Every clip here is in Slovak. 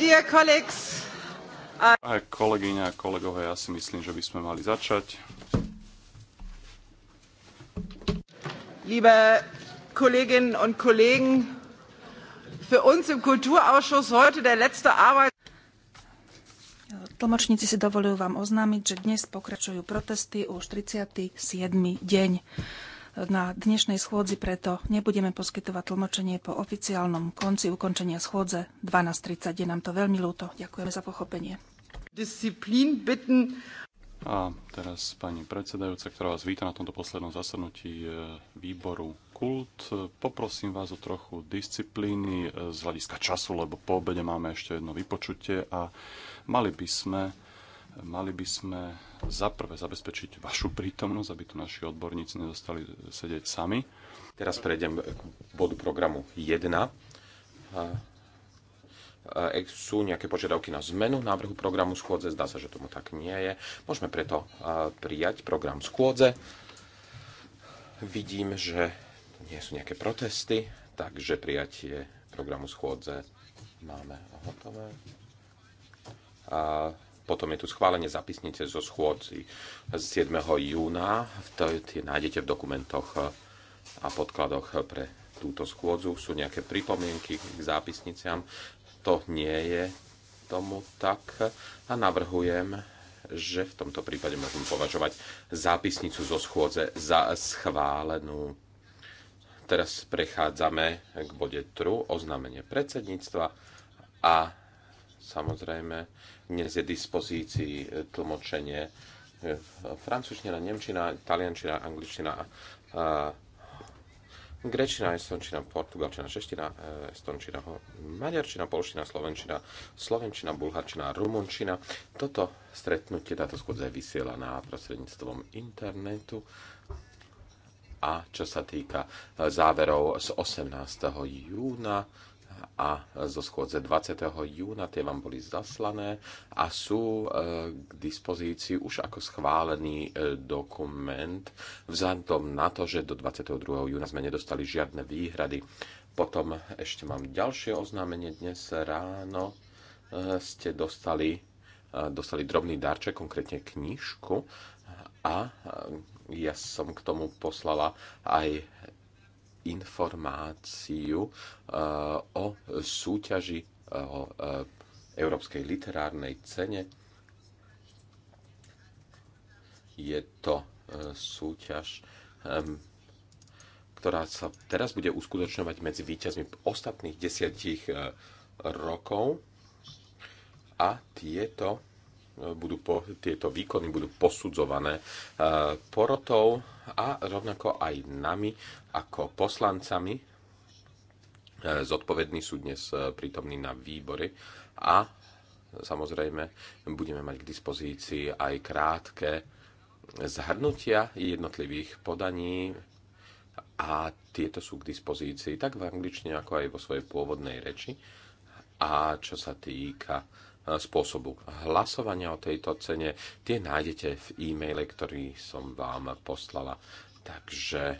Dear colleagues, I... Kolegyňa a kolegové, ja si myslím, že by sme mali začať. Liebe Kolleginnen und Kollegen, für uns im Kulturausschuss heute der letzte Arbeit. Tlmočníci si dovolujú vám oznámiť, že dnes pokračujú protesty už 37. deň. Na dnešnej schôdzi preto nebudeme poskytovať tlmočenie po oficiálnom konci ukončenia schôdze 12.30. Je nám to veľmi ľúto. Ďakujeme za pochopenie. A teraz pani predsedajúca, ktorá vás víta na tomto poslednom zasadnutí e, výboru Kult. Poprosím vás o trochu disciplíny e, z hľadiska času, lebo po obede máme ešte jedno vypočutie a mali by sme mali by sme zaprvé zabezpečiť vašu prítomnosť, aby tu naši odborníci nezostali sedieť sami. Teraz prejdem k bodu programu 1. E, sú nejaké požiadavky na zmenu návrhu programu schôdze? Zdá sa, že tomu tak nie je. Môžeme preto prijať program schôdze. Vidím, že nie sú nejaké protesty, takže prijatie programu schôdze máme hotové. Potom je tu schválenie zapisnice zo schôdzi z 7. júna. To tie nájdete v dokumentoch eh, a podkladoch eh, pre túto schôdzu. Sú nejaké pripomienky k zápisniciam. To nie je tomu tak. A navrhujem, že v tomto prípade môžem považovať zápisnicu zo schôdze za schválenú. Teraz prechádzame k bode 3, oznámenie predsedníctva a samozrejme dnes je dispozícii e, tlmočenie e, francúzština, nemčina, taliančina, angličtina, grečina, estončina, portugalčina, čeština, e, estončina, maďarčina, polština, slovenčina, slovenčina, bulharčina, rumunčina. Toto stretnutie, táto schôdza je vysielaná prostredníctvom internetu a čo sa týka záverov z 18. júna, a zo schôdze 20. júna. Tie vám boli zaslané a sú e, k dispozícii už ako schválený e, dokument vzhľadom na to, že do 22. júna sme nedostali žiadne výhrady. Potom ešte mám ďalšie oznámenie dnes ráno. E, ste dostali, dostali drobný darček, konkrétne knižku a ja som k tomu poslala aj informáciu eh, o súťaži eh, o eh, Európskej literárnej cene. Je to súťaž, ehm, ktorá sa teraz bude uskutočňovať medzi víťazmi ostatných desiatich rokov a tieto budú po, tieto výkony budú posudzované e, porotou a rovnako aj nami ako poslancami. E, Zodpovední sú dnes e, prítomní na výbory a samozrejme budeme mať k dispozícii aj krátke zhrnutia jednotlivých podaní a tieto sú k dispozícii tak v angličtine, ako aj vo svojej pôvodnej reči. A čo sa týka E, spôsobu hlasovania o tejto cene. Tie nájdete v e-maile, ktorý som vám poslala. Takže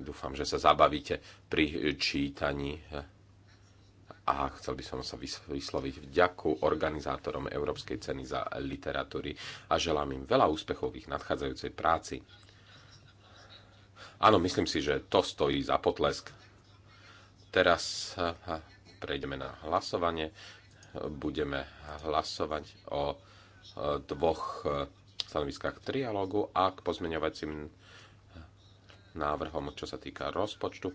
dúfam, že sa zabavíte pri čítaní a chcel by som sa vysloviť vďaku organizátorom Európskej ceny za literatúry a želám im veľa úspechov v ich nadchádzajúcej práci. Áno, myslím si, že to stojí za potlesk. Teraz prejdeme na hlasovanie budeme hlasovať o e, dvoch e, stanoviskách trialógu a k pozmeňovacím návrhom, čo sa týka rozpočtu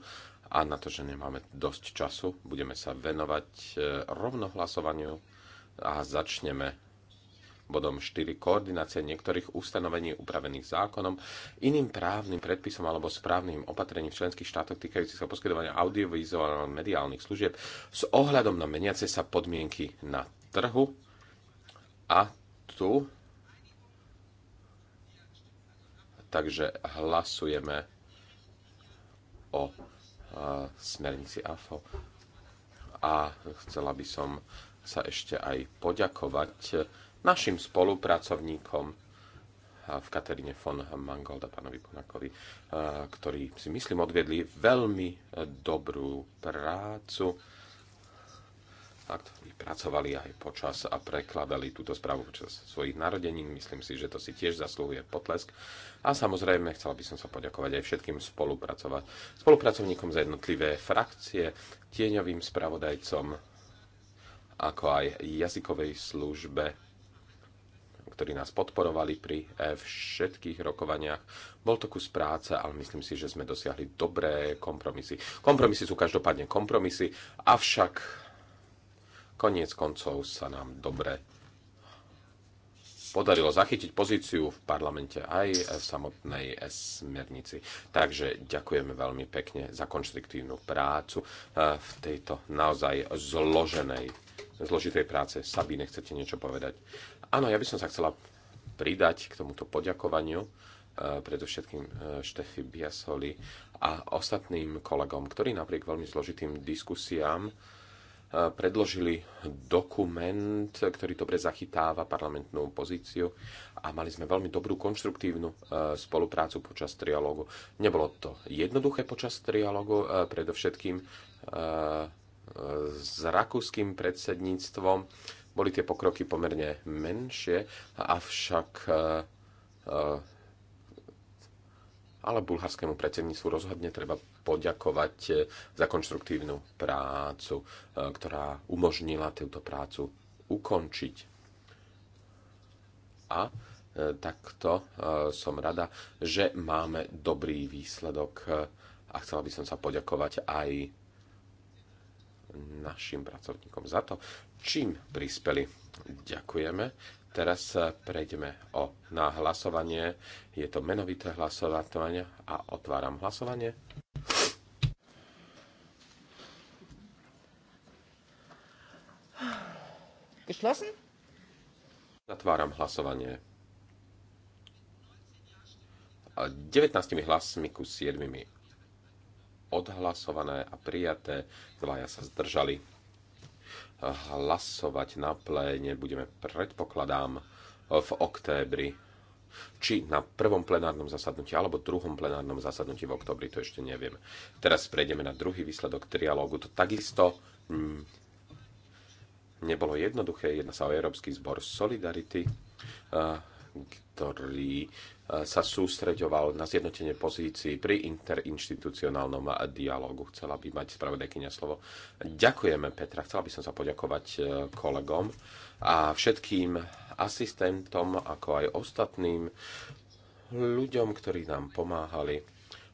a na to, že nemáme dosť času, budeme sa venovať e, rovnohlasovaniu a začneme bodom 4 koordinácia niektorých ustanovení upravených zákonom, iným právnym predpisom alebo správnym opatrením v členských štátoch týkajúcich sa poskytovania audiovizuálnych mediálnych služieb s ohľadom na meniace sa podmienky na trhu a tu takže hlasujeme o smernici AFO a chcela by som sa ešte aj poďakovať našim spolupracovníkom v Kateríne von Mangold a pánovi Konakovi, ktorí si myslím odviedli veľmi e, dobrú prácu a ktorí pracovali aj počas a prekladali túto správu počas svojich narodenín. Myslím si, že to si tiež zaslúhuje potlesk. A samozrejme, chcela by som sa poďakovať aj všetkým spolupracovníkom za jednotlivé frakcie, tieňovým spravodajcom, ako aj jazykovej službe ktorí nás podporovali pri eh, všetkých rokovaniach. Bol to kus práce, ale myslím si, že sme dosiahli dobré kompromisy. Kompromisy sú každopádne kompromisy, avšak koniec koncov sa nám dobre podarilo zachytiť pozíciu v parlamente aj v samotnej smernici. Takže ďakujeme veľmi pekne za konštruktívnu prácu eh, v tejto naozaj zloženej, zložitej práce. Sabine, chcete niečo povedať? Áno, ja by som sa chcela pridať k tomuto poďakovaniu e, predovšetkým e, Štefy Biasoli a ostatným kolegom, ktorí napriek veľmi zložitým diskusiám e, predložili dokument, ktorý dobre zachytáva parlamentnú pozíciu a mali sme veľmi dobrú konštruktívnu spoluprácu počas trialógu. Nebolo to jednoduché počas trialógu, predovšetkým s rakúskym predsedníctvom boli tie pokroky pomerne menšie, avšak e, e, ale bulharskému predsedníctvu rozhodne treba poďakovať e, za konštruktívnu prácu, ktorá umožnila túto prácu ukončiť. A takto som rada, že máme dobrý výsledok a chcela by som sa poďakovať aj našim pracovníkom za to, čím prispeli. Ďakujeme. Teraz prejdeme o, na hlasovanie. Je to menovité hlasovanie a otváram hlasovanie. Geschlossen? Zatváram hlasovanie. 19 hlasmi ku 7 odhlasované a prijaté, dvaja sa zdržali hlasovať na pléne budeme, predpokladám, v októbri či na prvom plenárnom zasadnutí alebo druhom plenárnom zasadnutí v oktobri, to ešte neviem. Teraz prejdeme na druhý výsledok trialógu. To takisto mm, nebolo jednoduché. Jedná sa o Európsky zbor Solidarity, ktorý sa sústreďoval na zjednotenie pozícií pri interinstitucionálnom dialogu. Chcela by mať spravodajkynia slovo. Ďakujeme, Petra. Chcela by som sa poďakovať e, kolegom a všetkým asistentom, ako aj ostatným ľuďom, ktorí nám pomáhali.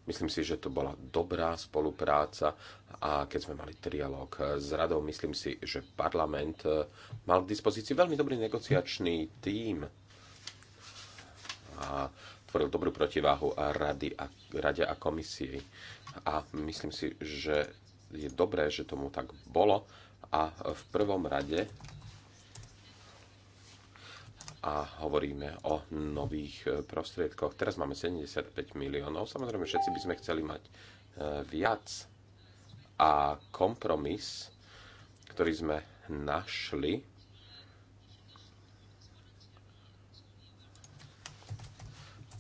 Myslím si, že to bola dobrá spolupráca a keď sme mali trialóg s radou, myslím si, že parlament e, mal k dispozícii veľmi dobrý negociačný tím a tvoril dobrú protiváhu a rady a, rade a komisii. A myslím si, že je dobré, že tomu tak bolo a v prvom rade a hovoríme o nových e, prostriedkoch. Teraz máme 75 miliónov. Samozrejme, všetci by sme chceli mať e, viac. A kompromis, ktorý sme našli,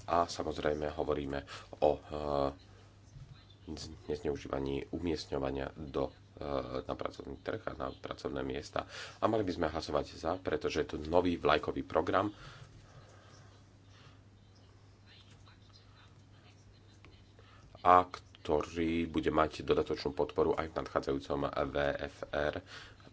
a samozrejme hovoríme o e, nezneužívaní umiestňovania do e, na pracovný trh a na pracovné miesta. A mali by sme hlasovať za, pretože je to nový vlajkový program. A ktorý bude mať dodatočnú podporu aj v nadchádzajúcom VFR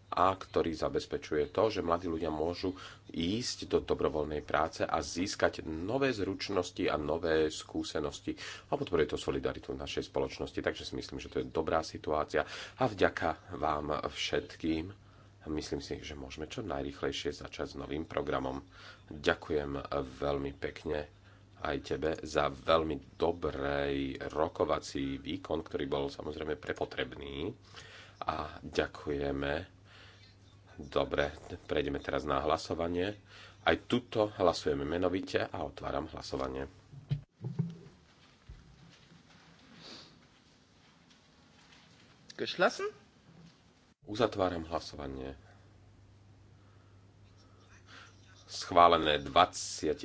a ktorý zabezpečuje to, že mladí ľudia môžu ísť do dobrovoľnej práce a získať nové zručnosti a nové skúsenosti a podporuje to solidaritu v našej spoločnosti. Takže si myslím, že to je dobrá situácia a vďaka vám všetkým. Myslím si, že môžeme čo najrychlejšie začať s novým programom. Ďakujem veľmi pekne aj tebe za veľmi dobrý rokovací výkon, ktorý bol samozrejme prepotrebný. A ďakujeme Dobre, prejdeme teraz na hlasovanie. Aj tuto hlasujeme menovite a otváram hlasovanie. Geschlossen? Uzatváram hlasovanie. Schválené 23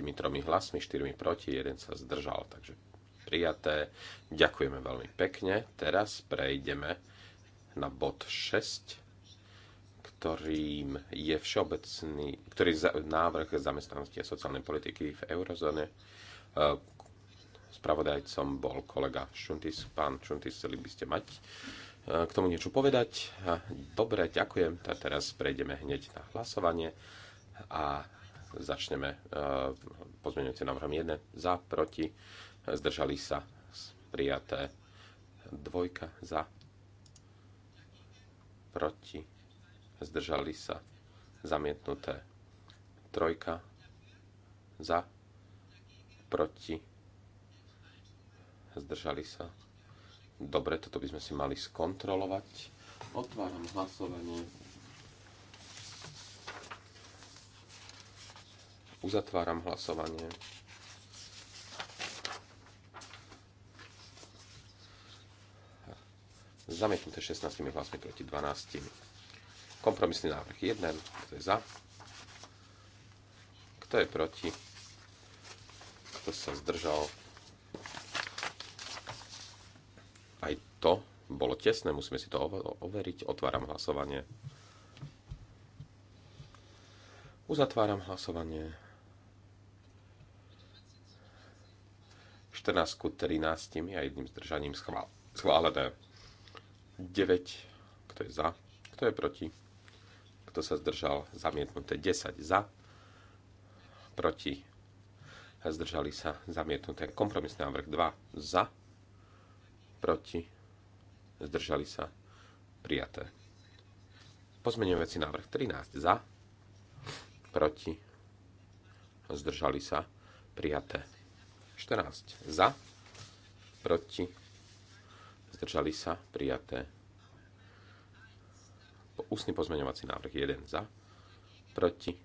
hlasmi, 4 proti, 1 sa zdržal, takže prijaté. Ďakujeme veľmi pekne. Teraz prejdeme na bod 6 ktorým je všeobecný, ktorý je návrh zamestnanosti a sociálnej politiky v eurozóne. Eh, spravodajcom bol kolega Šuntis. Pán Šuntis, chceli by ste mať eh, k tomu niečo povedať? Dobre, ďakujem. Tak teraz prejdeme hneď na hlasovanie a začneme eh, pozmeňujúce návrhom 1 za, proti, zdržali sa prijaté dvojka za, proti, zdržali sa, zamietnuté. Trojka, za, proti, zdržali sa. Dobre, toto by sme si mali skontrolovať. Otváram hlasovanie. Uzatváram hlasovanie. Zamietnuté 16 hlasmi proti 12. Kompromisný návrh 1. Kto je za? Kto je proti? Kto sa zdržal? Aj to bolo tesné, musíme si to overiť. Otváram hlasovanie. Uzatváram hlasovanie. 14 ku 13 a jedným zdržaním schválené. 9. Kto je za? Kto je proti? Kto sa zdržal? Zamietnuté 10 za. Proti. Zdržali sa zamietnuté kompromisný návrh 2 za. Proti. Zdržali sa prijaté. veci návrh 13 za. Proti. Zdržali sa prijaté. 14 za. Proti. Zdržali sa prijaté. Ústny pozmeňovací návrh 1 za, proti,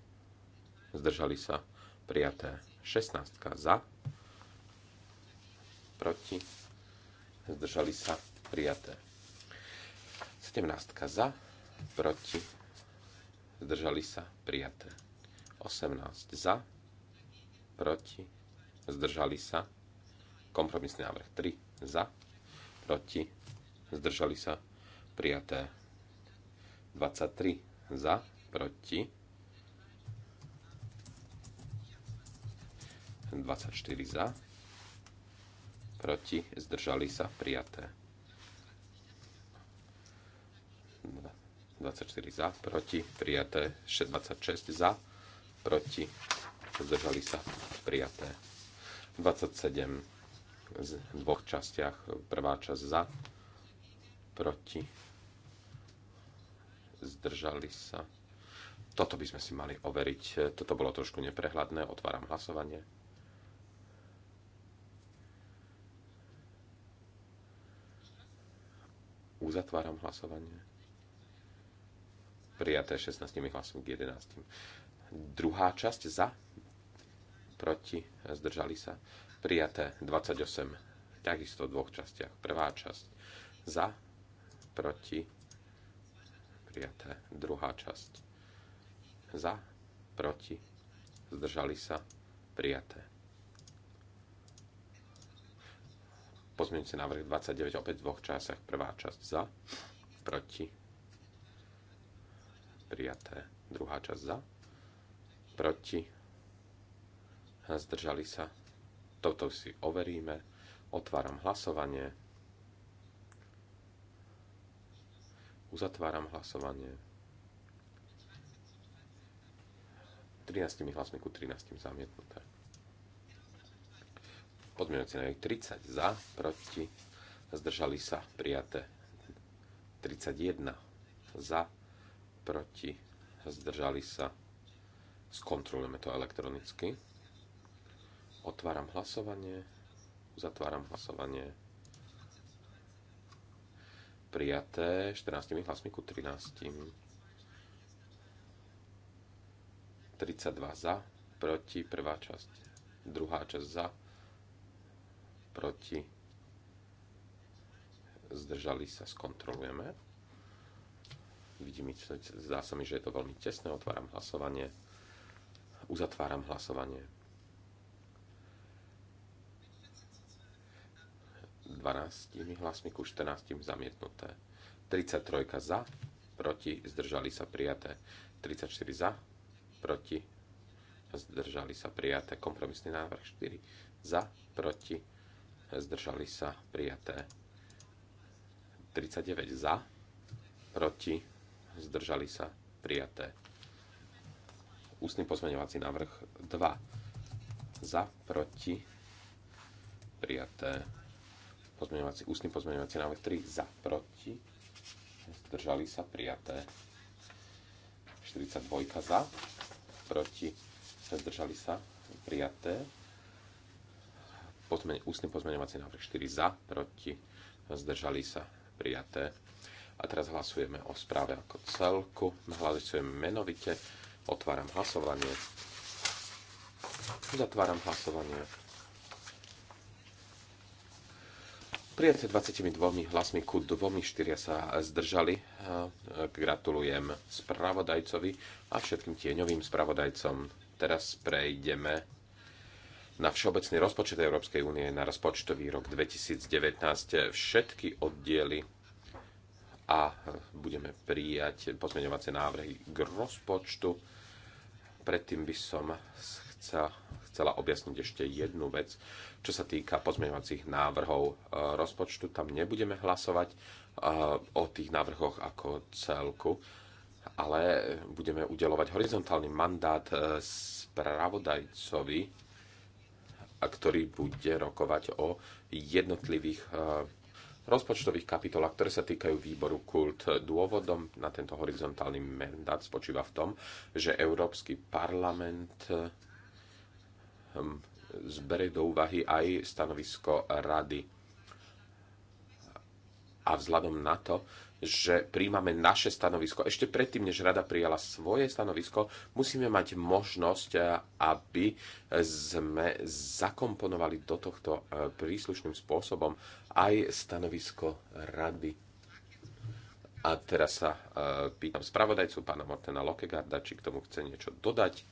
zdržali sa prijaté 16 za, proti, zdržali sa prijaté 17 za, proti, zdržali sa prijaté 18 za, proti, zdržali sa kompromisný návrh 3 za, proti, zdržali sa prijaté 23 za, proti. 24 za, proti, zdržali sa, prijaté. 24 za, proti, prijaté. 26 za, proti, zdržali sa, prijaté. 27 v dvoch častiach, prvá časť za, proti, zdržali sa. Toto by sme si mali overiť. Toto bolo trošku neprehľadné. Otváram hlasovanie. Uzatváram hlasovanie. Prijaté 16 hlasov k 11. Druhá časť za, proti, zdržali sa. Prijaté 28, takisto v dvoch častiach. Prvá časť za, proti, prijaté. Druhá časť za, proti, zdržali sa, prijaté. Pozmeňujúci návrh 29 opäť v dvoch časách. Prvá časť za, proti, prijaté. Druhá časť za, proti, zdržali sa. Toto si overíme. Otváram hlasovanie. Uzatváram hlasovanie. 13 hlasmi ku 13 zamietnuté. Pozmeňujúci návrh 30 za, proti, zdržali sa, prijaté. 31 za, proti, zdržali sa. Skontrolujeme to elektronicky. Otváram hlasovanie, uzatváram hlasovanie prijaté 14 hlasmi ku 13. 32 za, proti, prvá časť, druhá časť za, proti, zdržali sa, skontrolujeme. Vidím, zdá sa mi, že je to veľmi tesné, otváram hlasovanie, uzatváram hlasovanie. 12 hlasmi ku 14 zamietnuté. 33 za, proti, zdržali sa prijaté. 34 za, proti, zdržali sa prijaté. Kompromisný návrh 4 za, proti, zdržali sa prijaté. 39 za, proti, zdržali sa prijaté. Ústny pozmeňovací návrh 2 za, proti, prijaté. Pozmeňovací, ústny pozmeňovací návrh 3 za, proti. Zdržali sa prijaté. 42 za, proti. Zdržali sa prijaté. Pozmeň, ústny pozmeňovací návrh 4 za, proti. Zdržali sa prijaté. A teraz hlasujeme o správe ako celku. Hlasujeme menovite. Otváram hlasovanie. Zatváram hlasovanie. Prijaté 22 hlasmi ku 2, štyria sa zdržali. E, gratulujem spravodajcovi a všetkým tieňovým spravodajcom. Teraz prejdeme na Všeobecný rozpočet Európskej únie na rozpočtový rok 2019 všetky oddiely a e, budeme prijať pozmeňovacie návrhy k rozpočtu. Predtým by som chca, chcela objasniť ešte jednu vec, čo sa týka pozmeňovacích návrhov e, rozpočtu. Tam nebudeme hlasovať e, o tých návrhoch ako celku, ale budeme udelovať horizontálny mandát e, spravodajcovi, ktorý bude rokovať o jednotlivých rozpočtových kapitolách, ktoré sa týkajú výboru kult. Dôvodom na tento horizontálny mandát spočíva v tom, že Európsky parlament Ehm, zbere do úvahy aj stanovisko rady. A vzhľadom na to, že príjmame naše stanovisko. Ešte predtým, než rada prijala svoje stanovisko, musíme mať možnosť, eh, aby sme zakomponovali do tohto eh, príslušným spôsobom aj stanovisko rady. A teraz sa eh, pýtam spravodajcu pána Mortena Lokegarda, či k tomu chce niečo dodať.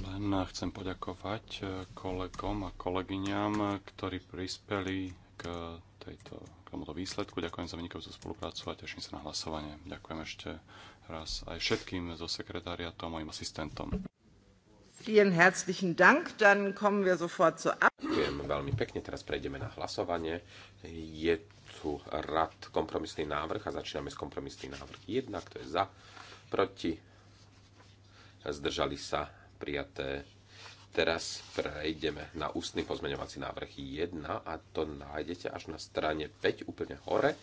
Len chcem poďakovať e, kolegom a kolegyňam, ktorí prispeli k, tejto, k tomuto výsledku. Ďakujem za vynikajúcu spoluprácu a teším sa na hlasovanie. Ďakujem ešte raz aj všetkým zo sekretariatu a mojim asistentom. Ďakujem veľmi pekne. Teraz prejdeme na hlasovanie. Je tu rad kompromisný návrh a začíname s kompromisný návrh 1. Kto je za? Proti? Zdržali sa? prijaté. Teraz prejdeme na ústny pozmeňovací návrh 1 a to nájdete až na strane 5 úplne hore.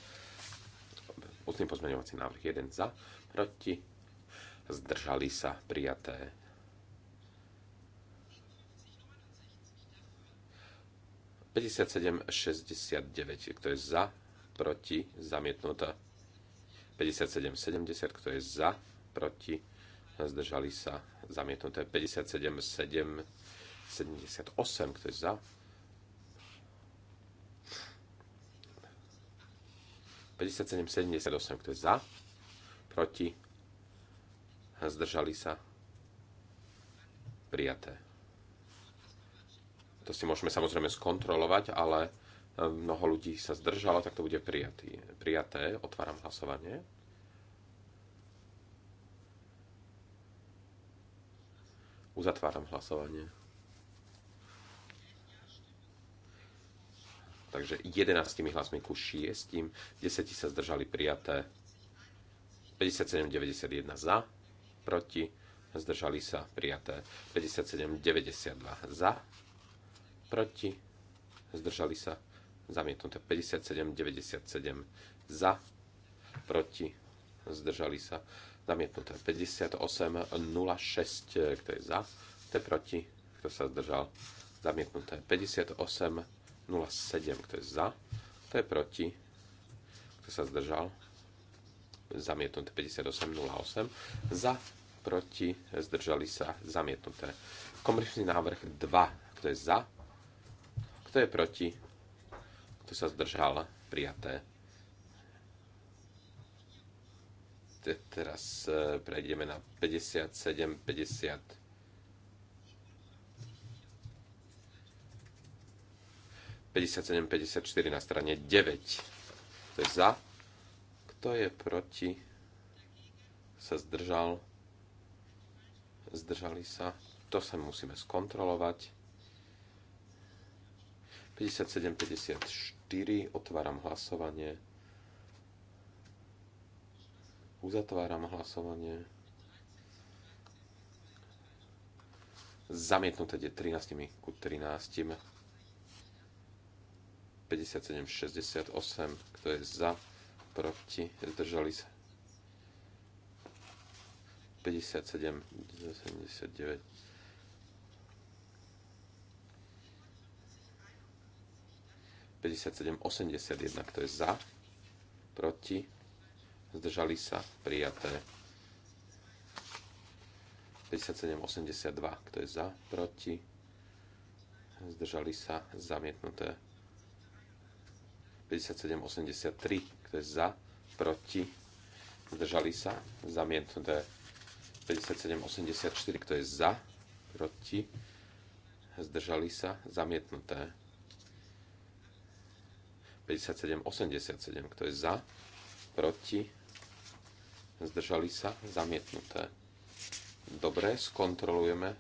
Ústny pozmeňovací návrh 1 za, proti, zdržali sa prijaté. kto je za, proti, zamietnuté. 57,70, kto je za, proti, zdržali sa zamietnuté 57, 7, 78, kto je za. ...57, 78, kto je za, proti, zdržali sa, prijaté. To si môžeme samozrejme skontrolovať, ale mnoho ľudí sa zdržalo, tak to bude prijaté. Otváram hlasovanie. Uzatváram hlasovanie. Takže 11 hlasmi ku 6, 10 sa zdržali prijaté, 57,91 za, proti, zdržali sa prijaté, 57,92 za, proti, zdržali sa zamietnuté, 57,97 za, proti, zdržali sa Zamietnuté 58.06, eh, kto je za, kto je proti, kto sa zdržal. Zamietnuté 58.07, kto je za, kto je proti, kto sa zdržal. Zamietnuté 58.08, za, proti, zdržali sa, zamietnuté. Komerčný návrh 2, kto je za, kto je proti, kto sa zdržal, prijaté te, teraz e, prejdeme na 57, 50. ...57, 54 na strane 9. To je za? Kto je proti? Sa zdržal? Zdržali sa? To sa musíme skontrolovať. 57, 54. Otváram hlasovanie. Uzatváram hlasovanie. Zamietnuté 13 ku 13. 57, 68. Kto je za? Proti? Zdržali sa? 57, 79. 57, 81, kto je za, proti, zdržali sa, prijaté. 57,82, kto je za, proti, zdržali sa, zamietnuté. 57,83, kto je za, proti, zdržali sa, zamietnuté. 57,84, kto je za, proti, zdržali sa, zamietnuté. 57,87, kto je za, proti, zdržali sa, zamietnuté. Dobre, skontrolujeme.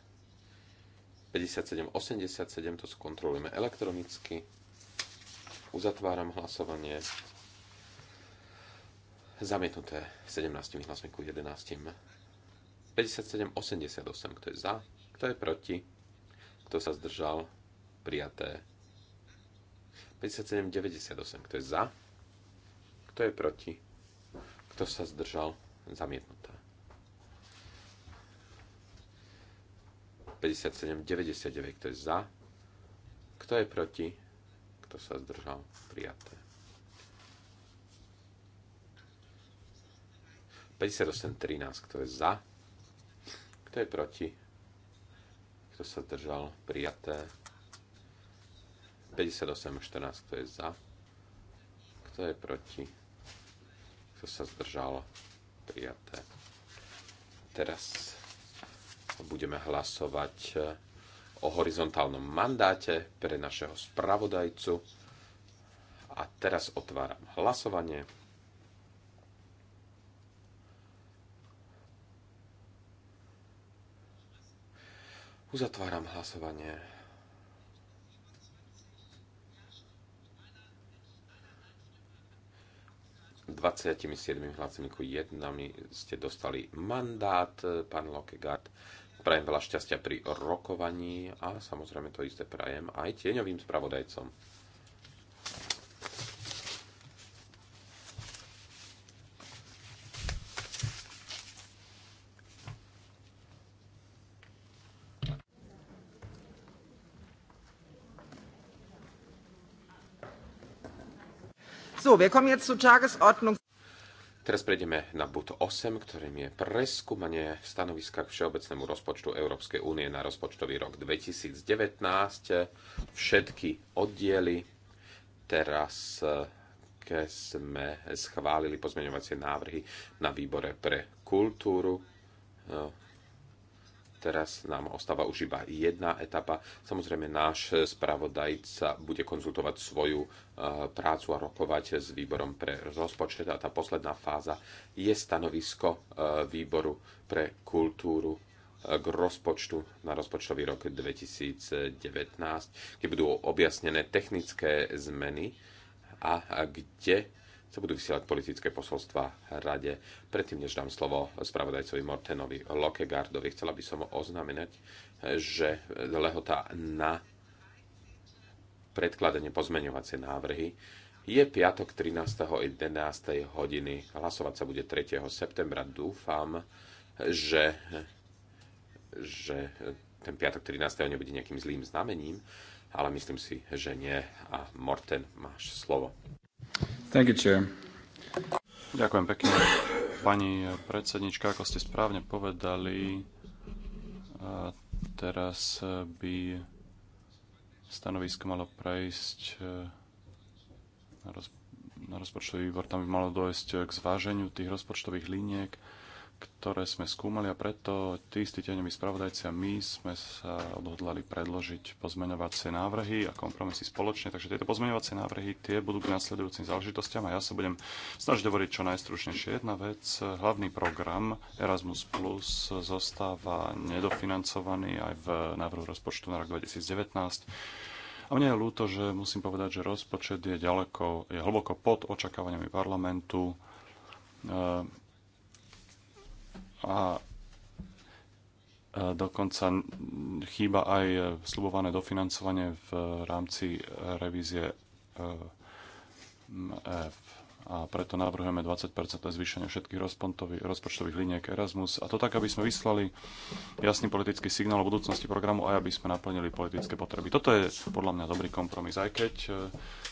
57, 87 to skontrolujeme elektronicky. Uzatváram hlasovanie. Zamietnuté 17 hlasmi ku 11. 57, 88, kto je za, kto je proti, kto sa zdržal, prijaté. 57, 98, kto je za, kto je proti, kto sa zdržal, zamietnutá. 57,99, kto je za, kto je proti, kto sa zdržal, prijaté. 58,13, kto je za, kto je proti, kto sa zdržal, prijaté. 58,14, kto je za, kto je proti, kto sa zdržal, prijaté prijaté. Teraz budeme hlasovať e, o horizontálnom mandáte pre našeho spravodajcu. A teraz otváram hlasovanie. Uzatváram hlasovanie. 27 hlasmi ku jednami ste dostali mandát, e, pán Lokegard. Prajem veľa šťastia pri rokovaní a samozrejme to isté prajem aj tieňovým spravodajcom. Teraz prejdeme na bod 8, ktorým je preskúmanie stanoviska k všeobecnému rozpočtu Európskej únie na rozpočtový rok 2019. Všetky oddiely. Teraz eh, keď sme schválili pozmeňovacie návrhy na výbore pre kultúru eh, Teraz nám ostáva už iba jedna etapa. Samozrejme, náš spravodajca bude konzultovať svoju e, prácu a rokovať s výborom pre rozpočet. A tá posledná fáza je stanovisko e, výboru pre kultúru e, k rozpočtu na rozpočtový rok 2019, kde budú objasnené technické zmeny a kde sa budú vysielať politické posolstva rade. Predtým, než dám slovo spravodajcovi Mortenovi Lokegardovi, chcela by som oznamenať, že lehota na predkladanie pozmeňovacie návrhy je piatok 11. hodiny. Hlasovať sa bude 3. septembra. Dúfam, že, že ten piatok 13. nebude nejakým zlým znamením, ale myslím si, že nie. A Morten, máš slovo. Thank you, chair. Ďakujem pekne. Pani predsednička, ako ste správne povedali, e, teraz by stanovisko malo prejsť e, na, na rozpočtový výbor, tam by malo dojsť k zváženiu tých rozpočtových liniek ktoré sme skúmali a preto tí istí tieňoví spravodajci a my sme sa odhodlali predložiť pozmeňovacie návrhy a kompromisy spoločne. Takže tieto pozmeňovacie návrhy tie budú k nasledujúcim záležitostiam a ja sa budem snažiť hovoriť čo najstručnejšie. Jedna vec, hlavný program Erasmus Plus zostáva nedofinancovaný aj v návrhu rozpočtu na rok 2019. A mne je ľúto, že musím povedať, že rozpočet je ďaleko, je hlboko pod očakávaniami parlamentu. E a dokonca chýba aj slubované dofinancovanie v rámci revízie e, F. A preto navrhujeme 20% zvýšenie všetkých rozpočtových liniek Erasmus. A to tak, aby sme vyslali jasný politický signál o budúcnosti programu aj aby sme naplnili politické potreby. Toto je podľa mňa dobrý kompromis, aj keď e,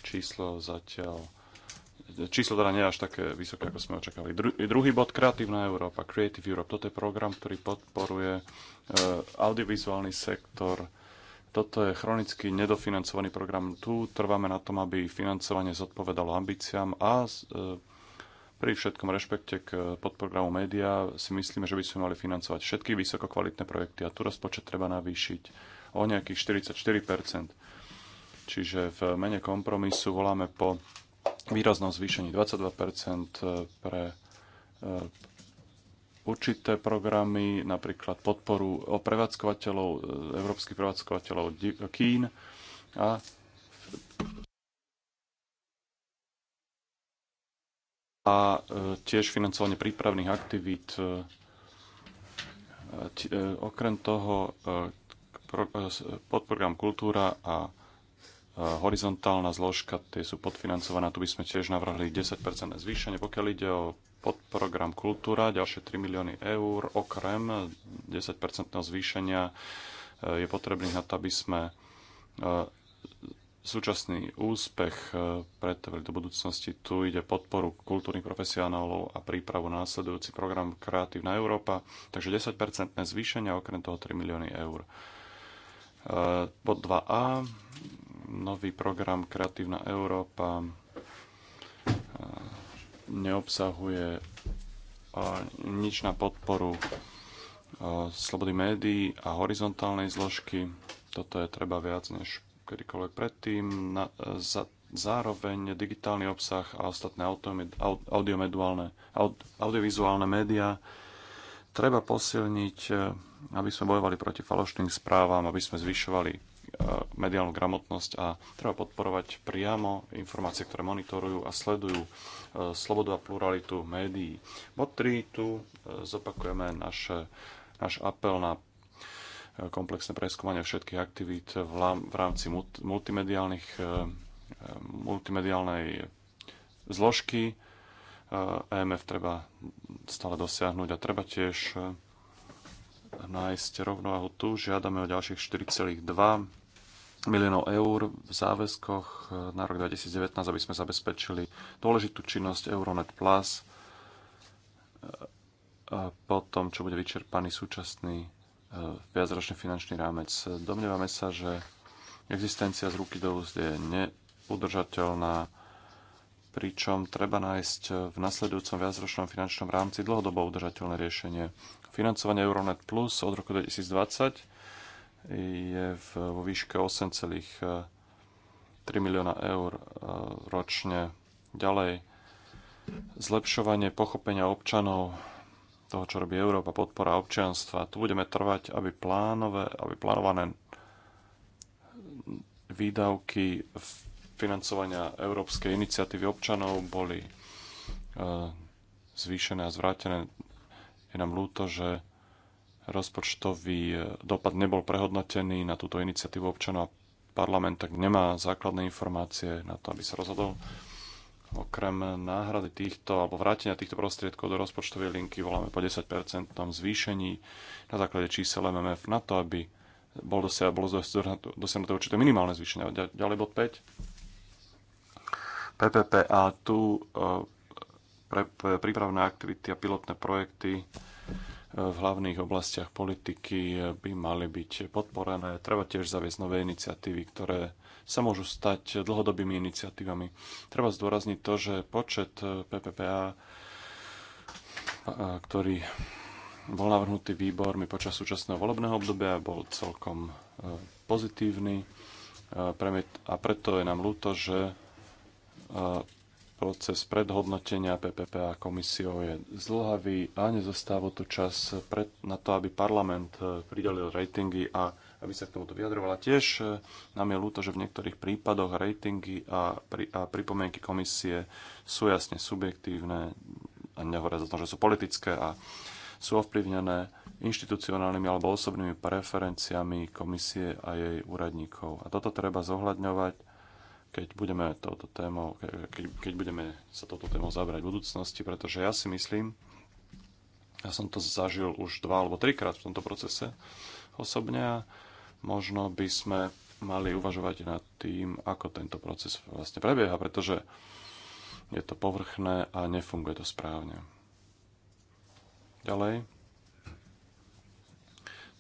číslo zatiaľ číslo teda nie je až také vysoké, ako sme očakávali. Dru, druhý bod, Kreatívna Európa, Creative Europe. Toto je program, ktorý podporuje e, audiovizuálny sektor. Toto je chronicky nedofinancovaný program. Tu trváme na tom, aby financovanie zodpovedalo ambíciám a e, pri všetkom rešpekte k podprogramu média si myslíme, že by sme mali financovať všetky vysokokvalitné projekty a tu rozpočet treba navýšiť o nejakých 44%. Čiže v mene kompromisu voláme po výraznom zvýšení 22 e, pre e, určité programy, napríklad podporu prevádzkovateľov, e, európskych prevádzkovateľov Kín a a tiež financovanie prípravných aktivít. Okrem toho podprogram Kultúra a E, horizontálna zložka, tie sú podfinancované, tu by sme tiež navrhli 10% zvýšenie. Pokiaľ ide o podprogram Kultúra, ďalšie 3 milióny eur, okrem 10% zvýšenia e, je potrebných na to, aby sme e, súčasný úspech pretvorili do budúcnosti. Tu ide podporu kultúrnych profesionálov a prípravu na následujúci program Kreatívna Európa, takže 10% zvýšenia, okrem toho 3 milióny eur. Pod 2a nový program Kreatívna Európa neobsahuje nič na podporu slobody médií a horizontálnej zložky. Toto je treba viac než kedykoľvek predtým. Na, za, zároveň digitálny obsah a ostatné audiovizuálne audio médiá treba posilniť, aby sme bojovali proti falošným správam, aby sme zvyšovali mediálnu gramotnosť a treba podporovať priamo informácie, ktoré monitorujú a sledujú e, slobodu a pluralitu médií. Bod 3 tu e, zopakujeme naše, náš apel na e, komplexné preskúmanie všetkých aktivít v rámci multimediálnych, multimediálnej zložky. EMF treba stále dosiahnuť a treba tiež nájsť rovnováhu tu. Žiadame o ďalších 4,2 miliónov eur v záväzkoch eh, na rok 2019, aby sme zabezpečili dôležitú činnosť Euronet Plus eh, po tom, čo bude vyčerpaný súčasný eh, viacročný finančný rámec. Domnievame sa, že existencia z ruky do úst je neudržateľná, pričom treba nájsť v nasledujúcom viacročnom finančnom rámci dlhodobo udržateľné riešenie. Financovanie Euronet Plus od roku 2020 je v, vo výške 8,3 milióna eur e, ročne. Ďalej, zlepšovanie pochopenia občanov toho, čo robí Európa, podpora občianstva. Tu budeme trvať, aby, plánové, aby plánované výdavky financovania Európskej iniciatívy občanov boli e, zvýšené a zvrátené. Je nám ľúto, že rozpočtový eh, dopad nebol prehodnotený na túto iniciatívu občanov a parlament tak nemá základné informácie na to, aby sa rozhodol. Okrem náhrady týchto alebo vrátenia týchto prostriedkov do rozpočtovej linky voláme po 10 zvýšení na základe čísel MMF na to, aby bol dosiahnuté, bolo dosiahnuté určité minimálne zvýšenie. Ďalej bod 5. PPP a tu eh, pre, pre, prípravné aktivity a pilotné projekty v hlavných oblastiach politiky by mali byť podporené. Treba tiež zaviesť nové iniciatívy, ktoré sa môžu stať dlhodobými iniciatívami. Treba zdôrazniť to, že počet PPPA, ktorý bol navrhnutý výbormi počas súčasného volebného obdobia, bol celkom e, pozitívny. E, a preto je nám ľúto, že e, Proces predhodnotenia PPP a komisiou je zlhavý a nezostáva tu čas pred, na to, aby parlament e, pridelil ratingy a aby sa k tomuto vyjadrovala. Tiež e, nám je ľúto, že v niektorých prípadoch ratingy a, pri, a pripomienky komisie sú jasne subjektívne a nehovoria za to, že sú politické a sú ovplyvnené inštitucionálnymi alebo osobnými preferenciami komisie a jej úradníkov. A toto treba zohľadňovať keď budeme, touto témou, keď, keď budeme sa touto témou zabrať v budúcnosti, pretože ja si myslím, ja som to zažil už dva alebo trikrát v tomto procese osobne a možno by sme mali uvažovať nad tým, ako tento proces vlastne prebieha, pretože je to povrchné a nefunguje to správne. Ďalej,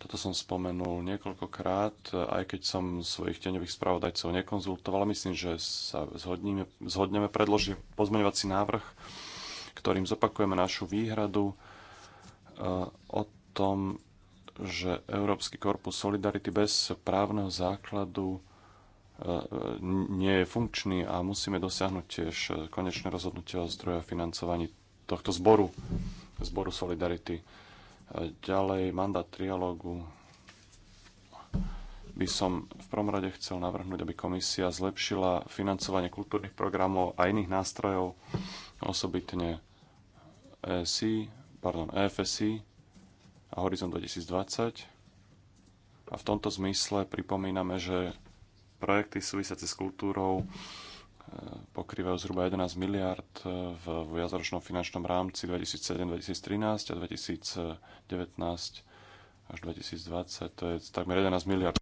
toto som spomenul niekoľkokrát, aj keď som svojich teňových spravodajcov nekonzultoval. Myslím, že sa zhodníme, zhodneme, predložiť pozmeňovací návrh, ktorým zopakujeme našu výhradu e, o tom, že Európsky korpus Solidarity bez právneho základu e, nie je funkčný a musíme dosiahnuť tiež konečné rozhodnutie o zdroja financovaní tohto zboru, zboru Solidarity. Ďalej, mandát trialógu by som v prvom rade chcel navrhnúť, aby komisia zlepšila financovanie kultúrnych programov a iných nástrojov, osobitne ESI, pardon, EFSI a Horizon 2020. A v tomto zmysle pripomíname, že projekty súvisiace s kultúrou E, pokrývajú zhruba 11 miliard e, v viacročnom finančnom rámci 2007-2013 a 2019 až 2020. To je takmer 11 miliard.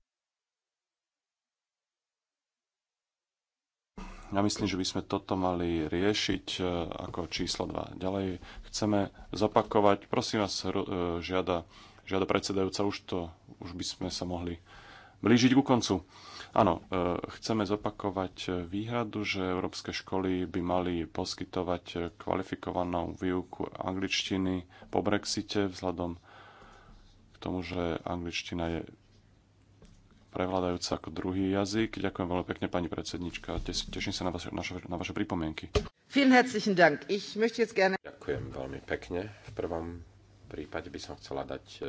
Ja myslím, že by sme toto mali riešiť e, ako číslo 2. Ďalej chceme zopakovať, prosím vás, žiada, žiada predsedajúca, už, to, už by sme sa mohli blížiť ku koncu. Áno, e, chceme zopakovať e, výhradu, že európske školy by mali poskytovať e, kvalifikovanú výuku angličtiny po Brexite vzhľadom k tomu, že angličtina je prevládajúca ako druhý jazyk. Ďakujem veľmi pekne, pani predsednička. Teším sa na vaše, na vaše pripomienky. Ďakujem veľmi pekne. V prvom prípade by som chcela dať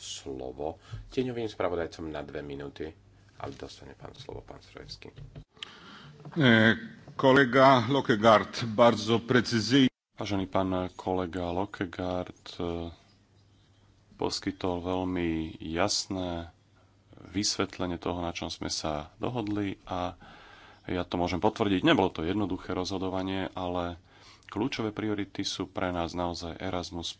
slovo tieňovým spravodajcom na dve minúty. A dostane pán slovo pán Srojevský. E, kolega Lokegard, bardzo precizí. Vážený pán kolega Lokegard e, poskytol veľmi jasné vysvetlenie toho, na čom sme sa dohodli a ja to môžem potvrdiť. Nebolo to jednoduché rozhodovanie, ale kľúčové priority sú pre nás naozaj Erasmus+.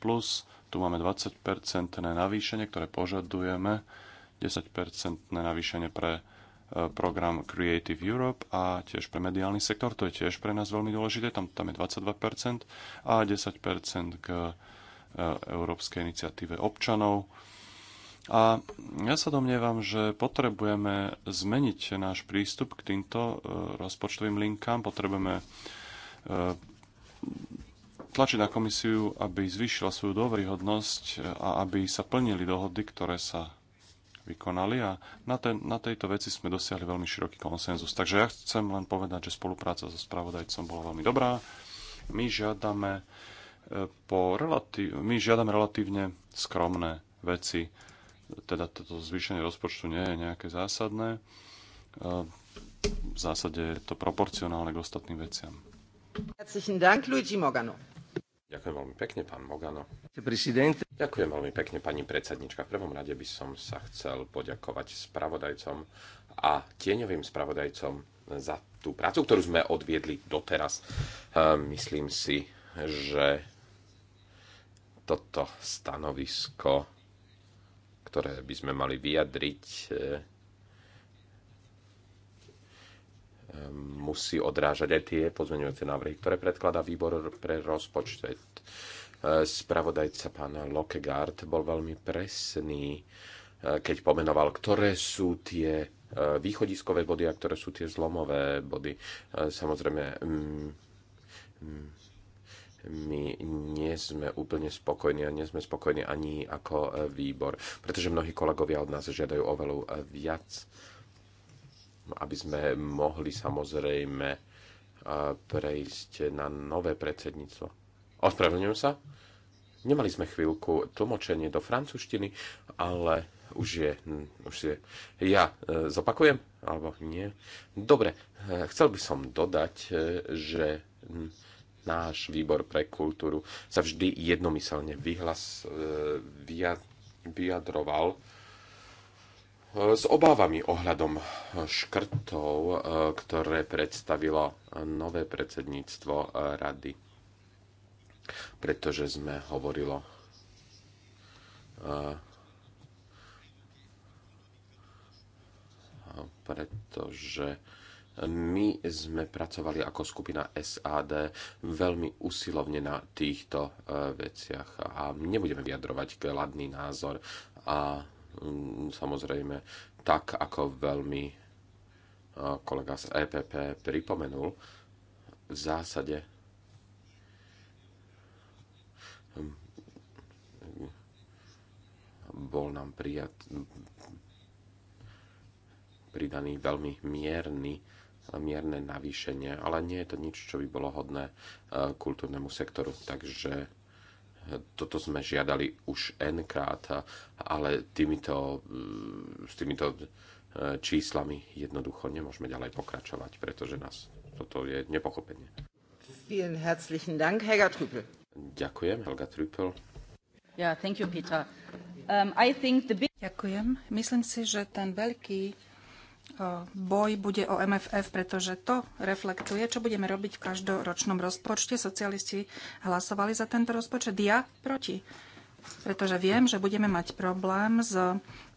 Tu máme 20-percentné navýšenie, ktoré požadujeme 10-percentné navýšenie pre e, program Creative Europe a tiež pre mediálny sektor. To je tiež pre nás veľmi dôležité, tam, tam je 22% a 10% k e, Európskej iniciatíve občanov. A ja sa domnievam, že potrebujeme zmeniť náš prístup k týmto e, rozpočtovým linkám. Potrebujeme tlačiť na komisiu, aby zvýšila svoju dôveryhodnosť a aby sa plnili dohody, ktoré sa vykonali a na, ten, na tejto veci sme dosiahli veľmi široký konsenzus. Takže ja chcem len povedať, že spolupráca so spravodajcom bola veľmi dobrá. My žiadame, e, po relatív, my žiadame relatívne skromné veci, teda toto zvýšenie rozpočtu nie je nejaké zásadné. E, v zásade je to proporcionálne k ostatným veciam. Herzlichen Dank, Luigi Mogano. Ďakujem veľmi pekne, pán Mogano. Ďakujem veľmi pekne, pani predsednička. V prvom rade by som sa chcel poďakovať spravodajcom a tieňovým spravodajcom za tú prácu, ktorú sme odviedli doteraz. Ehm, myslím si, že toto stanovisko, ktoré by sme mali vyjadriť, eh, musí odrážať aj tie pozmeňujúce návrhy, ktoré predkladá výbor pre rozpočet. Spravodajca pán Lokegaard bol veľmi presný, keď pomenoval, ktoré sú tie e, východiskové body a ktoré sú tie zlomové body. E, samozrejme, mm, mm, my nie sme úplne spokojní a nie sme spokojní ani ako e, výbor, pretože mnohí kolegovia od nás žiadajú oveľu viac aby sme mohli samozrejme prejsť na nové predsedníctvo. Ospravedlňujem sa. Nemali sme chvíľku tlmočenie do francúzštiny, ale už je, už je. Ja e, zopakujem, alebo nie. Dobre, e, chcel by som dodať, e, že náš výbor pre kultúru sa vždy jednomyselne vyhlas, vyjadroval s obávami ohľadom škrtov, eh, ktoré predstavilo nové predsedníctvo eh, rady. Pretože sme hovorilo eh, pretože my sme pracovali ako skupina SAD veľmi usilovne na týchto veciach a nebudeme vyjadrovať kladný názor a Mm, samozrejme tak, ako veľmi kolega z EPP pripomenul, v zásade hm, bol nám prijat, pridaný veľmi mierny, mierne navýšenie, ale nie je to nič, čo by bolo hodné e, kultúrnemu sektoru. Takže toto sme žiadali už N krát, ale týmito, s týmito e, číslami jednoducho nemôžeme ďalej pokračovať, pretože nás toto je nepochopenie. Vielen herzlichen Dank, Helga Trüppel. Ďakujem, Helga Trüppel. Yeah, thank you, Peter. Um, I think the big... Ďakujem. Myslím si, že ten veľký boj bude o MFF, pretože to reflektuje, čo budeme robiť v každoročnom rozpočte. Socialisti hlasovali za tento rozpočet, ja proti. Pretože viem, že budeme mať problém s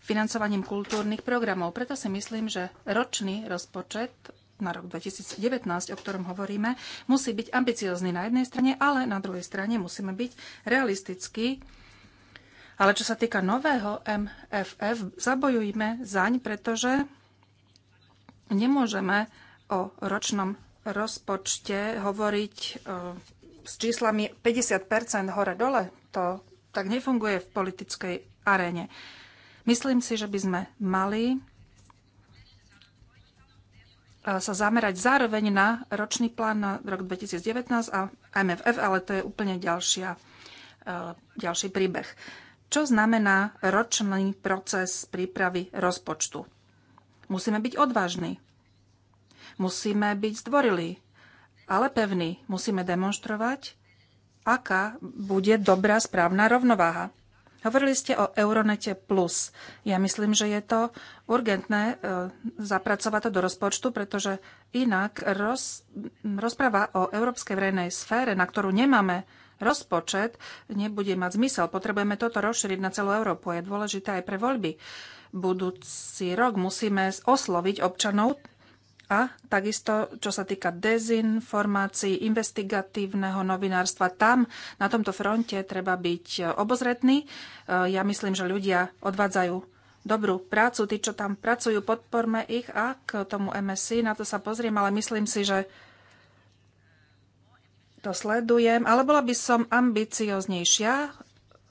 financovaním kultúrnych programov. Preto si myslím, že ročný rozpočet na rok 2019, o ktorom hovoríme, musí byť ambiciozný na jednej strane, ale na druhej strane musíme byť realistickí ale čo sa týka nového MFF, zabojujme zaň, pretože Nemôžeme o ročnom rozpočte hovoriť e, s číslami 50 hore-dole. To tak nefunguje v politickej aréne. Myslím si, že by sme mali e, sa zamerať zároveň na ročný plán na rok 2019 a MFF, ale to je úplne ďalšia, e, ďalší príbeh. Čo znamená ročný proces prípravy rozpočtu? Musíme byť odvážni. Musíme byť zdvorili, ale pevní. Musíme demonstrovať, aká bude dobrá správna rovnováha. Hovorili ste o Euronete Plus. Ja myslím, že je to urgentné e, zapracovať to do rozpočtu, pretože inak roz, rozpráva o európskej verejnej sfére, na ktorú nemáme rozpočet, nebude mať zmysel. Potrebujeme toto rozšíriť na celú Európu. Je dôležité aj pre voľby budúci rok musíme osloviť občanov a takisto, čo sa týka dezinformácií, investigatívneho novinárstva, tam na tomto fronte treba byť obozretný. E, ja myslím, že ľudia odvádzajú dobrú prácu. Tí, čo tam pracujú, podporme ich a k tomu MSI, na to sa pozriem, ale myslím si, že to sledujem. Ale bola by som ambicioznejšia,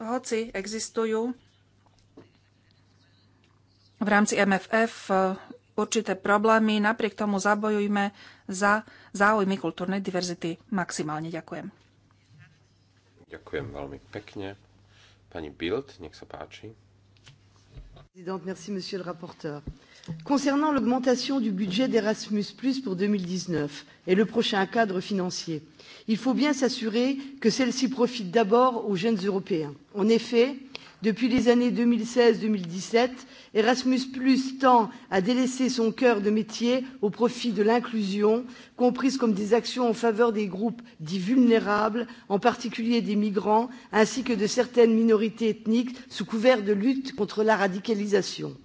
hoci existujú v rámci MFF e, určité problémy, napriek tomu zabojujme za záujmy kultúrnej diverzity maximálne. Ďakujem. Ďakujem veľmi pekne. Pani Bild, nech sa páči. Merci, monsieur le rapporteur. Concernant l'augmentation du budget d'Erasmus pour deux mille dix neuf et le prochain cadre financier, il faut bien s'assurer que celle-ci profite d'abord aux jeunes Européens. En effet, depuis les années deux mille seize Erasmus tend à délaisser son cœur de métier au profit de l'inclusion, comprise comme des actions en faveur des groupes dits vulnérables, en particulier des migrants, ainsi que de certaines minorités ethniques, sous couvert de lutte contre la radicalisation.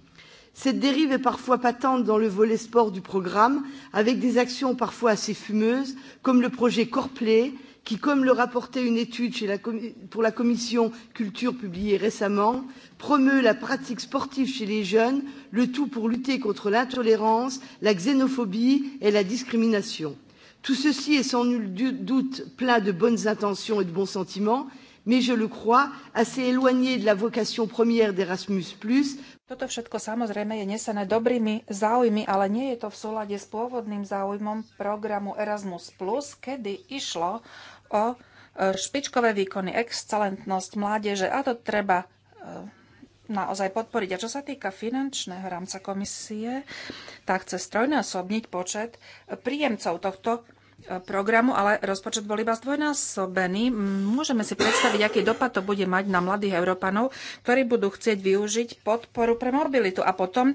Cette dérive est parfois patente dans le volet sport du programme, avec des actions parfois assez fumeuses, comme le projet Corplay, qui, comme le rapportait une étude chez la, pour la commission Culture publiée récemment, promeut la pratique sportive chez les jeunes, le tout pour lutter contre l'intolérance, la xénophobie et la discrimination. Tout ceci est sans nul doute plein de bonnes intentions et de bons sentiments, mais je le crois assez éloigné de la vocation première d'Erasmus, toto všetko samozrejme je nesené dobrými záujmy, ale nie je to v súlade s pôvodným záujmom programu Erasmus+, kedy išlo o e, špičkové výkony, excelentnosť mládeže a to treba e, naozaj podporiť. A čo sa týka finančného rámca komisie, tak chce strojnásobniť počet príjemcov tohto programu, ale rozpočet bol iba zdvojnásobený. Môžeme si predstaviť, aký dopad to bude mať na mladých Európanov, ktorí budú chcieť využiť podporu pre mobilitu a potom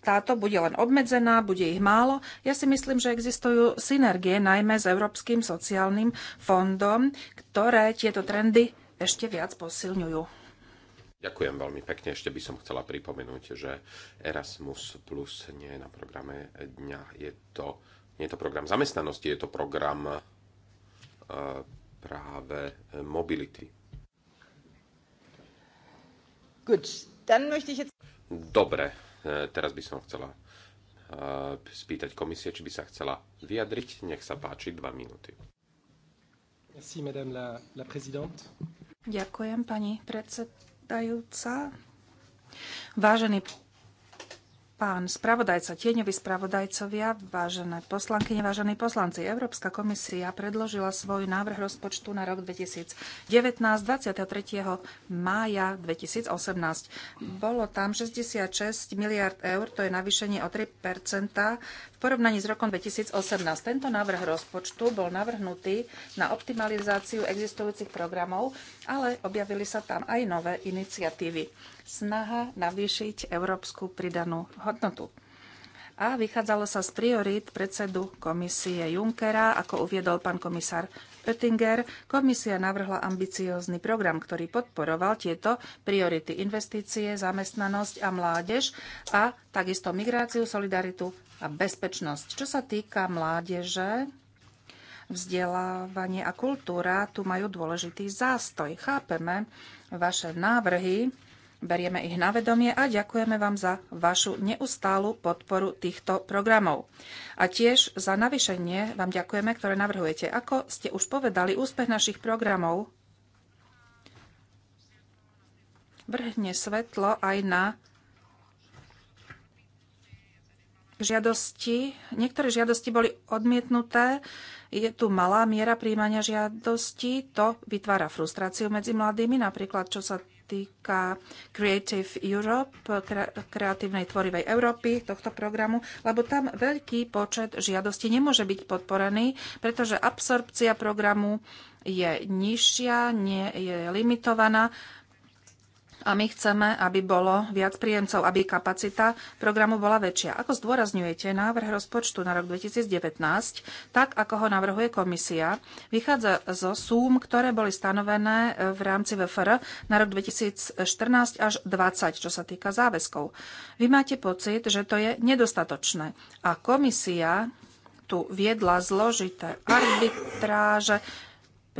táto bude len obmedzená, bude ich málo. Ja si myslím, že existujú synergie najmä s Európskym sociálnym fondom, ktoré tieto trendy ešte viac posilňujú. Ďakujem veľmi pekne. Ešte by som chcela pripomenúť, že Erasmus Plus nie je na programe dňa. Je to nie je to program zamestnanosti, je to program e, práve e, mobility. Dobre, e, teraz by som chcela spýtať komisie, či by sa chcela vyjadriť. Nech sa páči, dva minúty. Merci, madame la, la présidente. Ďakujem, pani predsedajúca. Vážený Pán spravodajca, tieňoví spravodajcovia, vážené poslanky, vážení poslanci, Európska komisia predložila svoj návrh rozpočtu na rok 2019 23. mája 2018. Bolo tam 66 miliard eur, to je navýšenie o 3 v porovnaní s rokom 2018. Tento návrh rozpočtu bol navrhnutý na optimalizáciu existujúcich programov, ale objavili sa tam aj nové iniciatívy snaha navýšiť európsku pridanú hodnotu. A vychádzalo sa z priorít predsedu komisie Junckera, ako uviedol pán komisár Oettinger. Komisia navrhla ambiciózny program, ktorý podporoval tieto priority investície, zamestnanosť a mládež a takisto migráciu, solidaritu a bezpečnosť. Čo sa týka mládeže, vzdelávanie a kultúra tu majú dôležitý zástoj. Chápeme vaše návrhy Berieme ich na vedomie a ďakujeme vám za vašu neustálu podporu týchto programov. A tiež za navýšenie vám ďakujeme, ktoré navrhujete. Ako ste už povedali, úspech našich programov vrhne svetlo aj na žiadosti. Niektoré žiadosti boli odmietnuté. Je tu malá miera príjmania žiadosti, To vytvára frustráciu medzi mladými, napríklad čo sa týka Creative Europe, kreatívnej tvorivej Európy, tohto programu, lebo tam veľký počet žiadostí nemôže byť podporený, pretože absorpcia programu je nižšia, nie je limitovaná a my chceme, aby bolo viac príjemcov, aby kapacita programu bola väčšia. Ako zdôrazňujete, návrh rozpočtu na rok 2019, tak ako ho navrhuje komisia, vychádza zo súm, ktoré boli stanovené v rámci VFR na rok 2014 až 2020, čo sa týka záväzkov. Vy máte pocit, že to je nedostatočné a komisia tu viedla zložité arbitráže,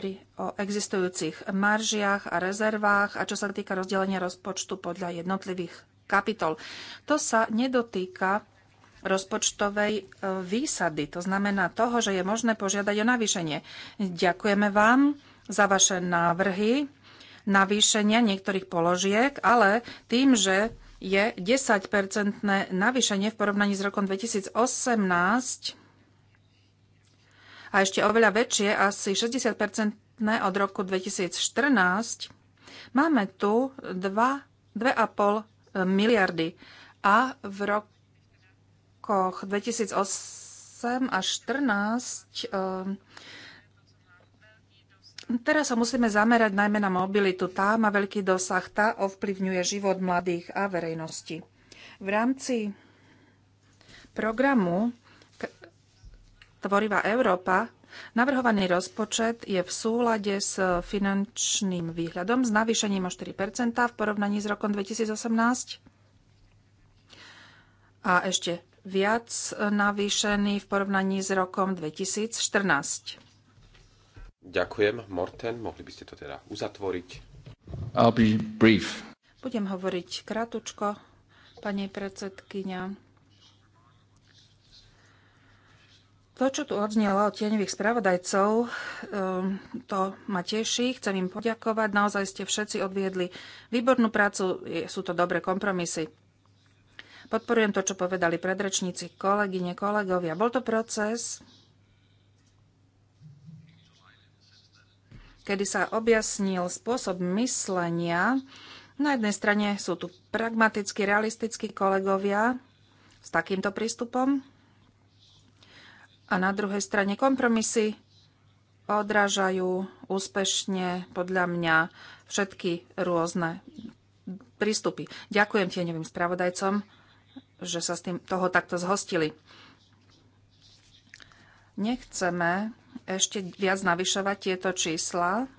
pri, o existujúcich maržiach a rezervách a čo sa týka rozdelenia rozpočtu podľa jednotlivých kapitol. To sa nedotýka rozpočtovej e, výsady, to znamená toho, že je možné požiadať o navýšenie. Ďakujeme vám za vaše návrhy navýšenia niektorých položiek, ale tým, že je 10-percentné navýšenie v porovnaní s rokom 2018, a ešte oveľa väčšie, asi 60-percentné od roku 2014, máme tu 2,5 e, miliardy a v rokoch 2008 až 2014 teraz sa musíme zamerať najmä na mobilitu. Tá má veľký dosah, tá ovplyvňuje život mladých a verejnosti. V rámci programu Tvorivá Európa, navrhovaný rozpočet je v súlade s finančným výhľadom s navýšením o 4 v porovnaní s rokom 2018 a ešte viac navýšený v porovnaní s rokom 2014. Ďakujem, Morten. Mohli by ste to teda uzatvoriť? I'll be brief. Budem hovoriť krátko, pani predsedkynia. To, čo tu odznelo od tieňových spravodajcov, um, to ma teší. Chcem im poďakovať. Naozaj ste všetci odviedli výbornú prácu. Sú to dobré kompromisy. Podporujem to, čo povedali predrečníci, kolegyne, kolegovia. Bol to proces, kedy sa objasnil spôsob myslenia. Na jednej strane sú tu pragmaticky realistickí kolegovia s takýmto prístupom, a na druhej strane kompromisy odrážajú úspešne podľa mňa všetky rôzne prístupy. Ďakujem tieňovým spravodajcom, že sa s tým, toho takto zhostili. Nechceme ešte viac navyšovať tieto čísla,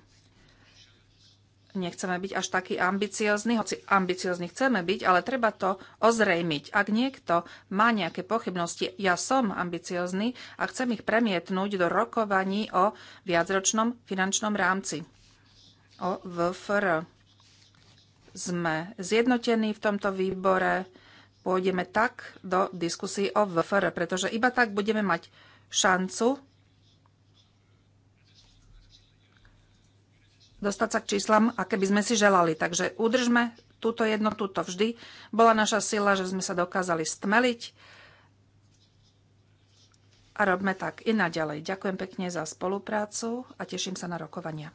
nechceme byť až taký ambiciozný, hoci ambiciozný chceme byť, ale treba to ozrejmiť. Ak niekto má nejaké pochybnosti, ja som ambiciozný a chcem ich premietnúť do rokovaní o viacročnom finančnom rámci. O VFR. Sme zjednotení v tomto výbore, pôjdeme tak do diskusí o VFR, pretože iba tak budeme mať šancu dostať sa k číslam, aké by sme si želali. Takže udržme túto jednotu, to vždy bola naša sila, že sme sa dokázali stmeliť a robme tak i naďalej. Ďakujem pekne za spoluprácu a teším sa na rokovania.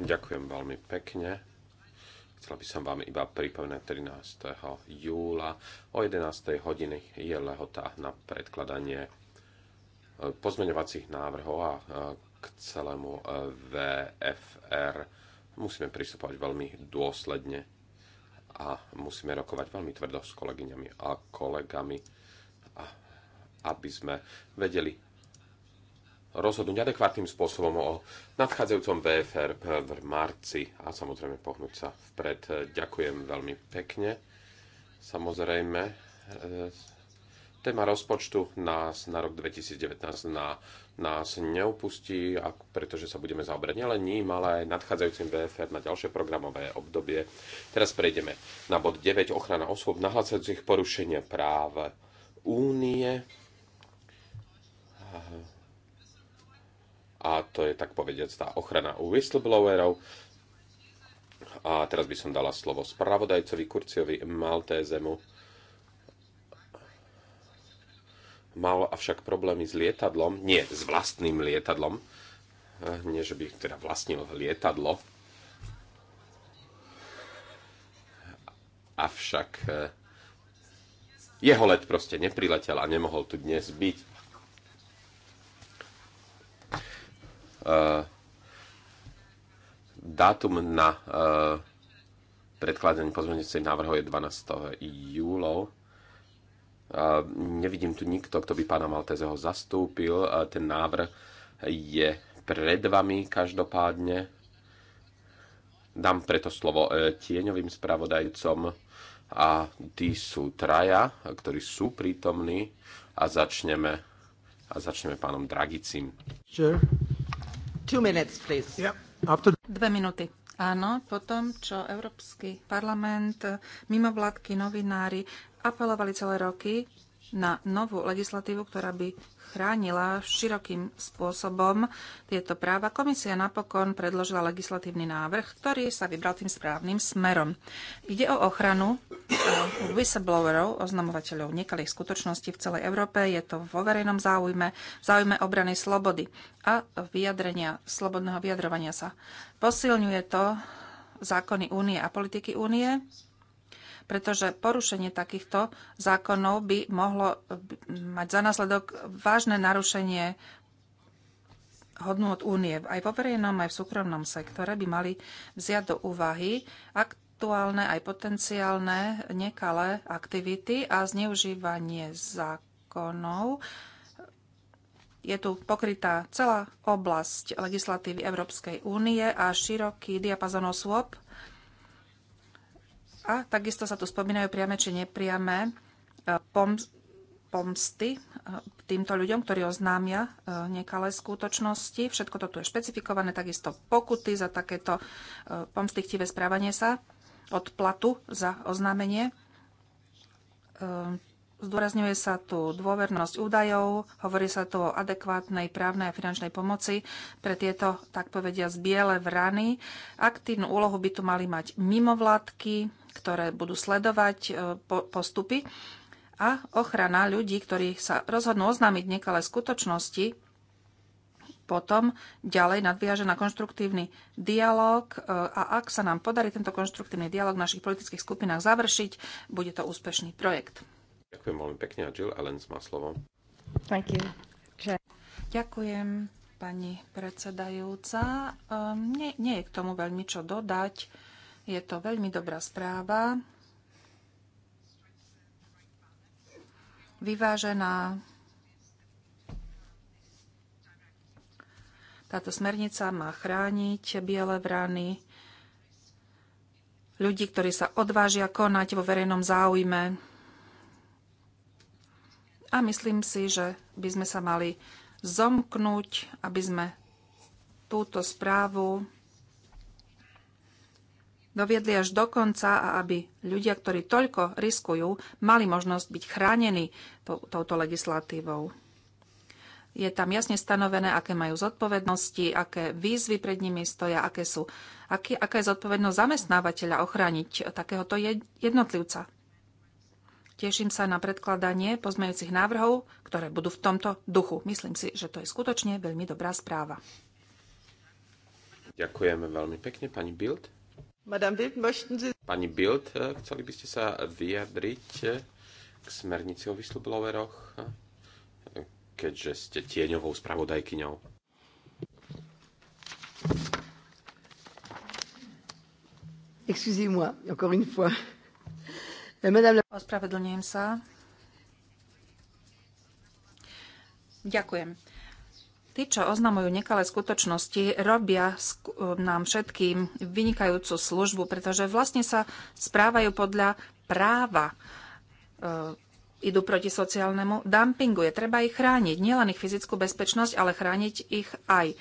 Ďakujem veľmi pekne. Chcela by som vám iba pripomenúť 13. júla o 11. hodiny je lehota na predkladanie pozmeňovacích návrhov a k celému e, VFR musíme pristupovať veľmi dôsledne a musíme rokovať veľmi tvrdo s kolegyňami a kolegami, aby sme vedeli rozhodnúť adekvátnym spôsobom o nadchádzajúcom VFR v marci a samozrejme pohnúť sa vpred. Ďakujem veľmi pekne. Samozrejme, e, Téma rozpočtu nás na rok 2019 na, nás neopustí, pretože sa budeme zaoberať nielen ním, ale aj nadchádzajúcim VFR na ďalšie programové obdobie. Teraz prejdeme na bod 9, ochrana osôb nahlasujúcich porušenie práv únie. A to je tak povediac tá ochrana u whistleblowerov. A teraz by som dala slovo spravodajcovi Kurciovi Maltézemu Mal avšak problémy s lietadlom, nie s vlastným lietadlom, nie že by teda vlastnil lietadlo, avšak e, jeho let proste nepriletel a nemohol tu dnes byť. E, dátum na e, predkladanie pozmeňujúcej návrhov je 12. júlov Nevidím tu nikto, kto by pána Maltézeho zastúpil. Ten návrh je pred vami každopádne. Dám preto slovo e, tieňovým spravodajcom a tí sú traja, ktorí sú prítomní a začneme, a začneme pánom Dragicim. Sure. Two minutes, please. Yeah. After... Dve minúty. Áno, potom, čo Európsky parlament, mimovládky, novinári apelovali celé roky na novú legislatívu, ktorá by chránila širokým spôsobom tieto práva. Komisia napokon predložila legislatívny návrh, ktorý sa vybral tým správnym smerom. Ide o ochranu eh, whistleblowerov, oznamovateľov nekalých skutočností v celej Európe. Je to vo verejnom záujme, záujme obrany slobody a vyjadrenia, slobodného vyjadrovania sa. Posilňuje to zákony únie a politiky únie pretože porušenie takýchto zákonov by mohlo eh, mať za následok vážne narušenie hodnú od únie. Aj vo verejnom, aj v súkromnom sektore by mali vziať do úvahy aktuálne aj potenciálne nekalé aktivity a zneužívanie zákonov. Je tu pokrytá celá oblasť legislatívy Európskej únie a široký diapazon osôb, a takisto sa tu spomínajú priame či nepriame e, pomsty e, týmto ľuďom, ktorí oznámia e, nekalé skutočnosti. Všetko to tu je špecifikované, takisto pokuty za takéto pomstychtivé správanie sa, odplatu za oznámenie Zdôrazňuje sa tu dôvernosť údajov, hovorí sa tu o adekvátnej právnej a finančnej pomoci pre tieto, tak povedia, biele vrany. Aktívnu úlohu by tu mali mať mimovládky, ktoré budú sledovať e, postupy a ochrana ľudí, ktorí sa rozhodnú oznámiť nekalé skutočnosti, potom ďalej nadviaže na konštruktívny dialog e, a ak sa nám podarí tento konštruktívny dialog v našich politických skupinách završiť, bude to úspešný projekt. Ďakujem veľmi pekne a Jill Ellens má slovo. Thank you. Ďakujem, pani predsedajúca. Um, nie, nie je k tomu veľmi čo dodať. Je to veľmi dobrá správa. Vyvážená. Táto smernica má chrániť biele vrany ľudí, ktorí sa odvážia konať vo verejnom záujme a myslím si, že by sme sa mali zomknúť, aby sme túto správu doviedli až do konca a aby ľudia, ktorí toľko riskujú, mali možnosť byť chránení touto legislatívou. Je tam jasne stanovené, aké majú zodpovednosti, aké výzvy pred nimi stoja, aké sú, aký, aká je zodpovednosť zamestnávateľa ochrániť takéhoto jednotlivca. Teším sa na predkladanie pozmejúcich návrhov, ktoré budú v tomto duchu. Myslím si, že to je skutočne veľmi dobrá správa. Ďakujeme veľmi pekne, pani Bild. Bild Sie... Pani Bild, eh, chceli by ste sa vyjadriť eh, k smernici o whistlebloweroch, eh, keďže ste tieňovou spravodajkyňou? Excusez-moi, encore une fois. Ospravedlňujem sa. Ďakujem. Tí, čo oznamujú nekalé skutočnosti, robia nám všetkým vynikajúcu službu, pretože vlastne sa správajú podľa práva. E, idú proti sociálnemu dumpingu. Je treba ich chrániť. Nielen ich fyzickú bezpečnosť, ale chrániť ich aj e,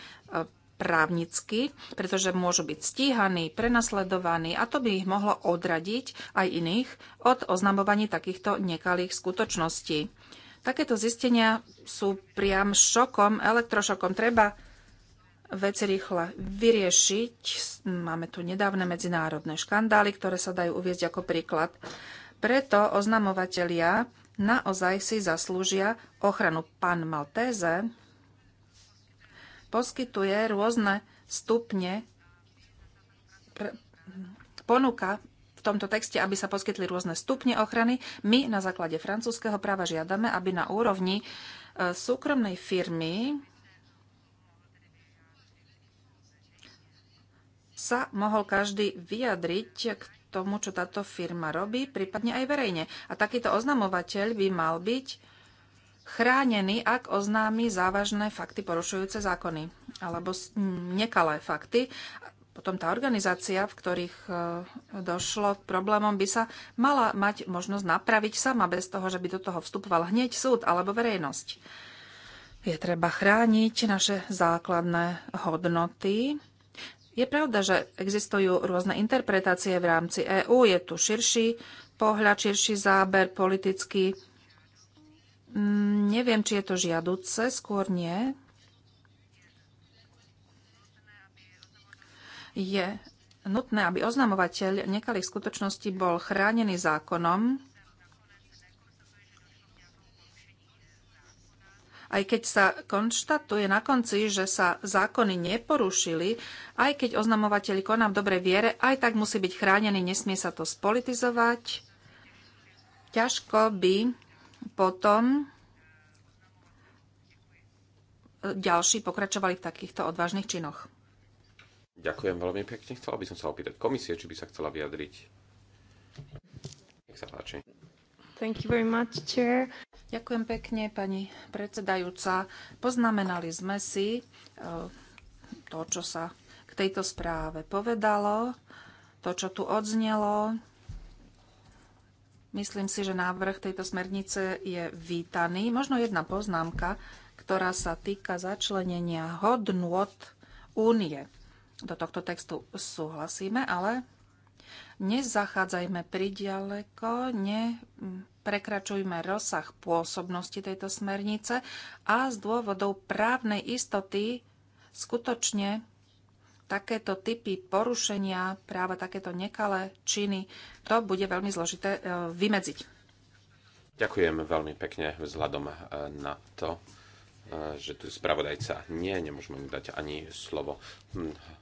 právnicky, pretože môžu byť stíhaní, prenasledovaní a to by ich mohlo odradiť aj iných od oznamovaní takýchto nekalých skutočností. Takéto zistenia sú priam šokom, elektrošokom. Treba veci rýchle vyriešiť. Máme tu nedávne medzinárodné škandály, ktoré sa dajú uviezť ako príklad. Preto oznamovatelia naozaj si zaslúžia ochranu. Pán Maltéze poskytuje rôzne stupne, ponúka v tomto texte, aby sa poskytli rôzne stupne ochrany. My na základe francúzského práva žiadame, aby na úrovni e, súkromnej firmy sa mohol každý vyjadriť k tomu, čo táto firma robí, prípadne aj verejne. A takýto oznamovateľ by mal byť chránený, ak oznámi závažné fakty porušujúce zákony alebo nekalé fakty. Potom tá organizácia, v ktorých e, došlo k problémom, by sa mala mať možnosť napraviť sama bez toho, že by do toho vstupoval hneď súd alebo verejnosť. Je treba chrániť naše základné hodnoty, je pravda, že existujú rôzne interpretácie v rámci EÚ, je tu širší pohľad, širší záber politický Mm, neviem, či je to žiaduce, skôr nie. Je nutné, aby oznamovateľ nekalých skutočností bol chránený zákonom, aj keď sa konštatuje na konci, že sa zákony neporušili, aj keď oznamovateľ koná v dobrej viere, aj tak musí byť chránený, nesmie sa to spolitizovať. Ťažko by potom e, ďalší pokračovali v takýchto odvážnych činoch. Ďakujem veľmi pekne. Chcela by som sa opýtať komisie, či by sa chcela vyjadriť. Nech sa páči. Thank you very much, chair. Ďakujem pekne, pani predsedajúca. Poznamenali sme si e, to, čo sa k tejto správe povedalo, to, čo tu odznelo, Myslím si, že návrh tejto smernice je vítaný. Možno jedna poznámka, ktorá sa týka začlenenia hodnôt únie. Do tohto textu súhlasíme, ale nezachádzajme priďaleko, neprekračujme rozsah pôsobnosti tejto smernice a z dôvodov právnej istoty skutočne takéto typy porušenia práva, takéto nekalé činy, to bude veľmi zložité e, vymedziť. Ďakujem veľmi pekne vzhľadom e, na to, e, že tu spravodajca nie, nemôžeme mu dať ani slovo. Hm.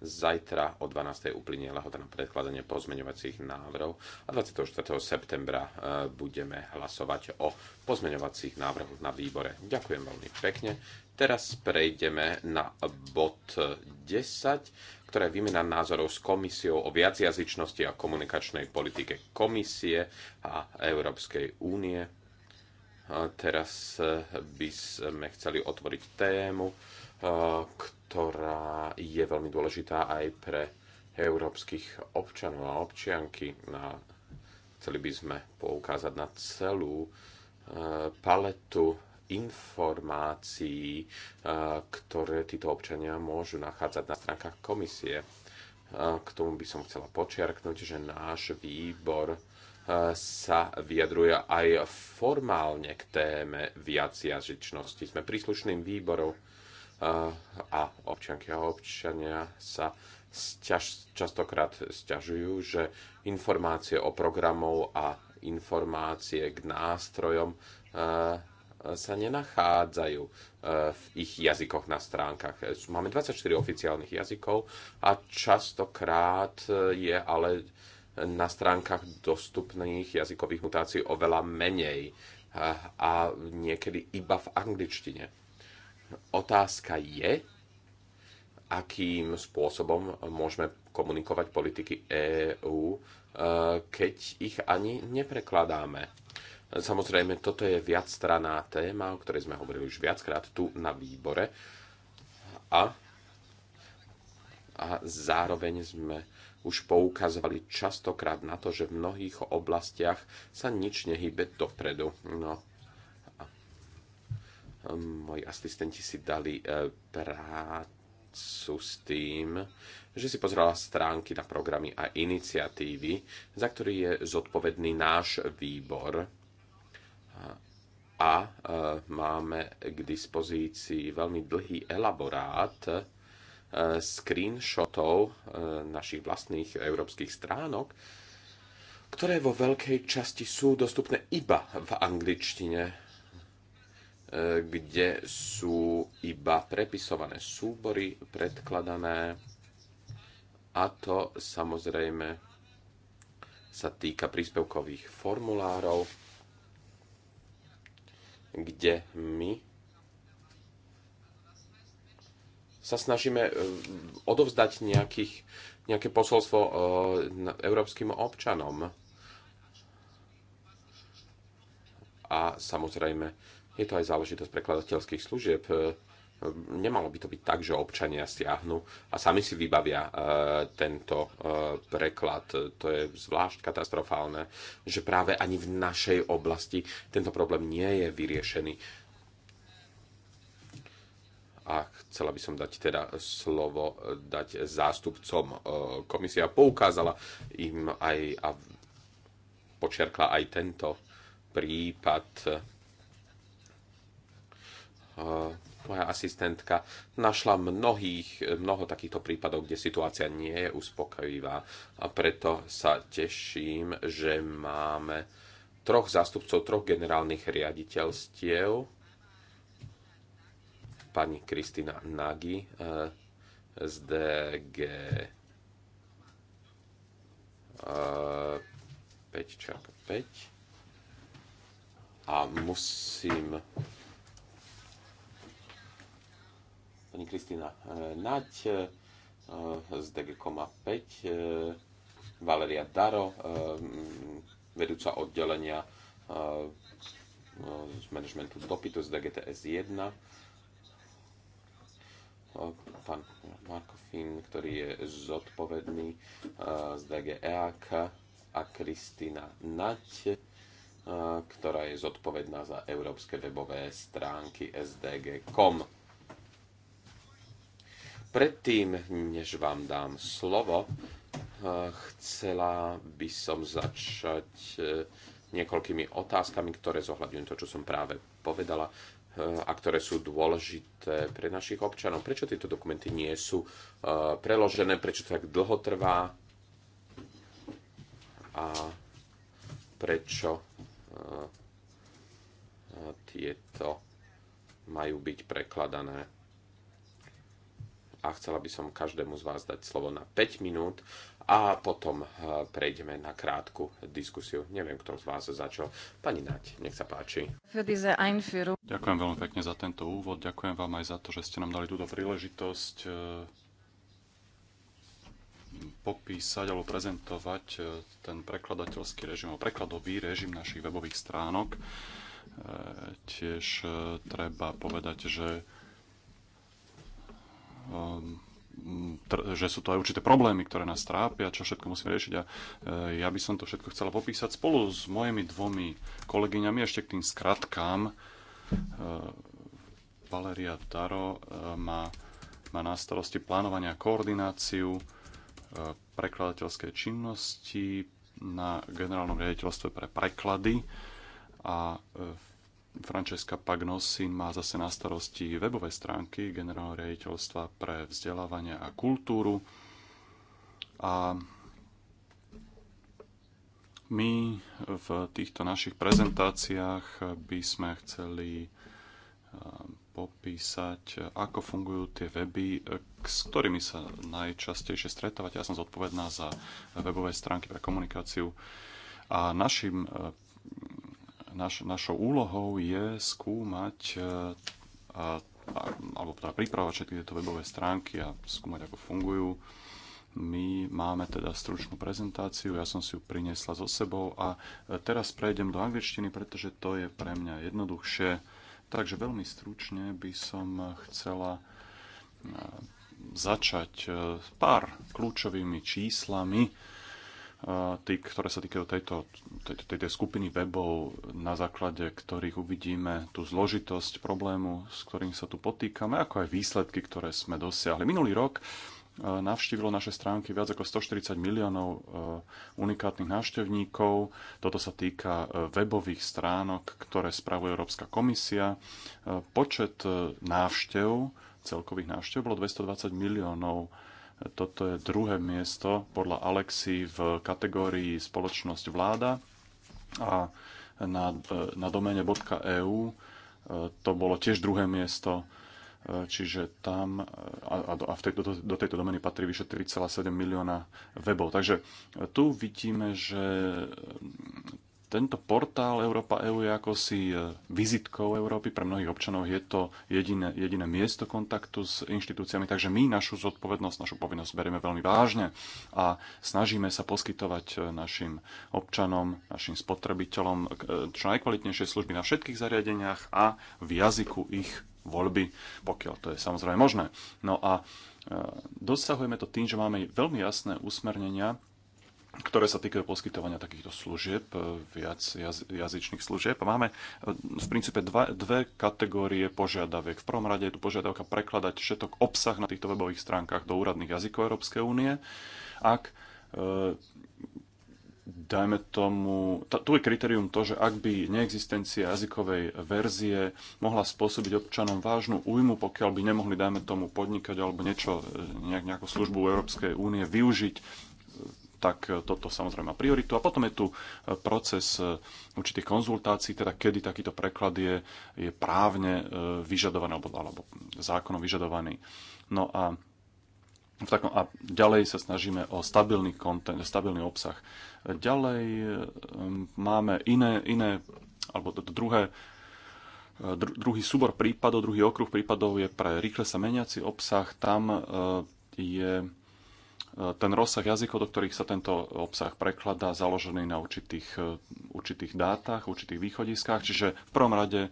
Zajtra o 12. uplynie lehota na predkladanie pozmeňovacích návrhov a 24. septembra budeme hlasovať o pozmeňovacích návrhoch na výbore. Ďakujem veľmi pekne. Teraz prejdeme na bod 10, ktorá je výmena názorov s komisiou o viacjazyčnosti a komunikačnej politike komisie a Európskej únie. Teraz eh, by sme chceli otvoriť tému, eh, ktorá je veľmi dôležitá aj pre európskych občanov a občianky. Chceli by sme poukázať na celú eh, paletu informácií, eh, ktoré títo občania môžu nachádzať na stránkach komisie. Eh, k tomu by som chcela počiarknúť, že náš výbor eh, sa vyjadruje aj formálne k téme viac jazyčnosti. Sme príslušným výborom a občianky a občania sa stiaž, častokrát sťažujú, že informácie o programov a informácie k nástrojom sa nenachádzajú e, v ich jazykoch na stránkach. Máme 24 oficiálnych jazykov a častokrát e, je ale na stránkach dostupných jazykových mutácií oveľa menej e, a niekedy iba v angličtine. Otázka je, akým spôsobom môžeme komunikovať politiky EÚ, keď ich ani neprekladáme. Samozrejme, toto je viacstraná téma, o ktorej sme hovorili už viackrát tu na výbore. A, a zároveň sme už poukazovali častokrát na to, že v mnohých oblastiach sa nič nehybe dopredu. No. Um, moji asistenti si dali e, prácu s tým, že si pozrela stránky na programy a iniciatívy, za ktorý je zodpovedný náš výbor a máme k dispozícii veľmi dlhý elaborát e, screenshotov e, našich vlastných európskych stránok, ktoré vo veľkej časti sú dostupné iba v angličtine, e, kde sú iba prepisované súbory predkladané a to samozrejme sa týka príspevkových formulárov kde my sa snažíme e, odovzdať nejakých, nejaké posolstvo e, európskym občanom. A samozrejme, je to aj záležitosť prekladateľských služieb, e, Nemalo by to byť tak, že občania stiahnu a sami si vybavia e, tento e, preklad. To je zvlášť katastrofálne, že práve ani v našej oblasti tento problém nie je vyriešený. A chcela by som dať teda slovo dať zástupcom. E, komisia poukázala im aj a počerkla aj tento prípad moja asistentka našla mnohých, mnoho takýchto prípadov, kde situácia nie je uspokojivá a preto sa teším, že máme troch zástupcov troch generálnych riaditeľstiev. Pani Kristina Nagy eh, z DG 5, 5. A musím pani Kristýna eh, Nať eh, z DGKOMA 5, eh, Valeria Daro, mm, vedúca oddelenia z manažmentu dopytu z DGTS 1, pán Markofín, ktorý je zodpovedný z DGEAK a Kristýna Nať, ktorá je zodpovedná za európske webové stránky SDG.com. Predtým, než vám dám slovo, eh, chcela by som začať eh, niekoľkými otázkami, ktoré zohľadňujú to, čo som práve povedala eh, a ktoré sú dôležité pre našich občanov. Prečo tieto dokumenty nie sú preložené, prečo to tak dlho trvá a prečo tieto majú byť prekladané a chcela by som každému z vás dať slovo na 5 minút a potom eh, prejdeme na krátku diskusiu. Neviem, kto z vás začal. Pani Nať, nech sa páči. Ďakujem veľmi pekne za tento úvod. Ďakujem vám aj za to, že ste nám dali túto príležitosť eh, popísať alebo prezentovať eh, ten prekladateľský režim alebo prekladový režim našich webových stránok. Tiež treba povedať, že Ehm, že sú to aj určité problémy, ktoré nás trápia, čo všetko musíme riešiť. A e, ja by som to všetko chcela popísať spolu s mojimi dvomi kolegyňami, ešte k tým skratkám. E, Valeria Taro e, má, má na starosti plánovania a koordináciu prekladateľskej činnosti na generálnom riaditeľstve pre preklady a v Francesca Pagnosin má zase na starosti webové stránky generálneho riaditeľstva pre vzdelávanie a kultúru. A my v týchto našich prezentáciách by sme chceli eh, popísať, ako fungujú tie weby, eh, s ktorými sa najčastejšie stretávate. Ja som zodpovedná za webové stránky pre komunikáciu a našim eh, naš, našou úlohou je skúmať e, a, a, alebo teda pripravovať všetky tieto webové stránky a skúmať, ako fungujú. My máme teda stručnú prezentáciu, ja som si ju priniesla so sebou a e, teraz prejdem do angličtiny, pretože to je pre mňa jednoduchšie. Takže veľmi stručne by som chcela e, začať pár kľúčovými číslami, tí, ktoré sa týkajú tejto, tejto, tejto skupiny webov, na základe ktorých uvidíme tú zložitosť problému, s ktorým sa tu potýkame, ako aj výsledky, ktoré sme dosiahli. Minulý rok e, navštívilo naše stránky viac ako 140 miliónov e, unikátnych návštevníkov. Toto sa týka e, webových stránok, ktoré spravuje Európska komisia. Počet návštev, celkových návštev, bolo 220 miliónov toto je druhé miesto podľa Alexi v kategórii spoločnosť vláda a na, na domene .eu e, to bolo tiež druhé miesto, e, čiže tam e, a, a v tejto, do, do tejto domeny patrí vyše 3,7 milióna webov. Takže tu vidíme, že tento portál Európa EU je ako si e, vizitkou Európy. Pre mnohých občanov je to jediné, jediné miesto kontaktu s inštitúciami, takže my našu zodpovednosť, našu povinnosť berieme veľmi vážne a snažíme sa poskytovať e, našim občanom, našim spotrebiteľom e, čo najkvalitnejšie služby na všetkých zariadeniach a v jazyku ich voľby, pokiaľ to je samozrejme možné. No a dosahujeme to tým, že máme veľmi jasné usmernenia ktoré sa týkajú poskytovania takýchto služieb, e, viac jazyčných služieb. A máme e, v princípe dva, dve kategórie požiadaviek. V prvom rade je tu požiadavka prekladať všetok obsah na týchto webových stránkach do úradných jazykov Európskej únie. Ak e, dajme tomu, tu je kritérium to, že ak by neexistencia jazykovej verzie mohla spôsobiť občanom vážnu újmu, pokiaľ by nemohli, dajme tomu, podnikať alebo niečo, e, nejak, nejakú službu Európskej únie využiť tak e, toto samozrejme má prioritu. A potom je tu e, proces e, určitých konzultácií, teda kedy takýto preklad je, je právne vyžadovaný alebo, alebo zákonom vyžadovaný. No a v takom, a ďalej sa snažíme o stabilný kontent, stabilný obsah. Ďalej máme iné, iné alebo druhé, druhý súbor prípadov, druhý okruh prípadov je pre rýchle sa meniaci obsah. Tam je ten rozsah jazykov, do ktorých sa tento obsah prekladá, založený na určitých, e, určitých dátach, určitých východiskách. Čiže v prvom rade, e,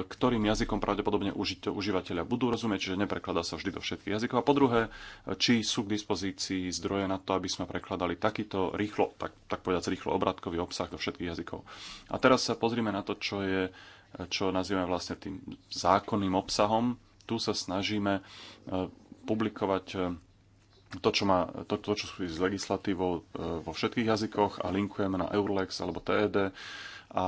ktorým jazykom pravdepodobne užívateľia budú rozumieť, čiže neprekladá sa vždy do všetkých jazykov. A po druhé, e, či sú k dispozícii zdroje na to, aby sme prekladali takýto rýchlo, tak, tak povedať, rýchlo obratkový obsah do všetkých jazykov. A teraz sa pozrime na to, čo je čo nazývame vlastne tým zákonným obsahom. Tu sa snažíme publikovať to, čo, má, to, to, čo sú s legislatívou e, vo všetkých jazykoch a linkujeme na Eurlex alebo TED. A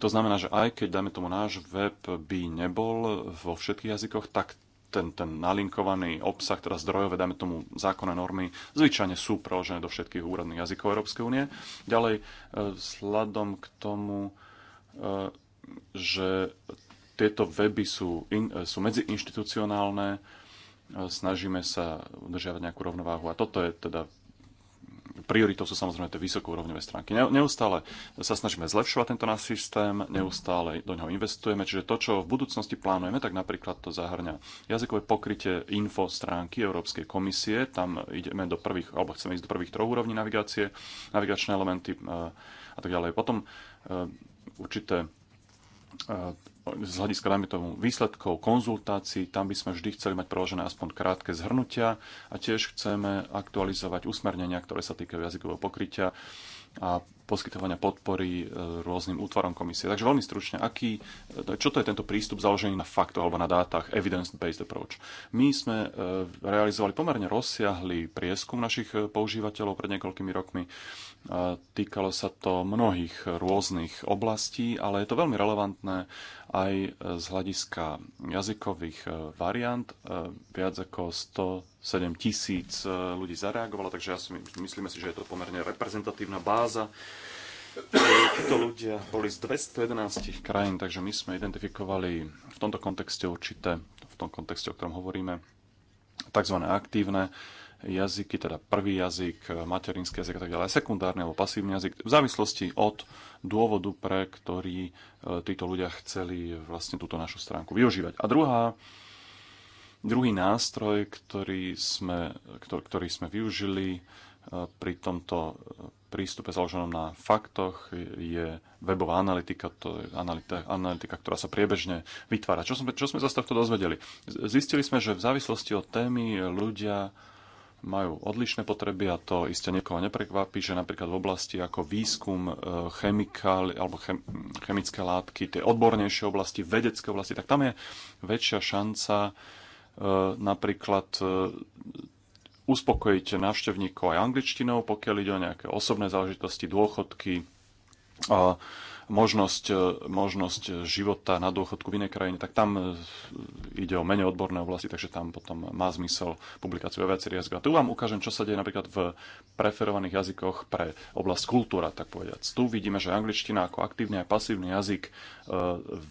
to znamená, že aj keď, dajme tomu, náš web by nebol vo všetkých jazykoch, tak ten, ten nalinkovaný obsah, teda zdrojové, dajme tomu zákonné normy, zvyčajne sú preložené do všetkých úradných jazykov Európskej únie. Ďalej, e, Vzhľadom k tomu, e, že tieto weby sú, in, sú medziinštitucionálne, snažíme sa udržiavať nejakú rovnováhu. A toto je teda prioritou sú samozrejme tie vysokourovňové stránky. Neustále sa snažíme zlepšovať tento náš systém, neustále do neho investujeme, čiže to, čo v budúcnosti plánujeme, tak napríklad to zahrňa jazykové pokrytie info stránky Európskej komisie, tam ideme do prvých, alebo chceme ísť do prvých troch úrovní navigácie, navigačné elementy e, a tak ďalej. Potom e, určité E, z hľadiska, dajme tomu, výsledkov konzultácií, tam by sme vždy chceli mať preložené aspoň krátke zhrnutia a tiež chceme aktualizovať usmernenia, ktoré sa týkajú jazykového pokrytia a poskytovania podpory e, rôznym útvarom komisie. Takže veľmi stručne, aký, e, čo to je tento prístup založený na faktoch alebo na dátach, evidence-based approach? My sme e, realizovali pomerne rozsiahly prieskum našich používateľov pred niekoľkými rokmi. Týkalo sa to mnohých rôznych oblastí, ale je to veľmi relevantné aj z hľadiska jazykových variant. Viac ako 100 7 tisíc e, ľudí zareagovalo, takže ja si, myslíme si, že je to pomerne reprezentatívna báza. Títo ľudia boli z 211 krajín, takže my sme identifikovali v tomto kontexte určité, v tom kontexte, o ktorom hovoríme, tzv. aktívne jazyky, teda prvý jazyk, e, materinský jazyk a tak ďalej, sekundárny alebo pasívny jazyk, v závislosti od dôvodu, pre ktorý e, títo ľudia chceli vlastne túto našu stránku využívať. A druhá Druhý nástroj, ktorý sme, ktorý sme využili e, pri tomto e, prístupe založenom na faktoch, je webová analytika, to je analytika, analytika ktorá sa priebežne vytvára. Čo sme, čo sme zase takto dozvedeli? Zistili sme, že v závislosti od témy ľudia majú odlišné potreby a to iste niekoho neprekvapí, že napríklad v oblasti ako výskum e, chemikál alebo chem, chemické látky, tie odbornejšie oblasti, vedecké oblasti, tak tam je väčšia šanca E, napríklad e, uspokojiť návštevníkov aj angličtinou, pokiaľ ide o nejaké osobné záležitosti, dôchodky, možnosť, e, možnosť života na dôchodku v inej krajine, tak tam e, ide o menej odborné oblasti, takže tam potom má zmysel publikáciu o viacerých jazykoch. A tu vám ukážem, čo sa deje napríklad v preferovaných jazykoch pre oblasť kultúra, tak povediac. Tu vidíme, že angličtina ako aktívny a pasívny jazyk e,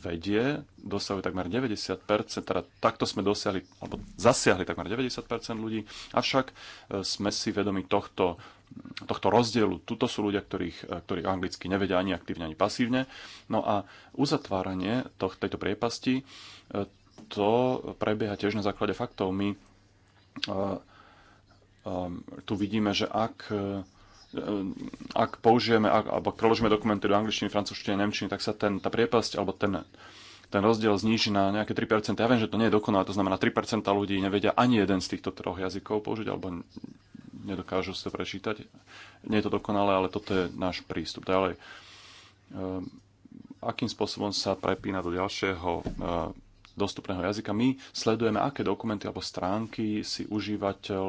vedie, dosahuje takmer 90%, teda takto sme dosiahli, alebo zasiahli takmer 90% ľudí, avšak sme si vedomi tohto tohto rozdielu. Tuto sú ľudia, ktorých, eh, ktorí anglicky nevedia ani aktívne, ani pasívne. No a uzatváranie toh, tejto priepasti, eh, to prebieha tiež na základe faktov. My eh, tu vidíme, že ak ak použijeme, ak, alebo ak preložíme dokumenty do angličtiny, francúzštiny, nemčiny, tak sa ten, tá priepasť alebo ten, ten rozdiel zníži na nejaké 3%. Ja viem, že to nie je dokonalé, to znamená 3% ľudí nevedia ani jeden z týchto troch jazykov použiť, alebo nedokážu si to prečítať. Nie je to dokonalé, ale toto je náš prístup. Ďalej, ehm, akým spôsobom sa prepína do ďalšieho ehm, dostupného jazyka. My sledujeme, aké dokumenty alebo stránky si užívateľ,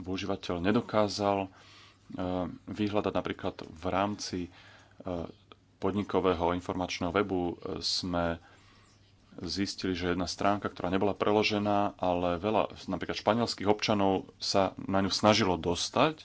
alebo užívateľ nedokázal ehm, vyhľadať napríklad v rámci podnikového informačného webu sme zistili, že jedna stránka, ktorá nebola preložená, ale veľa napríklad španielských občanov sa na ňu snažilo dostať,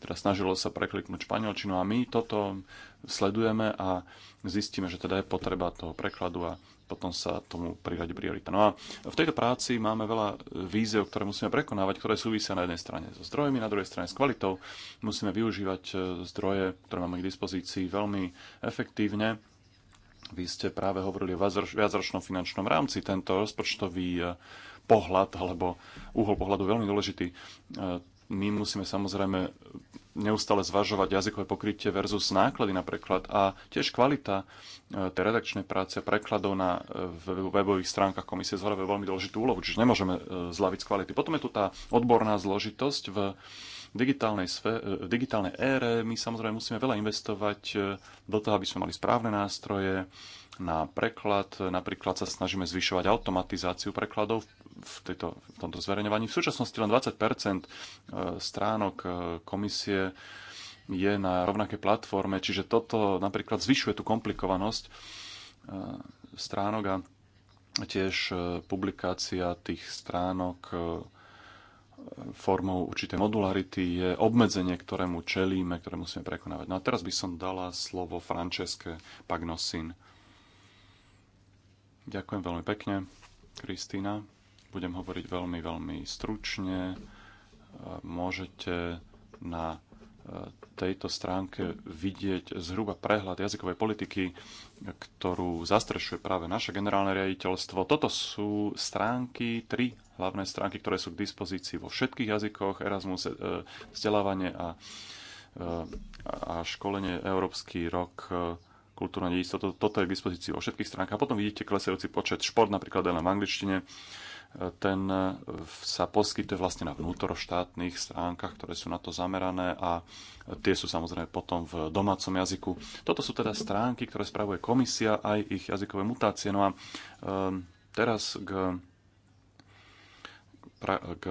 teda snažilo sa prekliknúť španielčinu a my toto sledujeme a zistíme, že teda je potreba toho prekladu a potom sa tomu priradi priorita. No a v tejto práci máme veľa víziev, ktoré musíme prekonávať, ktoré súvisia na jednej strane so zdrojmi, na druhej strane s kvalitou. Musíme využívať eh, zdroje, ktoré máme k dispozícii veľmi efektívne vy ste práve hovorili o viacročnom finančnom rámci. Tento rozpočtový e, pohľad alebo úhol pohľadu veľmi dôležitý. E, my musíme samozrejme neustále zvažovať jazykové pokrytie versus náklady na preklad a tiež kvalita e, tej redakčnej práce prekladov na webových stránkach komisie zohrávajú veľmi dôležitú úlohu, čiže nemôžeme zlaviť z kvality. Potom je tu tá odborná zložitosť v v digitálnej, sfé- v digitálnej ére my samozrejme musíme veľa investovať e, do toho, aby sme mali správne nástroje na preklad. Napríklad sa snažíme zvyšovať automatizáciu prekladov v, tejto, v tomto zverejňovaní. V súčasnosti len 20 e, stránok e, komisie je na rovnakej platforme, čiže toto napríklad zvyšuje tú komplikovanosť stránok a tiež publikácia tých stránok formou určitej modularity je obmedzenie, ktorému čelíme, ktoré musíme prekonávať. No a teraz by som dala slovo Franceske Pagnosin. Ďakujem veľmi pekne, Kristýna. Budem hovoriť veľmi, veľmi stručne. Môžete na tejto stránke vidieť zhruba prehľad jazykovej politiky, ktorú zastrešuje práve naše generálne riaditeľstvo. Toto sú stránky, tri hlavné stránky, ktoré sú k dispozícii vo všetkých jazykoch, Erasmus, e, vzdelávanie a, e, a školenie Európsky rok e, kultúrne dedičstvo. Toto, je k dispozícii vo všetkých stránkach. A potom vidíte klesajúci počet šport, napríklad aj len v angličtine ten e, sa poskytuje vlastne na vnútroštátnych stránkach, ktoré sú na to zamerané a tie sú samozrejme potom v domácom jazyku. Toto sú teda stránky, ktoré spravuje komisia, aj ich jazykové mutácie. No a ehm, teraz k, k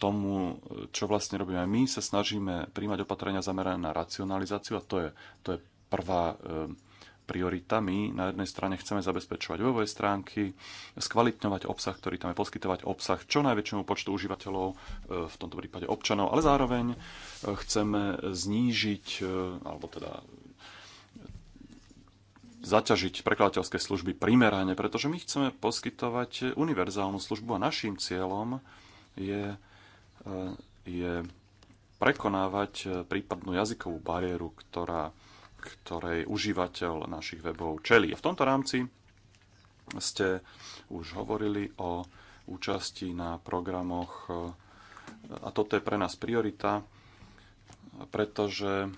tomu, čo vlastne robíme. My sa snažíme príjmať opatrenia zamerané na racionalizáciu a to je, to je prvá ehm, prioritami. Na jednej strane chceme zabezpečovať webové stránky, skvalitňovať obsah, ktorý tam je, poskytovať obsah čo najväčšiemu počtu užívateľov, e, v tomto prípade občanov, ale zároveň e, chceme znížiť, e, alebo teda zaťažiť prekladateľské služby primerane, pretože my chceme poskytovať univerzálnu službu a našim cieľom je, je prekonávať prípadnú jazykovú bariéru, ktorá ktorej užívateľ našich webov čelí. V tomto rámci ste už hovorili o účasti na programoch a toto je pre nás priorita, pretože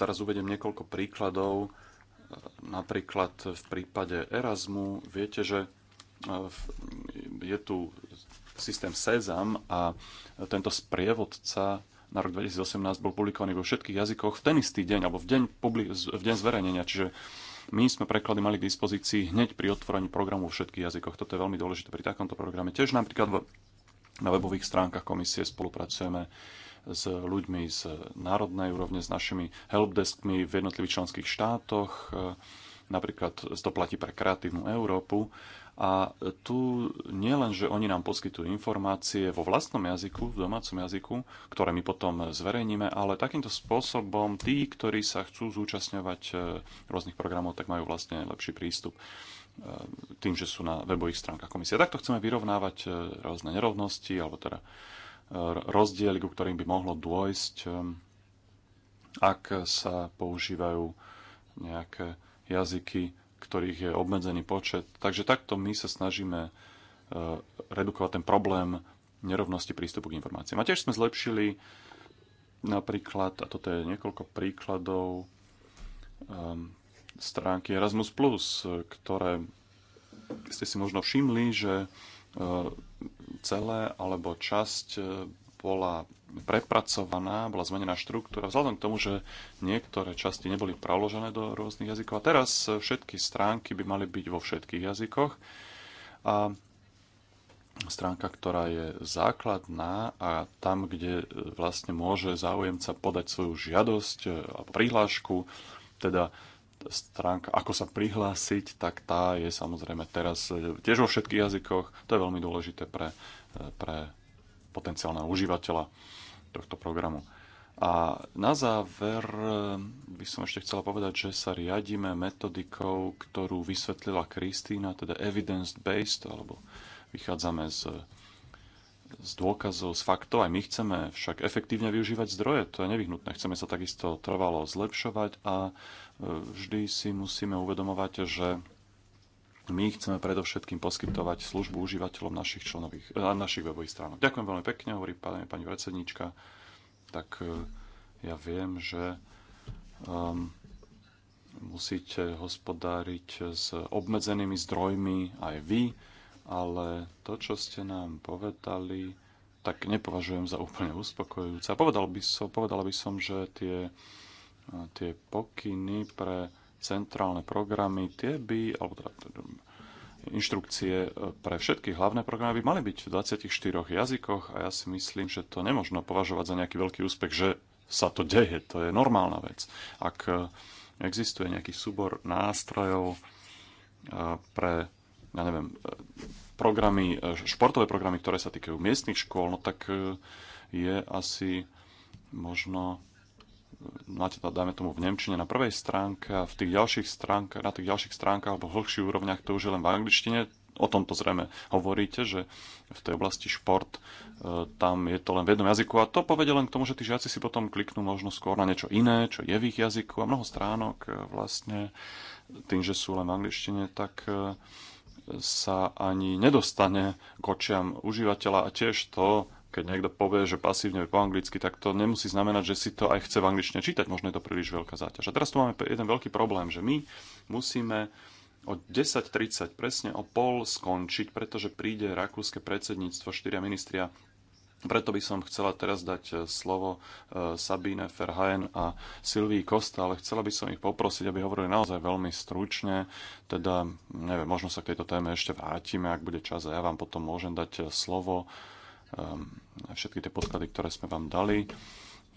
teraz uvedem niekoľko príkladov. Napríklad v prípade Erasmu viete, že e, je tu systém Sesam a tento sprievodca na rok 2018 bol publikovaný vo všetkých jazykoch v ten istý deň alebo v deň, v deň zverejnenia. Čiže my sme preklady mali k dispozícii hneď pri otvorení programu vo všetkých jazykoch. Toto je veľmi dôležité pri takomto programe. Tiež napríklad na webových stránkach komisie spolupracujeme s ľuďmi z národnej úrovne, s našimi helpdeskmi v jednotlivých členských štátoch. Napríklad to platí pre kreatívnu Európu a tu nie len, že oni nám poskytujú informácie vo vlastnom jazyku, v domácom jazyku, ktoré my potom zverejníme, ale takýmto spôsobom tí, ktorí sa chcú zúčastňovať e, rôznych programov, tak majú vlastne lepší prístup e, tým, že sú na webových stránkach komisie. Takto chceme vyrovnávať e, rôzne nerovnosti alebo teda rozdiely, ku ktorým by mohlo dôjsť, ak sa používajú nejaké jazyky ktorých je obmedzený počet. Takže takto my sa snažíme e, redukovať ten problém nerovnosti prístupu k informáciám. A tiež sme zlepšili napríklad, a toto je niekoľko príkladov, um, stránky Erasmus+, ktoré ste si možno všimli, že e, celé alebo časť bola prepracovaná, bola zmenená štruktúra, vzhľadom k tomu, že niektoré časti neboli preložené do rôznych jazykov. A teraz všetky stránky by mali byť vo všetkých jazykoch. A stránka, ktorá je základná a tam, kde vlastne môže záujemca podať svoju žiadosť a prihlášku, teda stránka, ako sa prihlásiť, tak tá je samozrejme teraz tiež vo všetkých jazykoch. To je veľmi dôležité pre, pre potenciálneho užívateľa tohto programu. A na záver eh, by som ešte chcela povedať, že sa riadíme metodikou, ktorú vysvetlila Kristína, teda evidence-based, alebo vychádzame z, z dôkazov, z faktov. Aj my chceme však efektívne využívať zdroje, to je nevyhnutné. Chceme sa takisto trvalo zlepšovať a eh, vždy si musíme uvedomovať, že my chceme predovšetkým poskytovať službu užívateľom našich, členových, našich webových stránok. Ďakujem veľmi pekne, hovorí pani, pani predsednička. Tak e, ja viem, že um, musíte hospodáriť s obmedzenými zdrojmi aj vy, ale to, čo ste nám povedali, tak nepovažujem za úplne uspokojujúce. A povedal by som, povedal by som, že tie, e, tie pokyny pre centrálne programy, tie by, alebo teda, teda inštrukcie e, pre všetky hlavné programy by mali byť v 24 jazykoch a ja si myslím, že to nemožno považovať za nejaký veľký úspech, že sa to deje, to je normálna vec. Ak e, existuje nejaký súbor nástrojov e, pre, ja neviem, programy, športové programy, ktoré sa týkajú miestnych škôl, no tak je asi možno máte to, dajme tomu, v Nemčine na prvej stránke a v tých ďalších stránkach, na tých ďalších stránkach alebo v hĺbších úrovniach to už je len v angličtine. O tomto zrejme hovoríte, že v tej oblasti šport e, tam je to len v jednom jazyku a to povede len k tomu, že tí žiaci si potom kliknú možno skôr na niečo iné, čo je v ich jazyku a mnoho stránok e, vlastne tým, že sú len v angličtine, tak e, sa ani nedostane k očiam užívateľa a tiež to keď niekto povie, že pasívne po anglicky, tak to nemusí znamenať, že si to aj chce v angličtine čítať. Možno je to príliš veľká záťaž. A teraz tu máme jeden veľký problém, že my musíme o 10.30, presne o pol skončiť, pretože príde rakúske predsedníctvo, štyria ministria. Preto by som chcela teraz dať eh, slovo eh, Sabine Ferhajen a Silvii Kosta, ale chcela by som ich poprosiť, aby hovorili naozaj veľmi stručne. Teda, neviem, možno sa k tejto téme ešte vrátime, ak bude čas a ja vám potom môžem dať eh, slovo Ehm, všetky tie podklady, ktoré sme vám dali,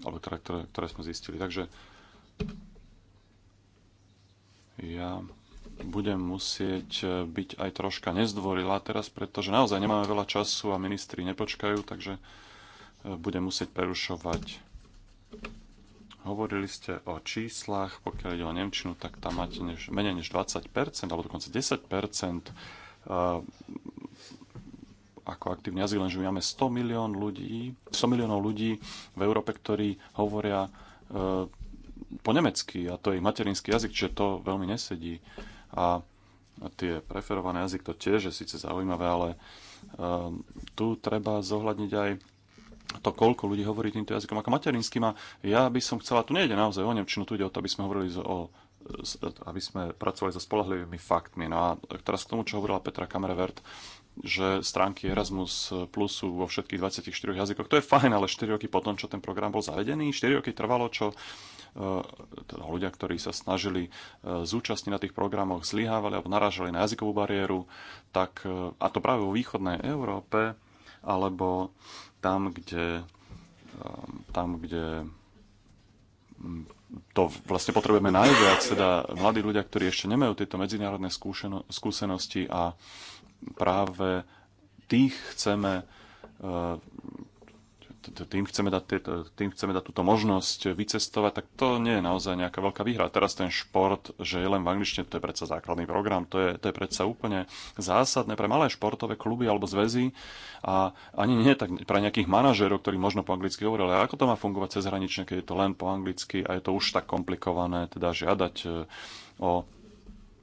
alebo ktoré, ktoré, ktoré sme zistili. Takže ja budem musieť e, byť aj troška nezdvorila teraz, pretože naozaj nemáme veľa času a ministri nepočkajú, takže e, budem musieť prerušovať. Hovorili ste o číslach, pokiaľ ide o Nemčinu, tak tam máte než, menej než 20%, alebo dokonca 10% ako aktívny jazyk lenže máme 100, milión ľudí, 100 miliónov ľudí v Európe, ktorí hovoria e, po nemecky a to je ich materinský jazyk, čiže to veľmi nesedí. A tie preferované jazyk to tiež je síce zaujímavé, ale e, tu treba zohľadniť aj to, koľko ľudí hovorí týmto jazykom ako materinským. A ja by som chcela, tu nejde naozaj o Nemčinu, tu ide o to, aby sme hovorili o aby sme pracovali so spolahlivými faktmi. No a teraz k tomu, čo hovorila Petra Kamerevert, že stránky Erasmus Plus sú vo všetkých 24 jazykoch. To je fajn, ale 4 roky potom, čo ten program bol zavedený, 4 roky trvalo, čo e, teda ľudia, ktorí sa snažili e, zúčastniť na tých programoch, zlyhávali alebo narážali na jazykovú bariéru, tak, e, a to práve vo východnej Európe, alebo tam, kde, tam, kde to vlastne potrebujeme najviac, teda mladí ľudia, ktorí ešte nemajú tieto medzinárodné skúsenosti a práve tých chceme e, tým chceme, dať, tým chceme dať túto možnosť vycestovať, tak to nie je naozaj nejaká veľká výhra. Teraz ten šport, že je len v angličtine, to je predsa základný program, to je, to je predsa úplne zásadné pre malé športové kluby alebo zväzy a ani nie tak pre nejakých manažérov, ktorí možno po anglicky hovorili, ale ako to má fungovať cezhranične, keď je to len po anglicky a je to už tak komplikované, teda žiadať e, o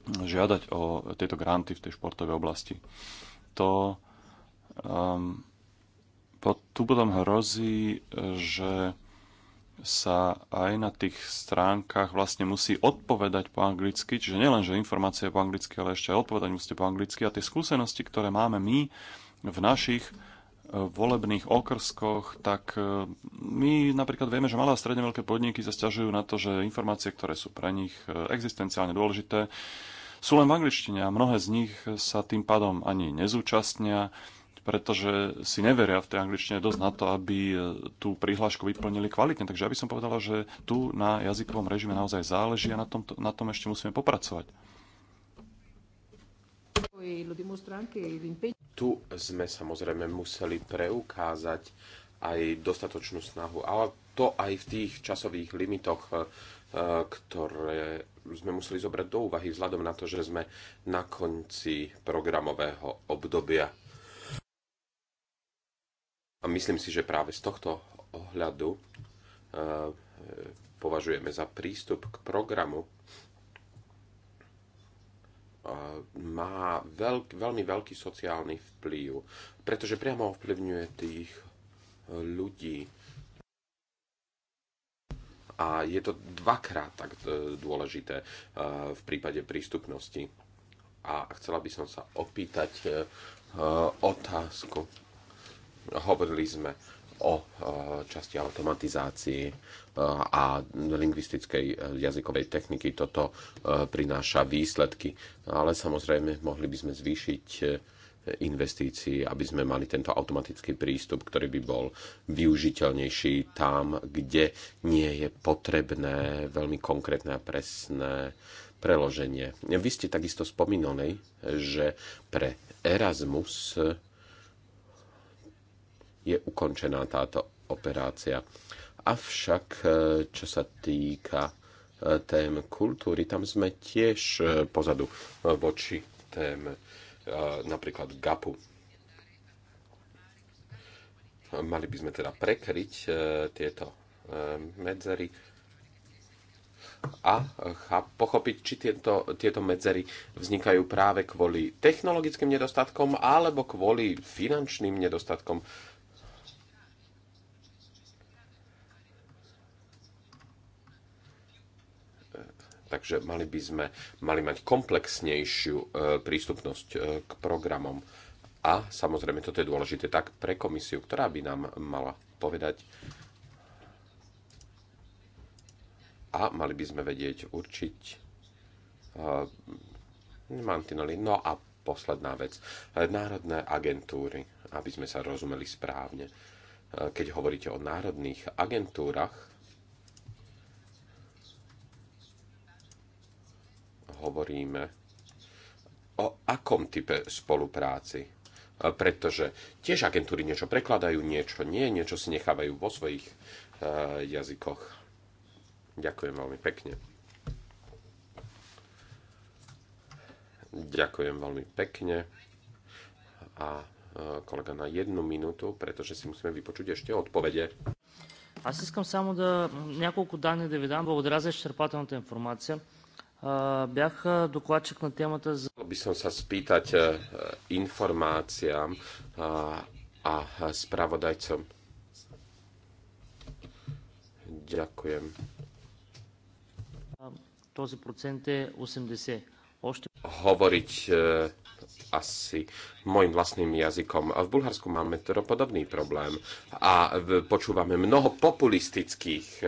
žiadať o tieto granty v tej športovej oblasti. To, um, po, tu potom hrozí, že sa aj na tých stránkach vlastne musí odpovedať po anglicky, čiže nielen, že informácie po anglicky, ale ešte aj odpovedať musíte po anglicky a tie skúsenosti, ktoré máme my v našich e, volebných okrskoch, tak e, my napríklad vieme, že malé a stredne veľké podniky sa stiažujú na to, že informácie, ktoré sú pre nich e, existenciálne dôležité, sú len v angličtine a mnohé z nich sa tým pádom ani nezúčastnia, pretože si neveria v tej angličtine dosť na to, aby e, tú prihlášku vyplnili kvalitne. Takže ja by som povedala, že tu na jazykovom režime naozaj záleží a na tom, na tom ešte musíme popracovať. Tu sme samozrejme museli preukázať aj dostatočnú snahu, ale to aj v tých časových limitoch, ktoré sme museli zobrať do úvahy vzhľadom na to, že sme na konci programového obdobia. A myslím si, že práve z tohto ohľadu považujeme za prístup k programu, má veľk, veľmi veľký sociálny vplyv, pretože priamo ovplyvňuje tých ľudí a je to dvakrát tak e, dôležité e, v prípade prístupnosti. A chcela by som sa opýtať e, otázku. Hovorili sme o časti automatizácii a lingvistickej jazykovej techniky. Toto prináša výsledky, ale samozrejme mohli by sme zvýšiť investícií, aby sme mali tento automatický prístup, ktorý by bol využiteľnejší tam, kde nie je potrebné veľmi konkrétne a presné preloženie. Vy ste takisto spomínali, že pre Erasmus je ukončená táto operácia. Avšak, e, čo sa týka e, tém kultúry, tam sme tiež e, pozadu voči tém napríklad GAPu. Mali by sme teda prekryť e, tieto e, medzery a pochopiť, či tieto, tieto medzery vznikajú práve kvôli technologickým nedostatkom alebo kvôli finančným nedostatkom Takže mali by sme mali mať komplexnejšiu e, prístupnosť e, k programom. A samozrejme, toto je dôležité tak pre komisiu, ktorá by nám mala povedať. A mali by sme vedieť určiť uh, mantinely. No a posledná vec. Národné agentúry, aby sme sa rozumeli správne. Keď hovoríte o národných agentúrach, hovoríme o akom type spolupráci. E, pretože tiež agentúry niečo prekladajú, niečo nie, niečo si nechávajú vo svojich uh, jazykoch. Ďakujem veľmi pekne. Ďakujem veľmi pekne. A e, kolega na jednu minútu, pretože si musíme vypočuť ešte odpovede. Аз искам само да няколко данни да ви дам. Благодаря за изчерпателната информация. Бях докладчик на темата за... By som sa spýtať informáciám a spravodajcom. Ďakujem. Този процент е 80 hovoriť e, asi môjim vlastným jazykom. V Bulharsku máme teda podobný problém a počúvame mnoho populistických e,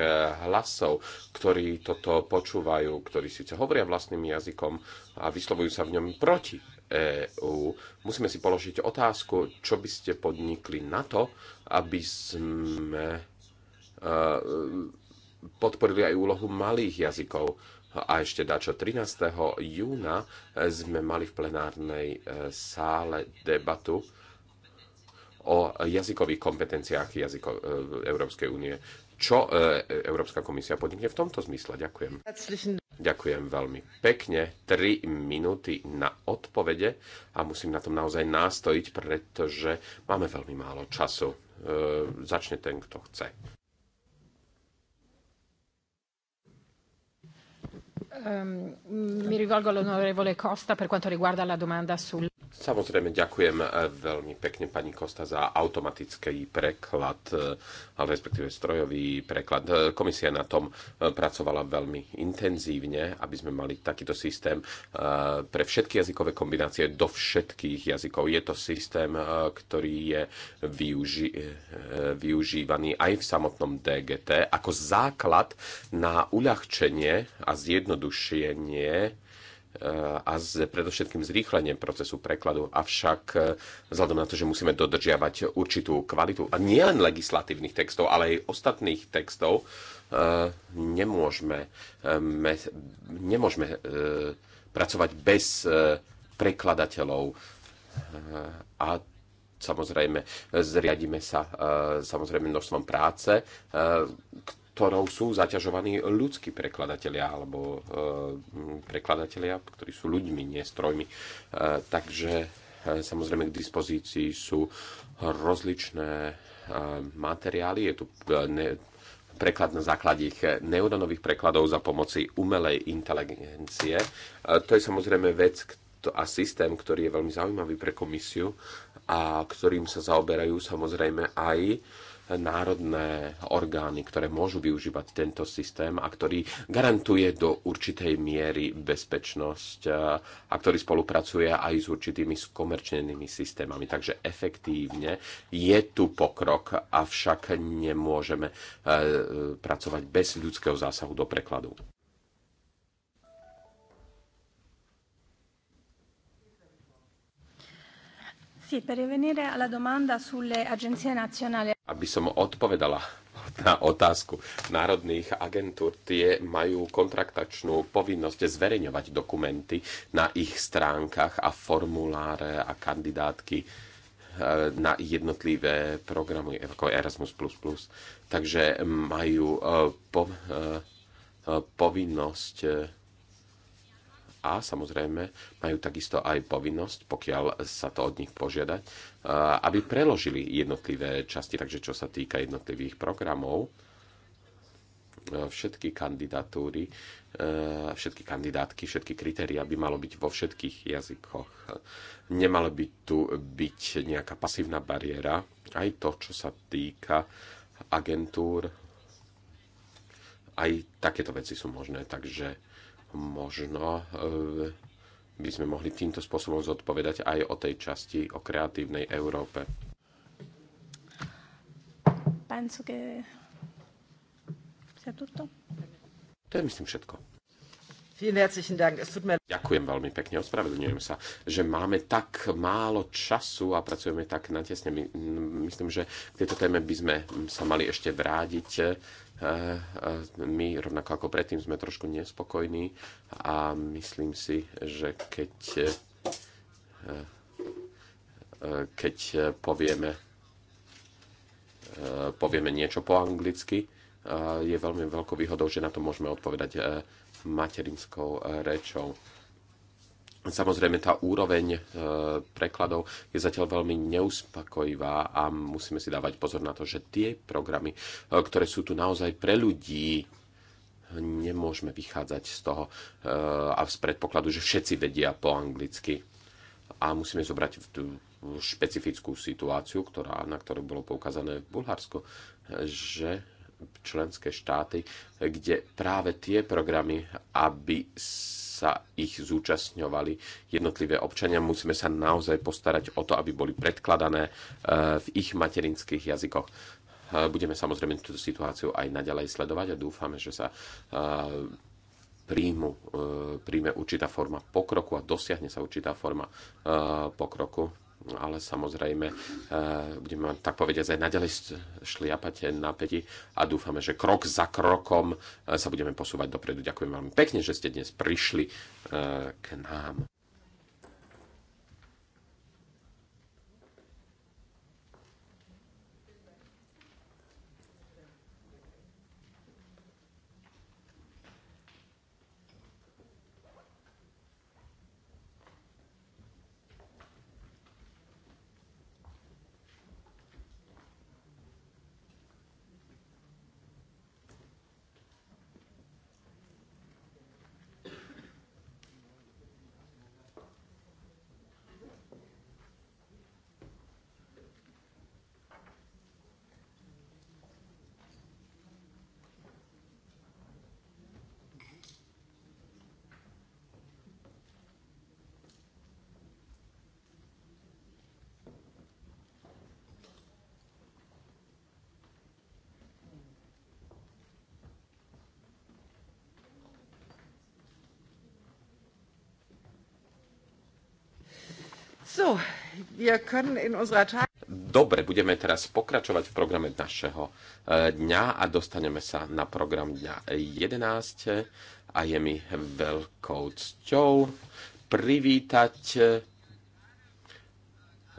hlasov, ktorí toto počúvajú, ktorí síce hovoria vlastným jazykom a vyslovujú sa v ňom proti EÚ. Musíme si položiť otázku, čo by ste podnikli na to, aby sme e, podporili aj úlohu malých jazykov a ešte dačo 13. júna eh, sme mali v plenárnej eh, sále debatu o jazykových kompetenciách jazyko, eh, Európskej únie. Čo Európska komisia podnikne v tomto zmysle? Ďakujem. Ďakujem veľmi pekne. Tri minúty na odpovede a musím na tom naozaj nástojiť, pretože máme veľmi málo času. E, začne ten, kto chce. Ehm, mi rivolgo all'onorevole Costa per quanto riguarda la domanda sul... Samozrejme, ďakujem e, veľmi pekne pani Kosta za automatický preklad, e, ale respektíve strojový preklad. E, komisia na tom pracovala veľmi intenzívne, aby sme mali takýto systém pre všetky jazykové kombinácie do všetkých jazykov. Je to systém, ktorý je využi- využívaný aj v samotnom DGT ako základ na uľahčenie a zjednodušenie a z, predovšetkým zrýchlenie procesu prekladu. Avšak e, vzhľadom na to, že musíme dodržiavať určitú kvalitu a nie len legislatívnych textov, ale aj ostatných textov, e, nemôžeme, e, nemôžeme pracovať bez prekladateľov. A samozrejme, zriadíme sa samozrejme množstvom práce, ktorou sú zaťažovaní ľudskí prekladatelia alebo e, prekladatelia, ktorí sú ľuďmi, nie strojmi. E, takže e, samozrejme k dispozícii sú rozličné materiály. Je tu preklad na základe ich neuronových prekladov za pomoci umelej inteligencie. To je samozrejme vec a systém, ktorý je veľmi zaujímavý pre komisiu a ktorým sa zaoberajú samozrejme aj národné orgány, ktoré môžu využívať tento systém a ktorý garantuje do určitej miery bezpečnosť a ktorý spolupracuje aj s určitými komerčnými systémami. Takže efektívne je tu pokrok, avšak nemôžeme e, e, pracovať bez ľudského zásahu do prekladu. Aby som odpovedala na otázku národných agentúr, tie majú kontraktačnú povinnosť zverejňovať dokumenty na ich stránkach a formuláre a kandidátky e, na jednotlivé programy ako Erasmus++. Takže majú e, po, e, povinnosť a samozrejme majú takisto aj povinnosť, pokiaľ sa to od nich požiadať, aby preložili jednotlivé časti. Takže čo sa týka jednotlivých programov, všetky kandidatúry, všetky kandidátky, všetky kritéria by malo byť vo všetkých jazykoch. Nemala by tu byť nejaká pasívna bariéra, aj to, čo sa týka agentúr, aj takéto veci sú možné, takže možno eh, by sme mohli týmto spôsobom zodpovedať aj o tej časti o kreatívnej Európe. Penso che sia tutto. To je myslím všetko. Ďakujem veľmi pekne, ospravedlňujem sa, že máme tak málo času a pracujeme tak natesne. My, myslím, že k tejto téme by sme sa mali ešte vrádiť. E, e, my, rovnako ako predtým, sme trošku nespokojní a myslím si, že keď, e, keď povieme, povieme niečo po anglicky, je veľmi veľkou výhodou, že na to môžeme odpovedať materinskou e, rečou. Samozrejme, tá úroveň e, prekladov je zatiaľ veľmi neuspokojivá a musíme si dávať pozor na to, že tie programy, e, ktoré sú tu naozaj pre ľudí, nemôžeme vychádzať z toho a z predpokladu, že všetci vedia po anglicky. A musíme zobrať tú špecifickú situáciu, ktorá, na ktorú bolo poukázané v Bulharsku, že členské štáty, kde práve tie programy, aby sa ich zúčastňovali jednotlivé občania. Musíme sa naozaj postarať o to, aby boli predkladané e, v ich materinských jazykoch. E, budeme samozrejme túto situáciu aj naďalej sledovať a dúfame, že sa e, príjmu, príjme určitá forma pokroku a dosiahne sa určitá forma pokroku ale samozrejme e, budeme tak povediať aj naďalej šliapať na peti a dúfame, že krok za krokom e, sa budeme posúvať dopredu. Ďakujem veľmi pekne, že ste dnes prišli e, k nám. Dobre, budeme teraz pokračovať v programe našeho eh, dňa a dostaneme sa na program dňa 11 a je mi veľkou cťou privítať eh,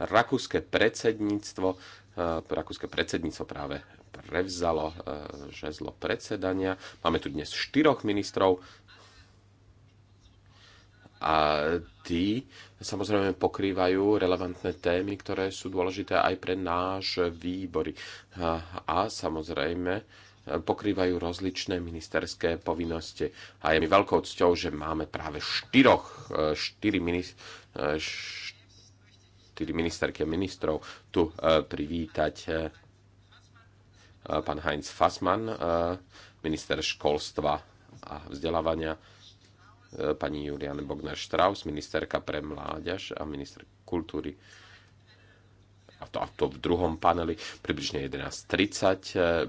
rakúske predsedníctvo. Eh, rakúske predsedníctvo práve prevzalo žezlo predsedania. Máme tu dnes štyroch ministrov a tí samozrejme pokrývajú relevantné témy, ktoré sú dôležité aj pre náš výbory. A, a samozrejme pokrývajú rozličné ministerské povinnosti. A je mi veľkou cťou, že máme práve štyroch, e, štyri, e, štyri ministerky ministrov tu e, privítať pán Heinz Fassmann, minister školstva a vzdelávania E, pani Julian Bogner Štraus, ministerka pre mládež a minister kultúry a to, a to v druhom paneli približne 11.30 e,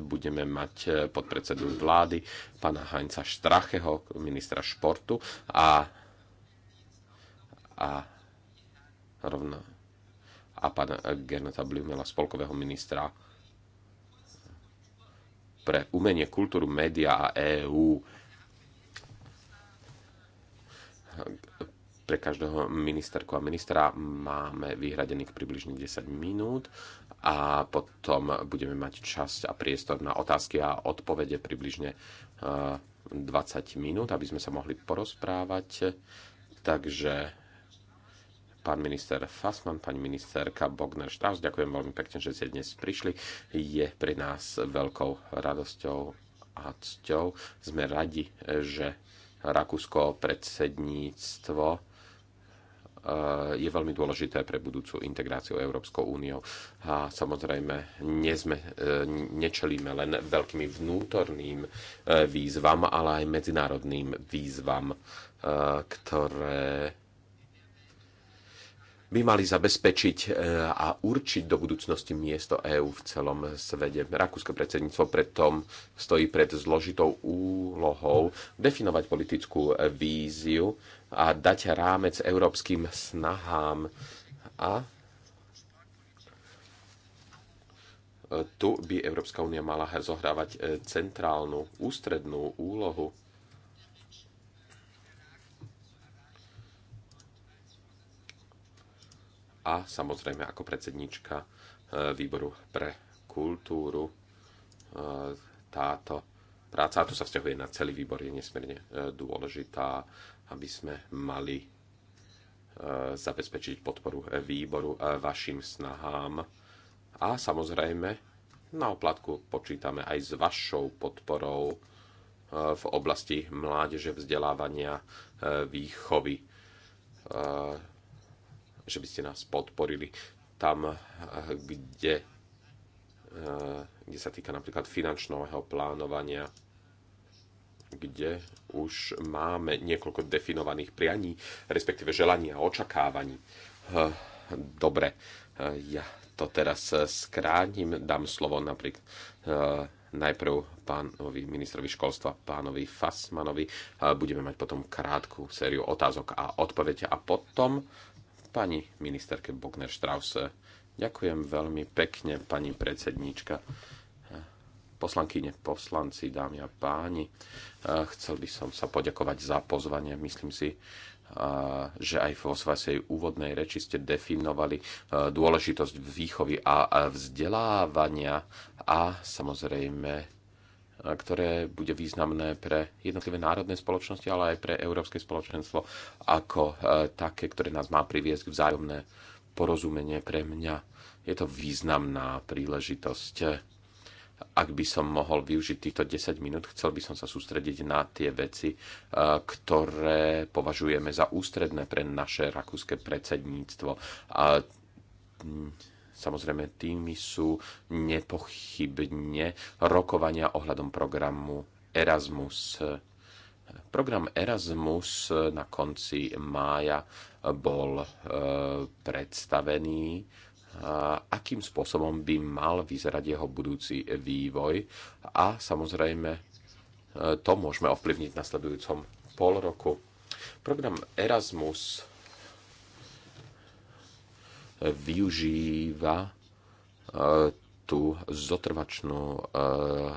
budeme mať e, podpredsedu vlády pána Heinza Štracheho, ministra športu a, a rovno a pána Gernota Blumela, spolkového ministra pre umenie, kultúru, média a EÚ pre každého ministerku a ministra máme vyhradených približne 10 minút a potom budeme mať časť a priestor na otázky a odpovede približne 20 eh, minút, aby sme sa mohli porozprávať. Takže pán minister Fassman, pani ministerka Bogner Štraus, ďakujem veľmi pekne, že ste dnes prišli. Je pre nás veľkou radosťou a cťou. Sme radi, že Rakúsko predsedníctvo eh, je veľmi dôležité pre budúcu integráciu Európskou úniou. A samozrejme, nezme, eh, nečelíme len veľkými vnútorným eh, výzvam, ale aj medzinárodným výzvam, ktoré by mali zabezpečiť e, a určiť do budúcnosti miesto EÚ v celom svete. Rakúske predsedníctvo preto stojí pred zložitou úlohou definovať politickú e, víziu a dať rámec európskym snahám a e, tu by Európska únia mala zohrávať centrálnu, ústrednú úlohu a samozrejme ako predsednička e, výboru pre kultúru e, táto práca, a tu sa vzťahuje na celý výbor, je nesmierne e, dôležitá, aby sme mali zabezpečiť podporu výboru vašim snahám. A samozrejme, na oplatku počítame aj s vašou podporou v oblasti mládeže, vzdelávania, výchovy že by ste nás podporili tam, eh, kde, eh, kde sa týka napríklad finančného plánovania, kde už máme niekoľko definovaných prianí, respektíve želaní a očakávaní. Eh, dobre, ja to teraz skrátim, dám slovo napríklad najprv pánovi ministrovi školstva, pánovi Fasmanovi. Budeme mať potom krátku sériu otázok a odpovede a potom pani ministerke Bogner Strause. Ďakujem veľmi pekne, pani predsednička. Poslankyne, poslanci, dámy a páni, chcel by som sa poďakovať za pozvanie. Myslím si, že aj vo svojej úvodnej reči ste definovali dôležitosť výchovy a vzdelávania a samozrejme ktoré bude významné pre jednotlivé národné spoločnosti, ale aj pre európske spoločenstvo ako e, také, ktoré nás má priviesť k vzájomné porozumenie pre mňa. Je to významná príležitosť. Ak by som mohol využiť týchto 10 minút, chcel by som sa sústrediť na tie veci, e, ktoré považujeme za ústredné pre naše rakúske predsedníctvo. A Samozrejme, tými sú nepochybne rokovania ohľadom programu Erasmus. Program Erasmus na konci mája bol e, predstavený akým spôsobom by mal vyzerať jeho budúci vývoj a samozrejme e, to môžeme ovplyvniť v nasledujúcom pol roku. Program Erasmus využíva e, tú zotrvačnú e,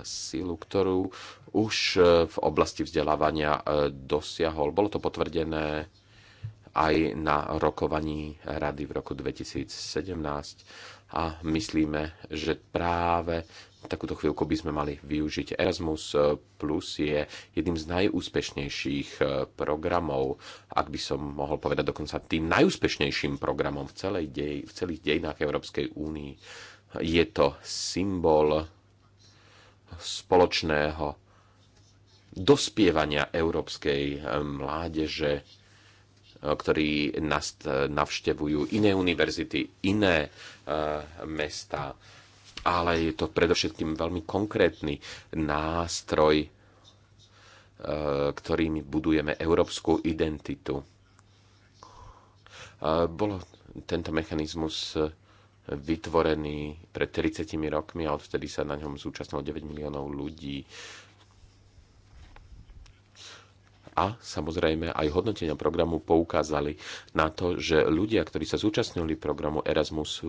sílu, ktorú už e, v oblasti vzdelávania dosiahol. Bolo to potvrdené aj na rokovaní rady v roku 2017 a myslíme, že práve takúto chvíľku by sme mali využiť. Erasmus eh, Plus je jedným z najúspešnejších eh, programov, ak by som mohol povedať dokonca tým najúspešnejším programom v, celej dej, v celých dejinách Európskej únii. Je to symbol spoločného dospievania európskej eh, mládeže, ktorí navštevujú iné univerzity, iné mesta, ale je to predovšetkým veľmi konkrétny nástroj, e, ktorými budujeme európsku identitu. E, bolo tento mechanizmus vytvorený pred 30 rokmi a odvtedy sa na ňom zúčastnilo 9 miliónov ľudí. A samozrejme aj hodnotenia programu poukázali na to, že ľudia, ktorí sa zúčastnili programu Erasmus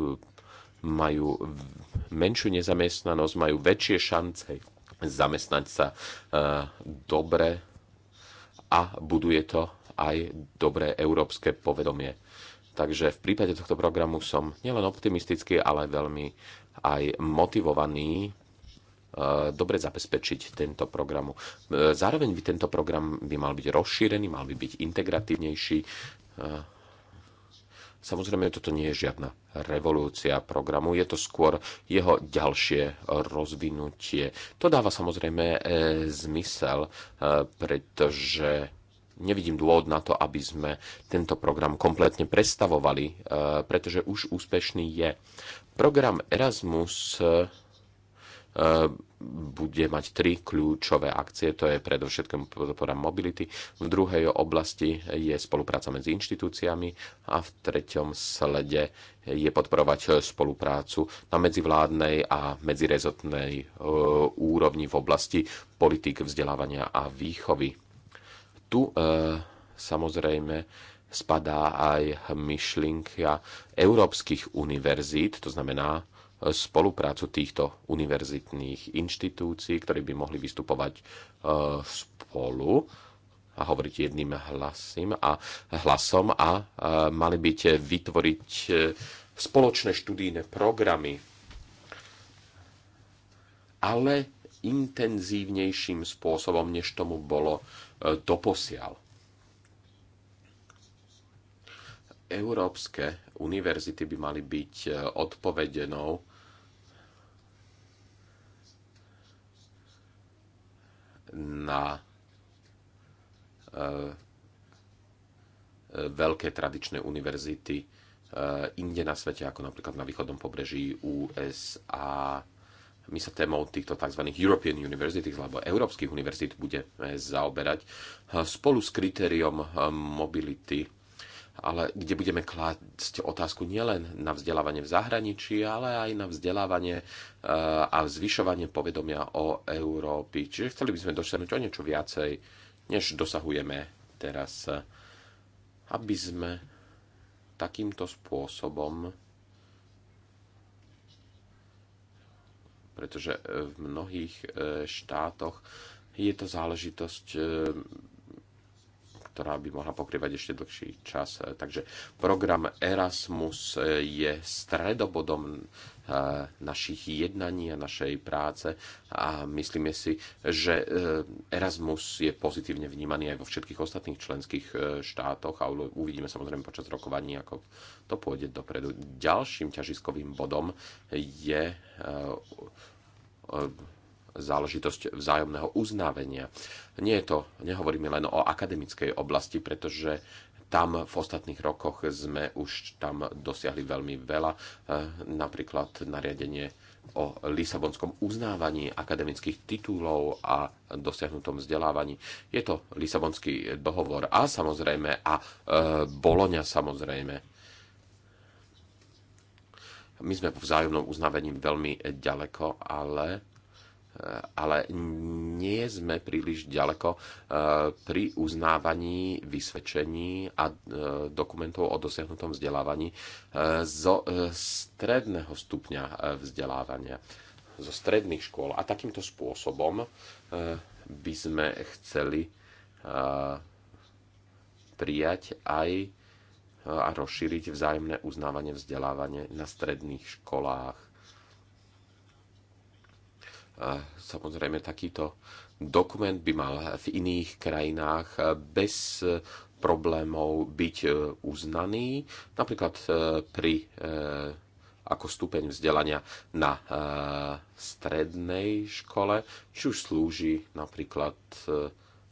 majú menšiu nezamestnanosť, majú väčšie šance zamestnať sa e, dobre a buduje to aj dobré európske povedomie. Takže v prípade tohto programu som nielen optimistický, ale veľmi aj motivovaný e, dobre zabezpečiť tento programu. E, zároveň by tento program by mal byť rozšírený, mal by byť integratívnejší Samozrejme, toto nie je žiadna revolúcia programu, je to skôr jeho ďalšie rozvinutie. To dáva samozrejme e, zmysel, e, pretože nevidím dôvod na to, aby sme tento program kompletne prestavovali, e, pretože už úspešný je. Program Erasmus bude mať tri kľúčové akcie. To je predovšetkým podpora mobility. V druhej oblasti je spolupráca medzi inštitúciami a v treťom slede je podporovať spoluprácu na medzivládnej a medzirezotnej e, úrovni v oblasti politik vzdelávania a výchovy. Tu e, samozrejme spadá aj myšlienka európskych univerzít, to znamená spoluprácu týchto univerzitných inštitúcií, ktorí by mohli vystupovať e, spolu a hovoriť jedným hlasím a hlasom a e, mali byť vytvoriť e, spoločné študijné programy, ale intenzívnejším spôsobom, než tomu bolo doposiaľ. Európske univerzity by mali byť odpovedenou na e, e, veľké tradičné univerzity e, inde na svete, ako napríklad na východnom pobreží USA. My sa témou týchto tzv. European Universities alebo európskych univerzít budeme zaoberať spolu s kritériom mobility ale kde budeme klásť otázku nielen na vzdelávanie v zahraničí, ale aj na vzdelávanie e, a zvyšovanie povedomia o Európy. Čiže chceli by sme dosiahnuť o niečo viacej, než dosahujeme teraz, aby sme takýmto spôsobom pretože v mnohých e, štátoch je to záležitosť e, ktorá by mohla pokrývať ešte dlhší čas. Takže program Erasmus je stredobodom eh, našich jednaní a našej práce a myslíme si, že eh, Erasmus je pozitívne vnímaný aj vo všetkých ostatných členských eh, štátoch a uvidíme samozrejme počas rokovaní, ako to pôjde dopredu. Ďalším ťažiskovým bodom je záležitosť vzájomného uznávenia. Nie je to, nehovoríme len o akademickej oblasti, pretože tam v ostatných rokoch sme už tam dosiahli veľmi veľa, e, napríklad nariadenie o lisabonskom uznávaní akademických titulov a dosiahnutom vzdelávaní. Je to lisabonský dohovor a samozrejme a e, Boloňa samozrejme my sme po vzájomnom uznávaní veľmi ďaleko, ale ale nie sme príliš ďaleko e, pri uznávaní vysvedčení a e, dokumentov o dosiahnutom vzdelávaní e, zo stredného stupňa vzdelávania, zo stredných škôl. A takýmto spôsobom by sme chceli prijať aj a rozšíriť vzájomné uznávanie vzdelávanie na stredných školách Samozrejme, takýto dokument by mal v iných krajinách bez problémov byť e, uznaný, napríklad e, pri e, ako stupeň vzdelania na strednej škole, či už slúži napríklad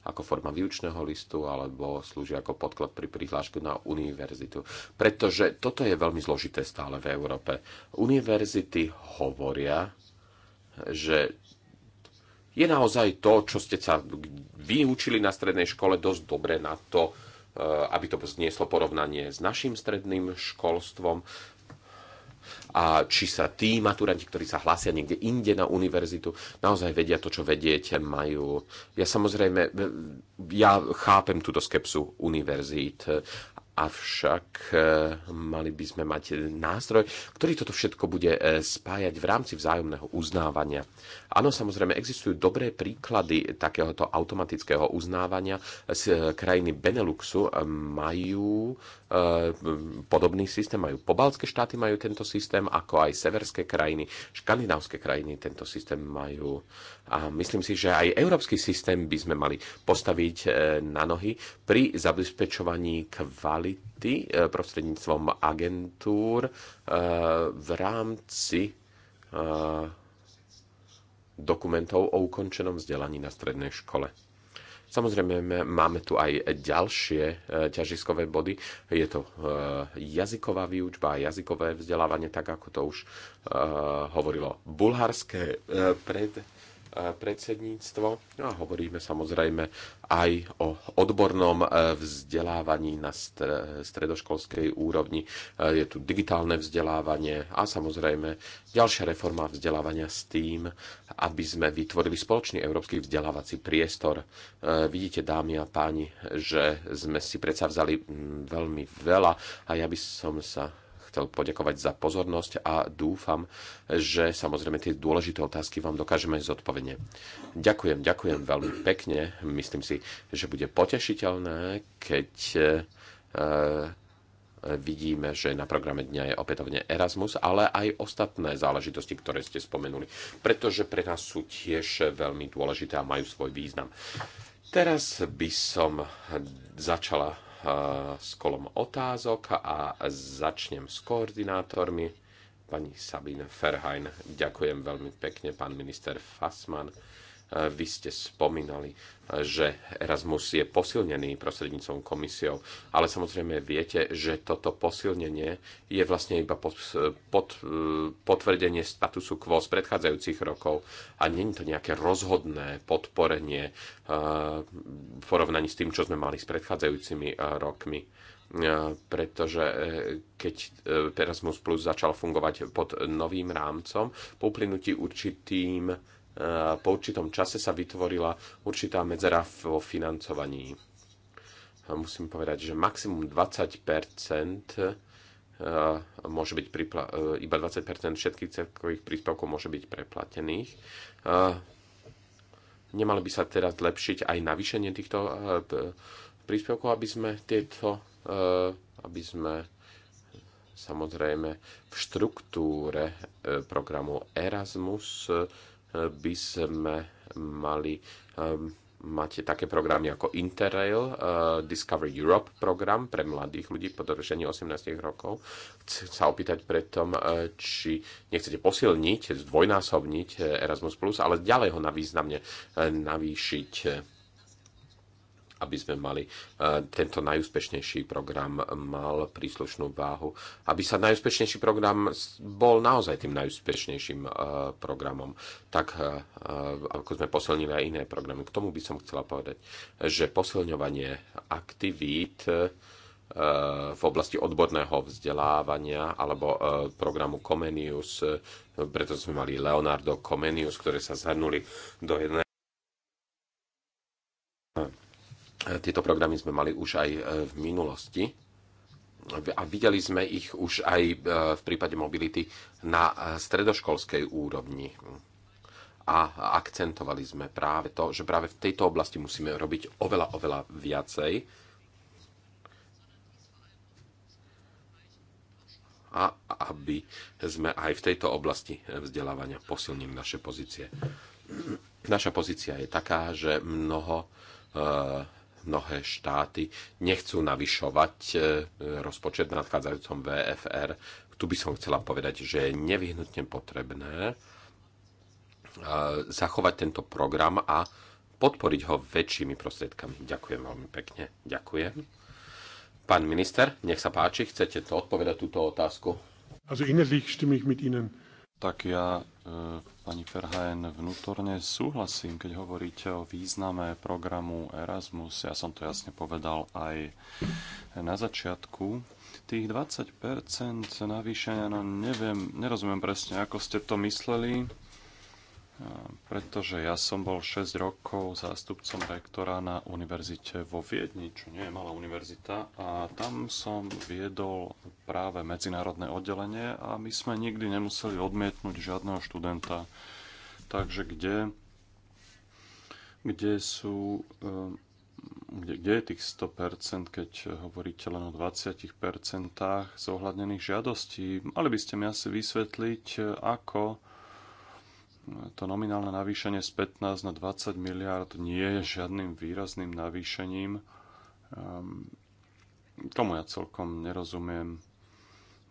ako forma výučného listu alebo slúži ako podklad pri prihláške na univerzitu. Pretože toto je veľmi zložité stále v Európe. Univerzity hovoria, že je naozaj to, čo ste sa vyučili na strednej škole, dosť dobre na to, e, aby to znieslo porovnanie s našim stredným školstvom. A či sa tí maturanti, ktorí sa hlásia niekde inde na univerzitu, naozaj vedia to, čo vediete, majú. Ja samozrejme, e, ja chápem túto skepsu univerzít Avšak e, mali by sme mať nástroj, ktorý toto všetko bude e, spájať v rámci vzájomného uznávania. Áno, samozrejme, existujú dobré príklady takéhoto automatického uznávania. Z e, krajiny Beneluxu majú podobný systém, majú Pobalské štáty majú tento systém, ako aj severské krajiny, škandinávské krajiny tento systém majú. A myslím si, že aj európsky systém by sme mali postaviť na nohy pri zabezpečovaní kvality kvality e, prostredníctvom agentúr e, v rámci e, dokumentov o ukončenom vzdelaní na strednej škole. Samozrejme, máme tu aj ďalšie ťažiskové body. Je to jazyková výučba a jazykové vzdelávanie, tak ako to už hovorilo bulharské pred E, predsedníctvo. No a hovoríme samozrejme aj o odbornom e, vzdelávaní na stredoškolskej úrovni. E, je tu digitálne vzdelávanie a samozrejme ďalšia reforma vzdelávania s tým, aby sme vytvorili spoločný európsky vzdelávací priestor. Vidíte, dámy a páni, že sme si predsa vzali veľmi veľa a ja by som sa chcel poďakovať za pozornosť a dúfam, že samozrejme tie dôležité otázky vám dokážeme zodpovedne. Ďakujem, ďakujem veľmi pekne. Myslím si, že bude potešiteľné, keď eh, vidíme, že na programe dňa je opätovne Erasmus, ale aj ostatné záležitosti, ktoré ste spomenuli, pretože pre nás sú tiež veľmi dôležité a majú svoj význam. Teraz by som začala s kolom otázok a začnem s koordinátormi. Pani Sabine Ferhajn, ďakujem veľmi pekne, pán minister Fassman vy ste spomínali, že Erasmus je posilnený prostredníctvom komisiou, ale samozrejme viete, že toto posilnenie je vlastne iba pod, pod, potvrdenie statusu quo z predchádzajúcich rokov a není to nejaké rozhodné podporenie v porovnaní s tým, čo sme mali s predchádzajúcimi rokmi pretože e, keď e, Erasmus Plus začal fungovať pod novým rámcom, po uplynutí určitým E, po určitom čase sa vytvorila určitá medzera vo financovaní. musím povedať, že maximum 20 e, môže byť e, iba 20 všetkých celkových príspevkov môže byť preplatených. Nemalo by sa teda zlepšiť aj navýšenie týchto príspevkov, aby sme tieto, aby sme samozrejme v štruktúre programu Erasmus by sme mali ehm, mať také programy ako Interrail, eh, Discover Europe program pre mladých ľudí po dovršení 18 rokov. Chcem sa opýtať pretom, eh, či nechcete posilniť, zdvojnásobniť eh, Erasmus+, ale ďalej ho významne navýšiť aby sme mali e, tento najúspešnejší program mal príslušnú váhu, aby sa najúspešnejší program bol naozaj tým najúspešnejším e, programom, tak e, ako sme posilnili aj iné programy. K tomu by som chcela povedať, že posilňovanie aktivít v oblasti odborného vzdelávania alebo programu Comenius, preto sme mali Leonardo Comenius, ktoré sa zhrnuli do jedného Tieto programy sme mali už aj e, v minulosti a videli sme ich už aj e, v prípade mobility na e, stredoškolskej úrovni. A akcentovali sme práve to, že práve v tejto oblasti musíme robiť oveľa, oveľa viacej. A aby sme aj v tejto oblasti vzdelávania posilnili naše pozície. Naša pozícia je taká, že mnoho mnohé štáty nechcú navyšovať e, rozpočet v nadchádzajúcom VFR. Tu by som chcela povedať, že je nevyhnutne potrebné e, zachovať tento program a podporiť ho väčšími prostriedkami. Ďakujem veľmi pekne. Ďakujem. Pán minister, nech sa páči, chcete to odpovedať túto otázku? Also innerlich stimme ich mit Ihnen tak ja, e, pani Ferhajen, vnútorne súhlasím, keď hovoríte o význame programu Erasmus. Ja som to jasne povedal aj na začiatku. Tých 20% navýšenia, no neviem, nerozumiem presne, ako ste to mysleli pretože ja som bol 6 rokov zástupcom rektora na univerzite vo Viedni, čo nie je malá univerzita, a tam som viedol práve medzinárodné oddelenie a my sme nikdy nemuseli odmietnúť žiadneho študenta. Takže kde, kde sú e, kde, kde je tých 100%, keď hovoríte len o 20% zohľadnených žiadostí? Mali by ste mi asi vysvetliť, ako to nominálne navýšenie z 15 na 20 miliard nie je žiadnym výrazným navýšením. Ehm, tomu ja celkom nerozumiem.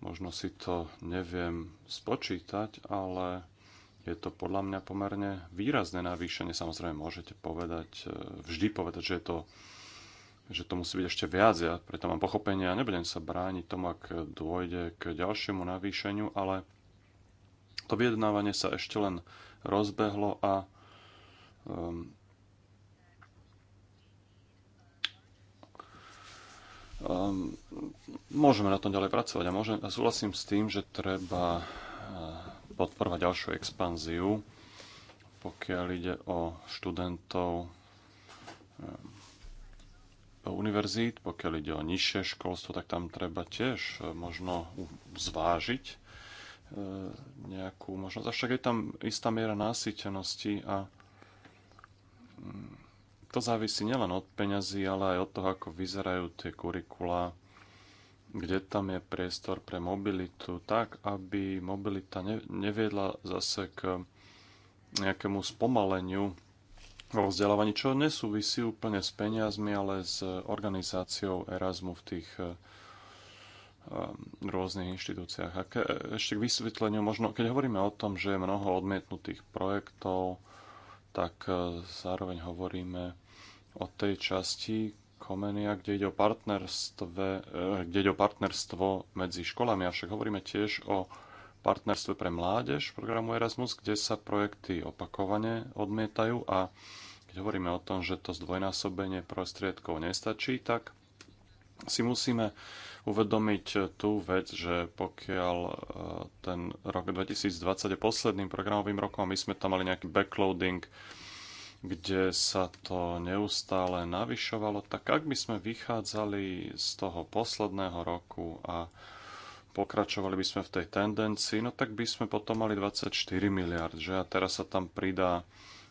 Možno si to neviem spočítať, ale je to podľa mňa pomerne výrazné navýšenie. Samozrejme, môžete povedať, e, vždy povedať, že, je to, že to musí byť ešte viac. Ja preto mám pochopenie a nebudem sa brániť tomu, ak dôjde k ďalšiemu navýšeniu, ale to vyjednávanie sa ešte len rozbehlo a um, um, môžeme na tom ďalej pracovať a, môžem, a súhlasím s tým, že treba uh, podporovať ďalšiu expanziu, pokiaľ ide o študentov um, univerzít, pokiaľ ide o nižšie školstvo, tak tam treba tiež uh, možno zvážiť E, nejakú možnosť. Avšak je tam istá miera násytenosti a mm, to závisí nielen od peňazí, ale aj od toho, ako vyzerajú tie kurikulá, kde tam je priestor pre mobilitu, tak aby mobilita neviedla zase k nejakému spomaleniu vo vzdelávaní, čo nesúvisí úplne s peniazmi, ale s organizáciou Erasmu v tých e, rôznych inštitúciách. A ke, ešte k vysvetleniu, možno keď hovoríme o tom, že je mnoho odmietnutých projektov, tak e, zároveň hovoríme o tej časti Komenia, kde ide o, partnerstve, e, kde ide o partnerstvo medzi školami. Avšak hovoríme tiež o partnerstve pre mládež programu Erasmus, kde sa projekty opakovane odmietajú a keď hovoríme o tom, že to zdvojnásobenie prostriedkov nestačí, tak si musíme uvedomiť tú vec, že pokiaľ e, ten rok 2020 je posledným programovým rokom, a my sme tam mali nejaký backloading, kde sa to neustále navyšovalo, tak ak by sme vychádzali z toho posledného roku a pokračovali by sme v tej tendencii, no tak by sme potom mali 24 miliard, že? A teraz sa tam pridá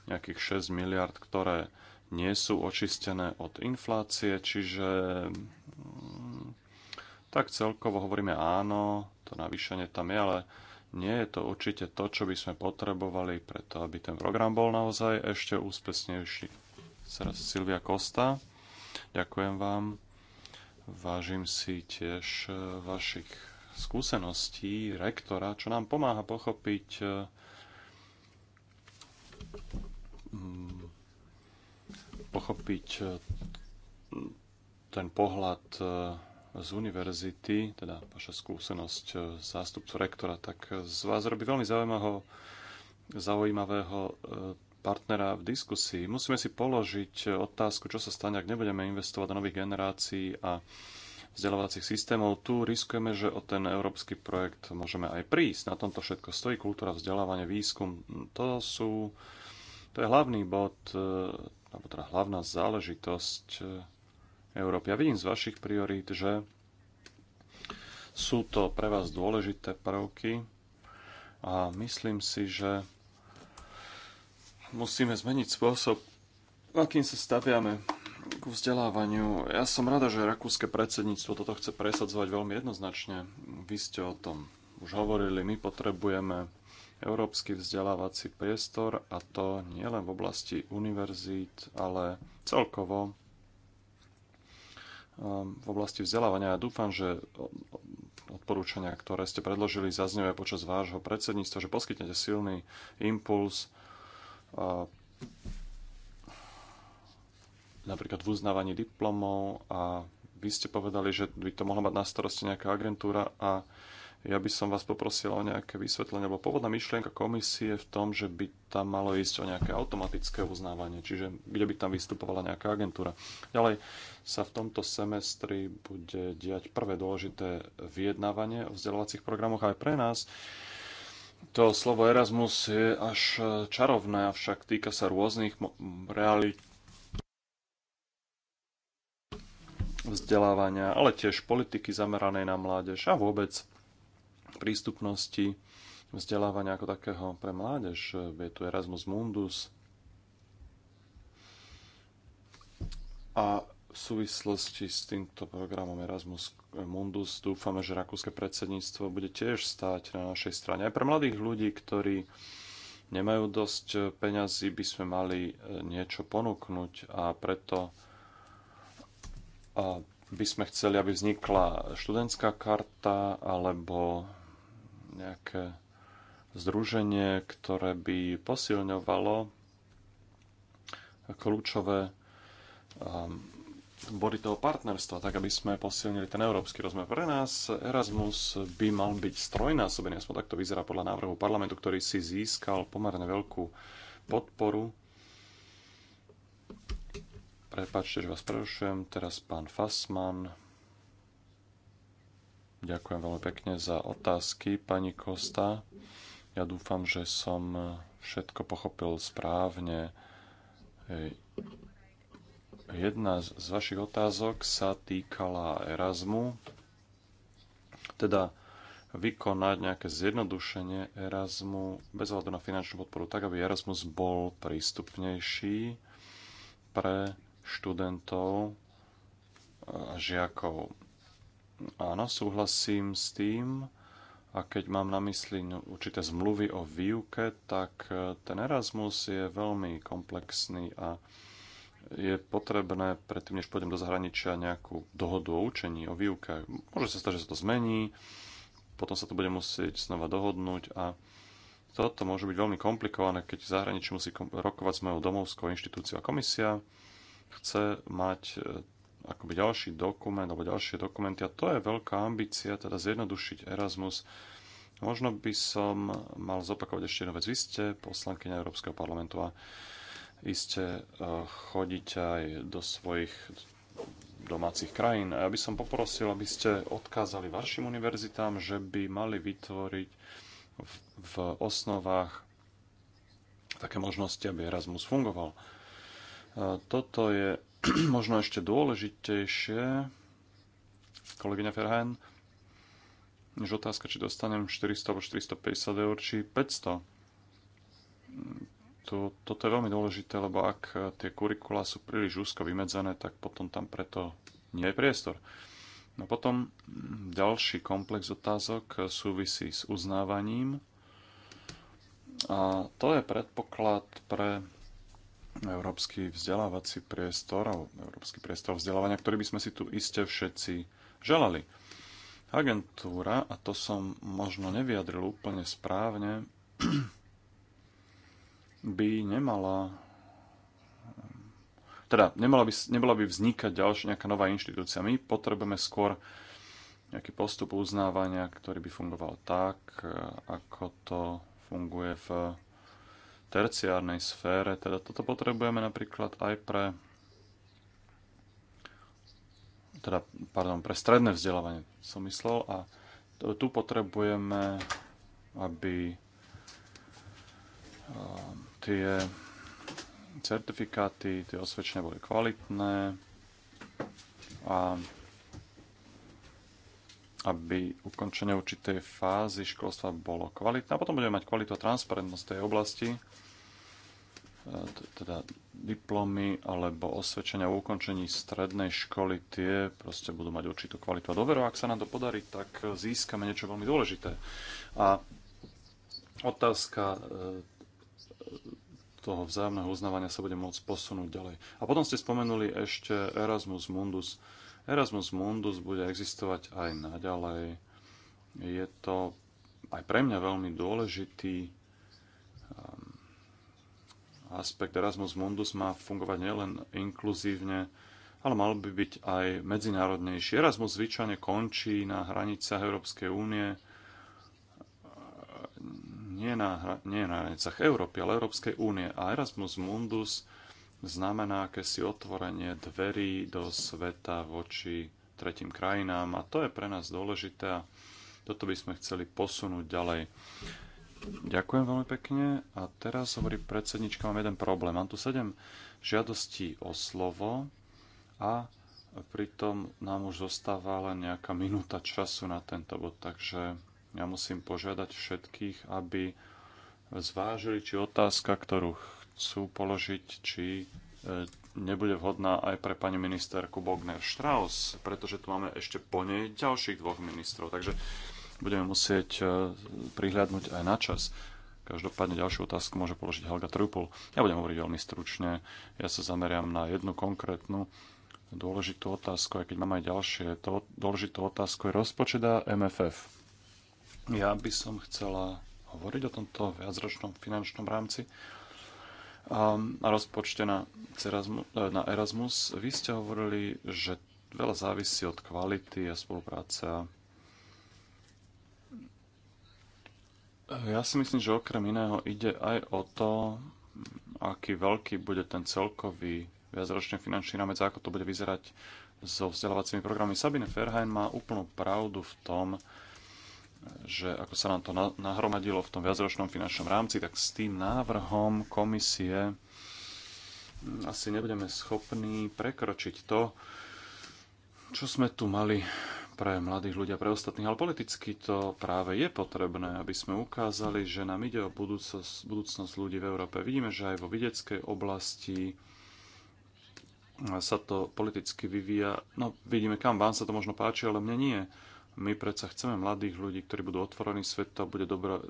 nejakých 6 miliard, ktoré nie sú očistené od inflácie, čiže mm, tak celkovo hovoríme áno, to navýšenie tam je, ale nie je to určite to, čo by sme potrebovali, preto aby ten program bol naozaj ešte úspešnejší. Teraz Silvia Kosta, ďakujem vám. Vážim si tiež e, vašich skúseností rektora, čo nám pomáha pochopiť e, pochopiť e, ten pohľad z univerzity, teda vaša skúsenosť e, zástupcu rektora, tak z vás robí veľmi zaujímavého, zaujímavého e, partnera v diskusii. Musíme si položiť otázku, čo sa stane, ak nebudeme investovať do nových generácií a vzdelávacích systémov. Tu riskujeme, že o ten európsky projekt môžeme aj prísť. Na tomto všetko stojí kultúra, vzdelávanie, výskum. To sú, to je hlavný bod, e, alebo teda hlavná záležitosť Európy. Ja vidím z vašich priorít, že sú to pre vás dôležité prvky a myslím si, že musíme zmeniť spôsob, akým sa staviame k vzdelávaniu. Ja som rada, že rakúske predsedníctvo toto chce presadzovať veľmi jednoznačne. Vy ste o tom už hovorili, my potrebujeme európsky vzdelávací priestor a to nielen v oblasti univerzít, ale celkovo Um, v oblasti vzdelávania. Ja dúfam, že odporúčania, ktoré ste predložili, zaznievajú počas vášho predsedníctva, že poskytnete silný impuls napríklad v uznávaní diplomov a vy ste povedali, že by to mohla mať na starosti nejaká agentúra a ja by som vás poprosil o nejaké vysvetlenie, lebo pôvodná myšlienka komisie v tom, že by tam malo ísť o nejaké automatické uznávanie, čiže kde by tam vystupovala nejaká agentúra. Ďalej sa v tomto semestri bude diať prvé dôležité vyjednávanie o vzdelávacích programoch aj pre nás. To slovo Erasmus je až čarovné, avšak týka sa rôznych realit vzdelávania, ale tiež politiky zameranej na mládež a vôbec prístupnosti vzdelávania ako takého pre mládež. Je tu Erasmus Mundus. A v súvislosti s týmto programom Erasmus Mundus dúfame, že rakúske predsedníctvo bude tiež stáť na našej strane. Aj pre mladých ľudí, ktorí nemajú dosť peňazí, by sme mali e, niečo ponúknuť a preto by sme chceli, aby vznikla študentská karta alebo nejaké združenie, ktoré by posilňovalo kľúčové um, body toho partnerstva, tak aby sme posilnili ten európsky rozmer. Pre nás Erasmus by mal byť strojnásobený, aspoň takto vyzerá podľa návrhu parlamentu, ktorý si získal pomerne veľkú podporu. Prepačte, že vás prerušujem. Teraz pán Fassmann. Ďakujem veľmi pekne za otázky, pani Kosta. Ja dúfam, že som všetko pochopil správne. Jedna z vašich otázok sa týkala Erasmu, teda vykonať nejaké zjednodušenie Erasmu bez ohľadu na finančnú podporu, tak aby Erasmus bol prístupnejší pre študentov a žiakov. Áno, súhlasím s tým. A keď mám na mysli určité zmluvy o výuke, tak e, ten Erasmus je veľmi komplexný a je potrebné, predtým než pôjdem do zahraničia, nejakú dohodu o učení, o výuke. Môže sa stať, že sa to zmení, potom sa to bude musieť znova dohodnúť a toto môže byť veľmi komplikované, keď zahraničí musí rokovať s mojou domovskou inštitúciou a komisia chce mať e, akoby ďalší dokument alebo ďalšie dokumenty. A to je veľká ambícia, teda zjednodušiť Erasmus. Možno by som mal zopakovať ešte jednu vec. Vy ste poslankyňa Európskeho parlamentu a iste eh, chodíte aj do svojich domácich krajín. A ja by som poprosil, aby ste odkázali vašim univerzitám, že by mali vytvoriť v, v osnovách také možnosti, aby Erasmus fungoval. Eh, toto je možno ešte dôležitejšie, kolegyňa Ferhajn, než otázka, či dostanem 400 alebo 450 eur, či 500. To, toto je veľmi dôležité, lebo ak tie kurikula sú príliš úzko vymedzené, tak potom tam preto nie je priestor. No potom mm, ďalší komplex otázok súvisí s uznávaním. A to je predpoklad pre európsky vzdelávací priestor, alebo európsky priestor vzdelávania, ktorý by sme si tu iste všetci želali. Agentúra, a to som možno nevyjadril úplne správne, by nemala teda nemala by, nemala by vznikať ďalšia nejaká nová inštitúcia. My potrebujeme skôr nejaký postup uznávania, ktorý by fungoval tak, ako to funguje v terciárnej sfére. Teda toto potrebujeme napríklad aj pre teda, pardon, pre stredné vzdelávanie som myslel a tu potrebujeme, aby eh, tie certifikáty, tie osvedčenia boli kvalitné a aby ukončenie určitej fázy školstva bolo kvalitné. A potom budeme mať kvalitu a transparentnosť tej oblasti, e, teda diplomy alebo osvedčenia o ukončení strednej školy, tie proste budú mať určitú kvalitu a doveru. Ak sa nám to podarí, tak získame niečo veľmi dôležité. A otázka e, toho vzájomného uznávania sa bude môcť posunúť ďalej. A potom ste spomenuli ešte Erasmus Mundus. Erasmus Mundus bude existovať aj naďalej. Je to aj pre mňa veľmi dôležitý um, aspekt. Erasmus Mundus má fungovať nielen inkluzívne, ale mal by byť aj medzinárodnejší. Erasmus zvyčajne končí na hranicách Európskej únie, nie na, nie na hranicách Európy, ale Európskej únie. A Erasmus Mundus znamená akési otvorenie dverí do sveta voči tretím krajinám a to je pre nás dôležité a toto by sme chceli posunúť ďalej. Ďakujem veľmi pekne a teraz hovorí predsednička, mám jeden problém. Mám tu sedem žiadostí o slovo a pritom nám už zostáva len nejaká minúta času na tento bod, takže ja musím požiadať všetkých, aby zvážili, či otázka, ktorú chcú položiť, či e, nebude vhodná aj pre pani ministerku Bogner Strauss, pretože tu máme ešte po nej ďalších dvoch ministrov. Takže budeme musieť e, prihľadnúť aj na čas. Každopádne ďalšiu otázku môže položiť Helga Trupul. Ja budem hovoriť veľmi stručne. Ja sa zameriam na jednu konkrétnu dôležitú otázku, aj keď mám aj ďalšie. To dôležitú otázku je rozpočet a MFF. Ja by som chcela hovoriť o tomto viacročnom finančnom rámci. Um, rozpočte na, e, na Erasmus. Vy ste hovorili, že veľa závisí od kvality a spolupráce. Ja si myslím, že okrem iného ide aj o to, aký veľký bude ten celkový viacročný finančný rámec, ako to bude vyzerať so vzdelávacími programy. Sabine Ferhajn má úplnú pravdu v tom, že ako sa nám to nahromadilo v tom viacročnom finančnom rámci, tak s tým návrhom komisie hm, asi nebudeme schopní prekročiť to, čo sme tu mali pre mladých ľudia, pre ostatných, ale politicky to práve je potrebné, aby sme ukázali, že nám ide o budúcnosť, budúcnosť ľudí v Európe. Vidíme, že aj vo videckej oblasti sa to politicky vyvíja. No, vidíme kam, vám sa to možno páči, ale mne nie. My predsa chceme mladých ľudí, ktorí budú otvorení svetu a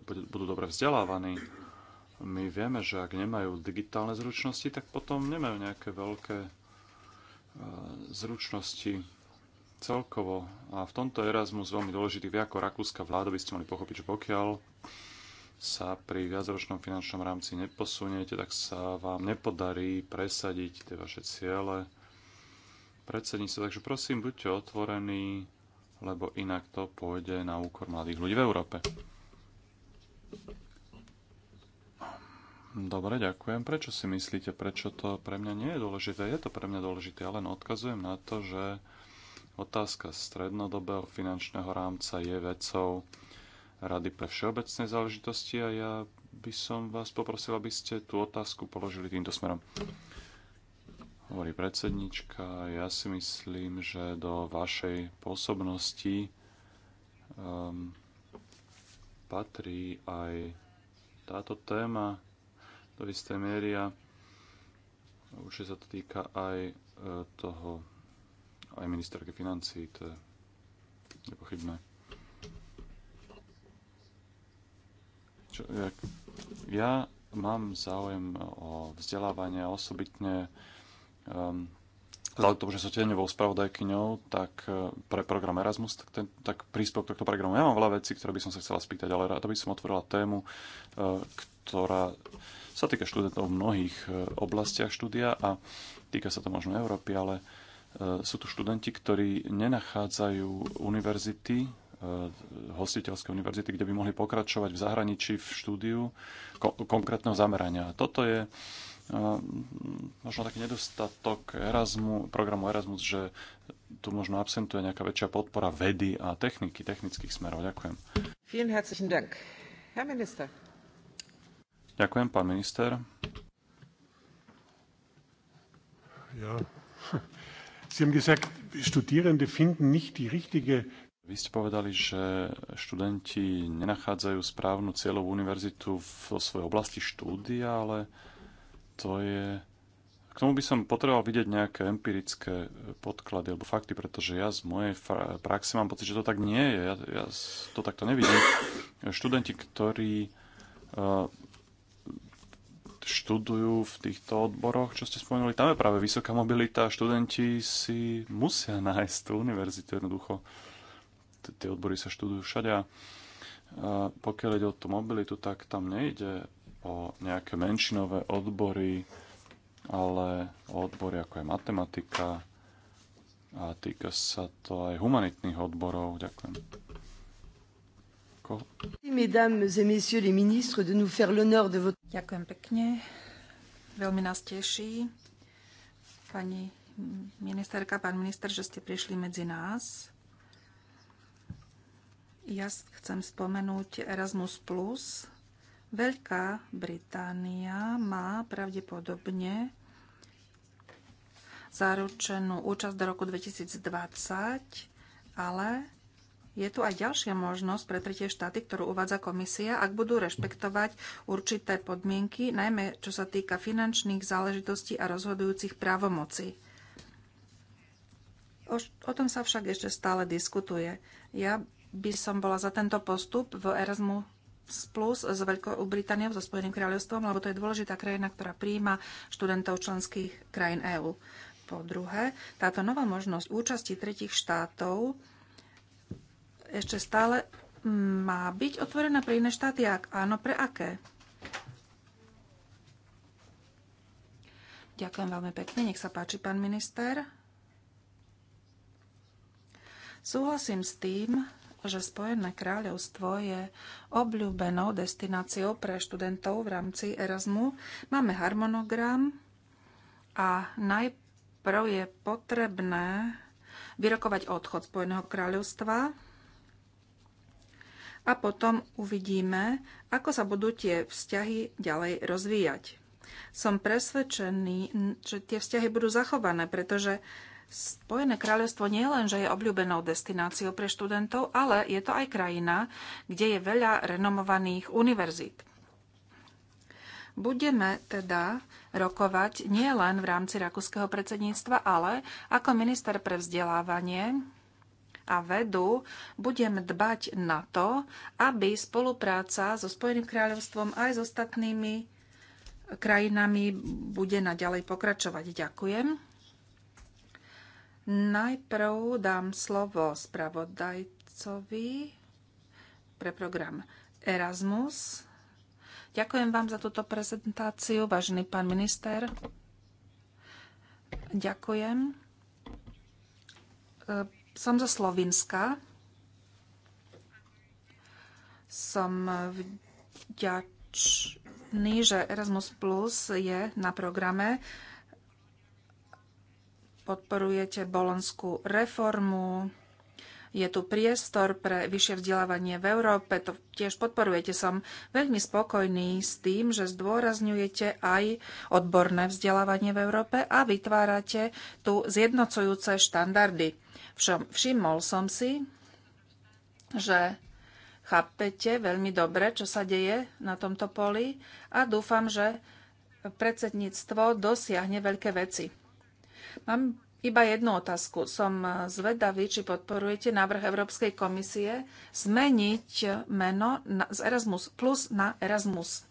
budú dobre vzdelávaní. My vieme, že ak nemajú digitálne zručnosti, tak potom nemajú nejaké veľké e, zručnosti celkovo. A v tomto Erasmus veľmi dôležitý. Vy ako rakúska vláda by ste mali pochopiť, že pokiaľ sa pri viacročnom finančnom rámci neposuniete, tak sa vám nepodarí presadiť tie vaše ciele predsedníctva. Takže prosím, buďte otvorení lebo inak to pôjde na úkor mladých ľudí v Európe. Dobre, ďakujem. Prečo si myslíte, prečo to pre mňa nie je dôležité? Je to pre mňa dôležité, ja len odkazujem na to, že otázka strednodobého finančného rámca je vecou Rady pre všeobecné záležitosti a ja by som vás poprosil, aby ste tú otázku položili týmto smerom hovorí predsednička. Ja si myslím, že do vašej pôsobnosti um, patrí aj táto téma do istej miery a určite sa to týka aj e, toho, aj ministerky financí, to je nepochybné. Čo, ja, ja mám záujem o vzdelávanie osobitne Ehm, vzhľadom k tomu, že som tieňovou spravodajkyňou, tak e, pre program Erasmus, tak, ten, tak príspevok tohto programu. Ja mám veľa vecí, ktoré by som sa chcela spýtať, ale rada by som otvorila tému, e, ktorá sa týka študentov v mnohých e, oblastiach štúdia a týka sa to možno Európy, ale sú tu študenti, ktorí nenachádzajú univerzity, hostiteľské univerzity, kde by mohli pokračovať v zahraničí v štúdiu konkrétneho zamerania. Toto je možno taký nedostatok Erasmu, programu Erasmus, že tu možno absentuje nejaká väčšia podpora vedy a techniky, technických smerov. Ďakujem. Vielen herzlichen Dank. Herr Minister. Ďakujem, pán minister. Ja. Sie haben gesagt, Studierende finden nicht die richtige vy ste povedali, že študenti nenachádzajú správnu cieľovú univerzitu v svojej oblasti štúdia, ale to je... K tomu by som potreboval vidieť nejaké empirické e, podklady alebo fakty, pretože ja z mojej praxe mám pocit, že to tak nie je. Ja, ja to takto nevidím. Študenti, ktorí uh, študujú v týchto odboroch, čo ste spomenuli, tam je práve vysoká mobilita. Študenti si musia nájsť tú univerzitu jednoducho. Tie odbory sa študujú všade a pokiaľ ide o tú mobilitu, tak tam nejde o nejaké menšinové odbory, ale o odbory ako je matematika a týka sa to aj humanitných odborov. Ďakujem. Ďakujem pekne. Veľmi nás teší, pani ministerka, pán minister, že ste prišli medzi nás. Ja chcem spomenúť Erasmus+, Veľká Británia má pravdepodobne zaručenú účasť do roku 2020, ale je tu aj ďalšia možnosť pre tretie štáty, ktorú uvádza komisia, ak budú rešpektovať určité podmienky, najmä čo sa týka finančných záležitostí a rozhodujúcich právomocí. O, o tom sa však ešte stále diskutuje. Ja by som bola za tento postup v Erasmu plus s Veľkou Britániou, so Spojeným kráľovstvom, lebo to je dôležitá krajina, ktorá príjma študentov členských krajín EÚ. Po druhé, táto nová možnosť účasti tretich štátov ešte stále má byť otvorená pre iné štáty, ak áno, pre aké? Ďakujem veľmi pekne, nech sa páči, pán minister. Súhlasím s tým, že Spojené kráľovstvo je obľúbenou destináciou pre študentov v rámci Erasmu. Máme harmonogram a najprv je potrebné vyrokovať odchod Spojeného kráľovstva a potom uvidíme, ako sa budú tie vzťahy ďalej rozvíjať. Som presvedčený, že tie vzťahy budú zachované, pretože Spojené kráľovstvo nie len, že je obľúbenou destináciou pre študentov, ale je to aj krajina, kde je veľa renomovaných univerzít. Budeme teda rokovať nie len v rámci rakúskeho predsedníctva, ale ako minister pre vzdelávanie a vedu budem dbať na to, aby spolupráca so Spojeným kráľovstvom aj s ostatnými krajinami bude naďalej pokračovať. Ďakujem. Najprv dám slovo spravodajcovi pre program Erasmus. Ďakujem vám za túto prezentáciu, vážený pán minister. Ďakujem. E, som zo Slovinska. Som vďačný, že Erasmus Plus je na programe podporujete bolonskú reformu, je tu priestor pre vyššie vzdelávanie v Európe, to tiež podporujete. Som veľmi spokojný s tým, že zdôrazňujete aj odborné vzdelávanie v Európe a vytvárate tu zjednocujúce štandardy. Všom, všimol som si, že chápete veľmi dobre, čo sa deje na tomto poli a dúfam, že predsedníctvo dosiahne veľké veci. Mám iba jednu otázku. Som zvedavý, či podporujete návrh Európskej komisie zmeniť meno na, z Erasmus plus na Erasmus.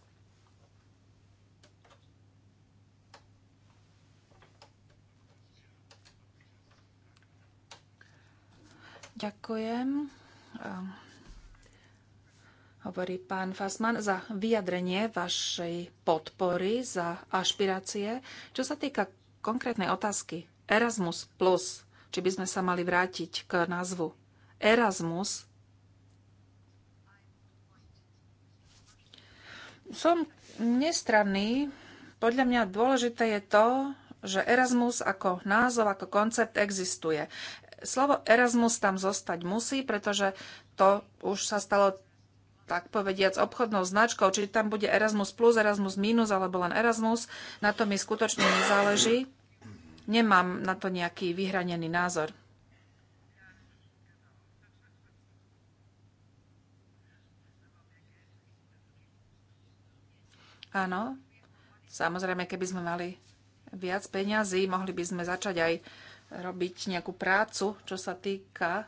Ďakujem. Hovorí pán Fasman za vyjadrenie vašej podpory, za ašpirácie. Čo sa týka konkrétnej otázky. Erasmus plus, či by sme sa mali vrátiť k názvu. Erasmus. Som nestranný. Podľa mňa dôležité je to, že Erasmus ako názov, ako koncept existuje. Slovo Erasmus tam zostať musí, pretože to už sa stalo tak povediac, obchodnou značkou, či tam bude Erasmus+, plus, Erasmus minus alebo len Erasmus, na to mi skutočne nezáleží. Nemám na to nejaký vyhranený názor. Áno, samozrejme, keby sme mali viac peňazí, mohli by sme začať aj robiť nejakú prácu, čo sa týka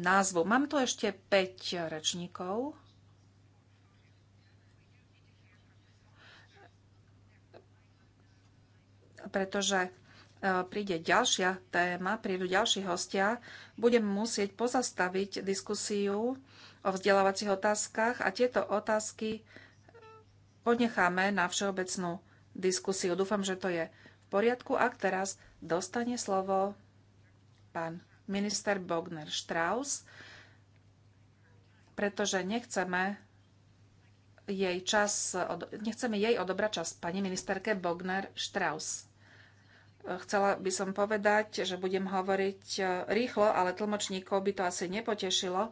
názvu. Mám tu ešte 5 rečníkov. Pretože e, príde ďalšia téma, prídu ďalší hostia, budem musieť pozastaviť diskusiu o vzdelávacích otázkach a tieto otázky ponecháme na všeobecnú diskusiu. Dúfam, že to je v poriadku. A teraz dostane slovo pán minister Bogner Strauss, pretože nechceme jej čas, nechceme jej odobrať čas pani ministerke Bogner Strauss. Chcela by som povedať, že budem hovoriť e, rýchlo, ale tlmočníkov by to asi nepotešilo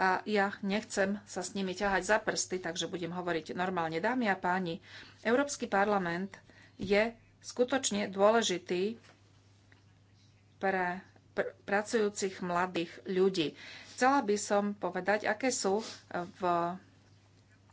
a ja nechcem sa s nimi ťahať za prsty, takže budem hovoriť normálne. Dámy a páni, Európsky parlament je skutočne dôležitý pre pr- pracujúcich mladých ľudí. Chcela by som povedať, aké sú e, v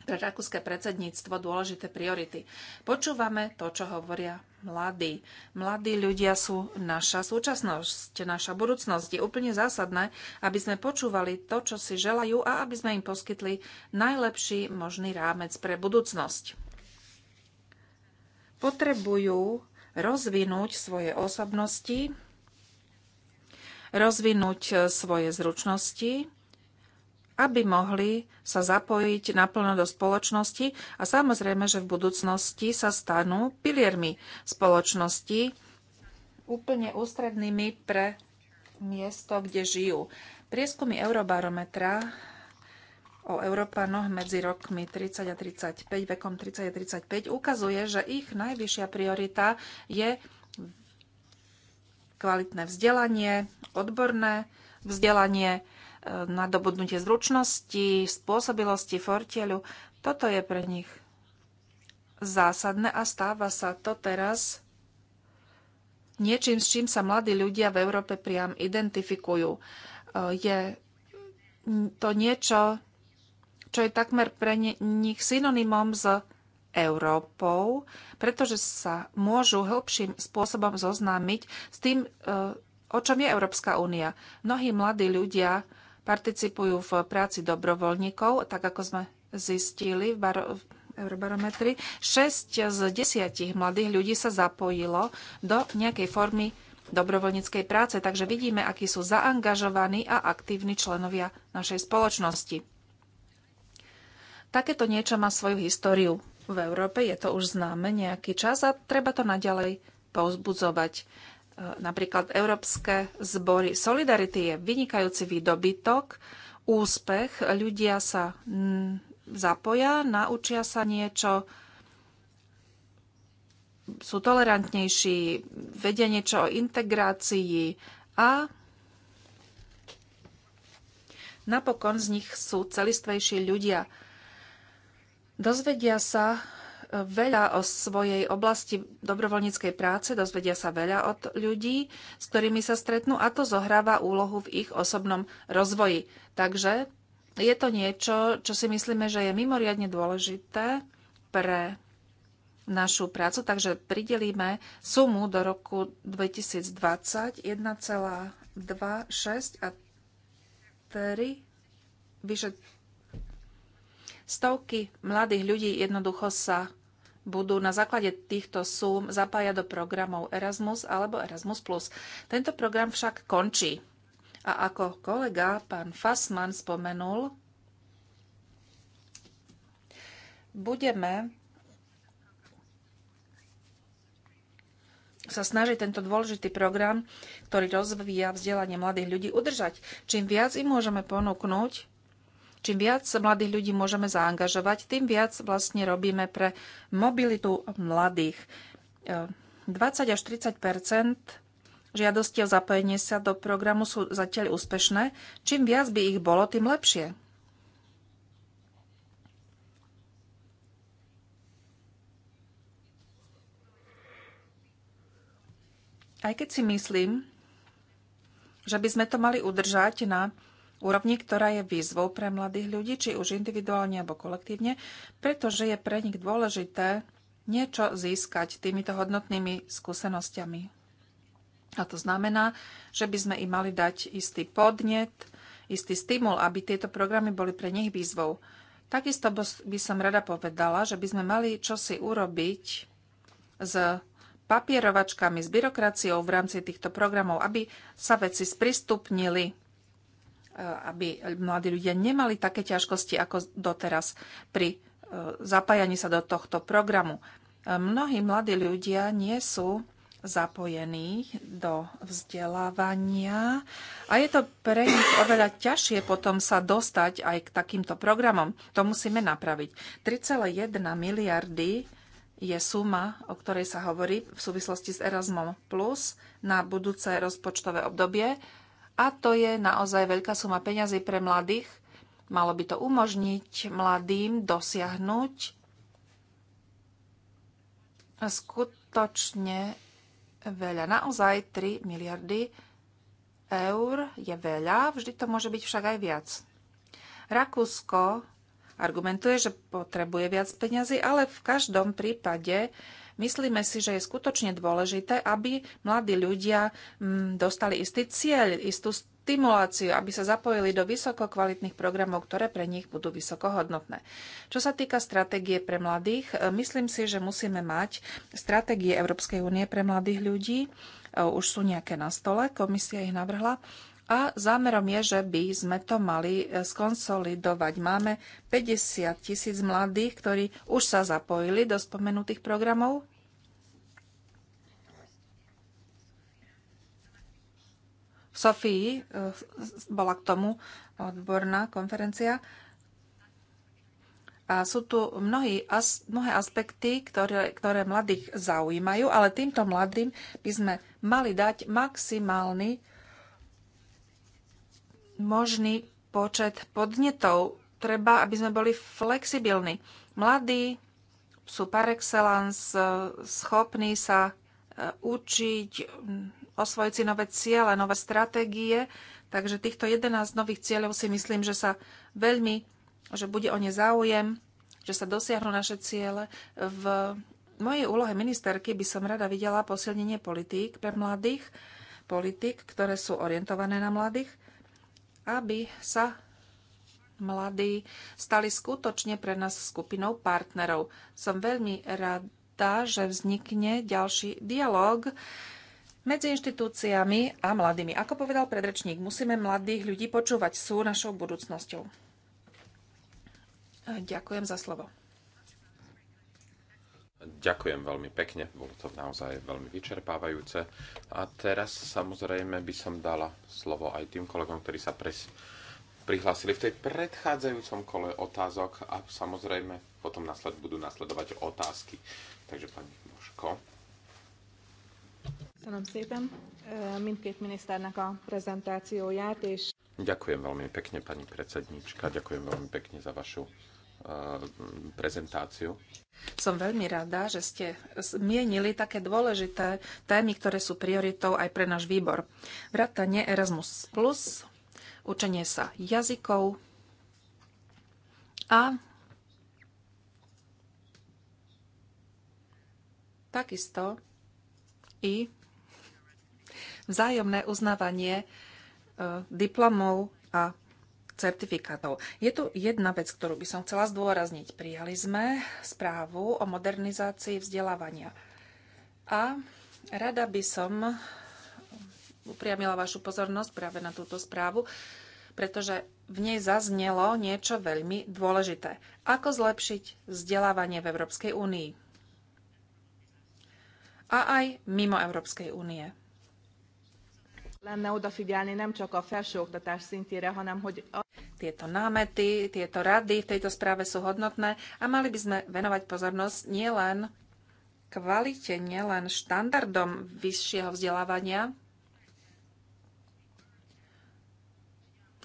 pre rakúske predsedníctvo dôležité priority. Počúvame to, čo hovoria mladí. Mladí ľudia sú naša súčasnosť, naša budúcnosť. Je úplne zásadné, aby sme počúvali to, čo si želajú a aby sme im poskytli najlepší možný rámec pre budúcnosť. Potrebujú rozvinúť svoje osobnosti, rozvinúť e, svoje zručnosti, aby mohli sa zapojiť naplno do spoločnosti a samozrejme, že v budúcnosti sa stanú piliermi spoločnosti, úplne ústrednými pre miesto, kde žijú. Prieskumy Eurobarometra o Európanoch medzi rokmi 30 a 35, vekom 30 a 35, ukazuje, že ich najvyššia priorita je kvalitné vzdelanie, odborné vzdelanie, e, nadobudnutie zručnosti, spôsobilosti, fortieľu. Toto je pre nich zásadné a stáva sa to teraz niečím, s čím sa mladí ľudia v Európe priam identifikujú. E, je to niečo, čo je takmer pre nich synonymom s Európou, pretože sa môžu hĺbším spôsobom zoznámiť s tým, eh, o čom je Európska únia. Mnohí mladí ľudia participujú v práci dobrovoľníkov, tak ako sme zistili v, baro- v Eurobarometri. 6 z 10 mladých ľudí sa zapojilo do nejakej formy dobrovoľníckej práce, takže vidíme, akí sú zaangažovaní a aktívni členovia našej spoločnosti. Takéto niečo má svoju históriu v Európe. Je to už známe nejaký čas a treba to naďalej povzbudzovať. E, napríklad Európske zbory Solidarity je vynikajúci výdobytok, úspech, ľudia sa zapoja, naučia sa niečo, sú tolerantnejší, vedia niečo o integrácii a napokon z nich sú celistvejší ľudia. Dozvedia sa e, veľa o svojej oblasti dobrovoľníckej práce, dozvedia sa veľa od ľudí, s ktorými sa stretnú a to zohráva úlohu v ich osobnom rozvoji. Takže je to niečo, čo si myslíme, že je mimoriadne dôležité pre našu prácu, takže pridelíme sumu do roku 2020 1,26 a 3 vyše Stovky mladých ľudí jednoducho sa budú na základe týchto súm zapájať do programov Erasmus alebo Erasmus+. Tento program však končí. A ako kolega pán Fassman spomenul, budeme sa snaží tento dôležitý program, ktorý rozvíja vzdelanie mladých ľudí, udržať. Čím viac im môžeme ponúknuť, Čím viac mladých ľudí môžeme zaangažovať, tým viac vlastne robíme pre mobilitu mladých. 20 e, až 30 žiadosti o zapojenie sa do programu sú zatiaľ úspešné. Čím viac by ich bolo, tým lepšie. Aj keď si myslím, že by sme to mali udržať na úrovni, ktorá je výzvou pre mladých ľudí, či už individuálne alebo kolektívne, pretože je pre nich dôležité niečo získať týmito hodnotnými skúsenostiami. A to znamená, že by sme im mali dať istý podnet, istý stimul, aby tieto programy boli pre nich výzvou. Takisto by som rada povedala, že by sme mali čosi urobiť s papierovačkami, s byrokraciou v rámci týchto programov, aby sa veci sprístupnili. E, aby mladí ľudia nemali také ťažkosti ako doteraz pri e, zapájaní sa do tohto programu. E, mnohí mladí ľudia nie sú zapojení do vzdelávania a je to pre nich oveľa ťažšie potom sa dostať aj k takýmto programom. To musíme napraviť. 3,1 miliardy je suma, o ktorej sa hovorí v súvislosti s Erasmom Plus na budúce rozpočtové obdobie a to je naozaj veľká suma peňazí pre mladých. Malo by to umožniť mladým dosiahnuť skutočne veľa. Naozaj 3 miliardy eur je veľa, vždy to môže byť však aj viac. Rakúsko argumentuje, že potrebuje viac peňazí, ale v každom prípade Myslíme si, že je skutočne dôležité, aby mladí ľudia mm, dostali istý cieľ, istú stimuláciu, aby sa zapojili do vysokokvalitných programov, ktoré pre nich budú vysokohodnotné. Čo sa týka stratégie pre mladých, e, myslím si, že musíme mať stratégie Európskej únie pre mladých ľudí. E, už sú nejaké na stole, komisia ich navrhla. A zámerom je, že by sme to mali e, skonsolidovať. Máme 50 tisíc mladých, ktorí už sa zapojili do spomenutých programov. V Sofii e, bola k tomu odborná konferencia. A sú tu mnohí, as, mnohé aspekty, ktoré, ktoré mladých zaujímajú, ale týmto mladým by sme mali dať maximálny možný počet podnetov. Treba, aby sme boli flexibilní. Mladí sú par excellence e, schopní sa e, učiť, mm, osvojiť si nové ciele, nové stratégie. Takže týchto 11 nových cieľov si myslím, že sa veľmi, že bude o ne záujem, že sa dosiahnu naše ciele. V mojej úlohe ministerky by som rada videla posilnenie politík pre mladých, politík, ktoré sú orientované na mladých, aby sa mladí stali skutočne pre nás skupinou partnerov. Som veľmi rada, že vznikne ďalší dialog medzi inštitúciami a mladými. Ako povedal predrečník, musíme mladých ľudí počúvať, sú našou budúcnosťou. Ďakujem za slovo. Ďakujem veľmi pekne, bolo to naozaj veľmi vyčerpávajúce. A teraz samozrejme by som dala slovo aj tým kolegom, ktorí sa pres prihlásili v tej predchádzajúcom kole otázok a samozrejme potom nasled, budú nasledovať otázky. Takže pani Moško. Ďakujem veľmi pekne, pani predsednička. Ďakujem veľmi pekne za vašu prezentáciu. Som veľmi rada, že ste zmienili také dôležité témy, ktoré sú prioritou aj pre náš výbor. Vrátanie Erasmus+, plus, učenie sa jazykov a takisto i vzájomné uznávanie e, diplomov a certifikátov. Je tu jedna vec, ktorú by som chcela zdôrazniť. Prijali sme správu o modernizácii vzdelávania. A rada by som upriamila vašu pozornosť práve na túto správu, pretože v nej zaznelo niečo veľmi dôležité. Ako zlepšiť vzdelávanie v Európskej únii? A aj mimo Európskej únie. Lenne odafigyelni nem csak a felsőoktatás szintjére, hanem hogy... Tieto námety, tieto rady v tejto správe sú hodnotné a mali by sme venovať pozornosť nielen kvalite, nielen štandardom vyššieho vzdelávania,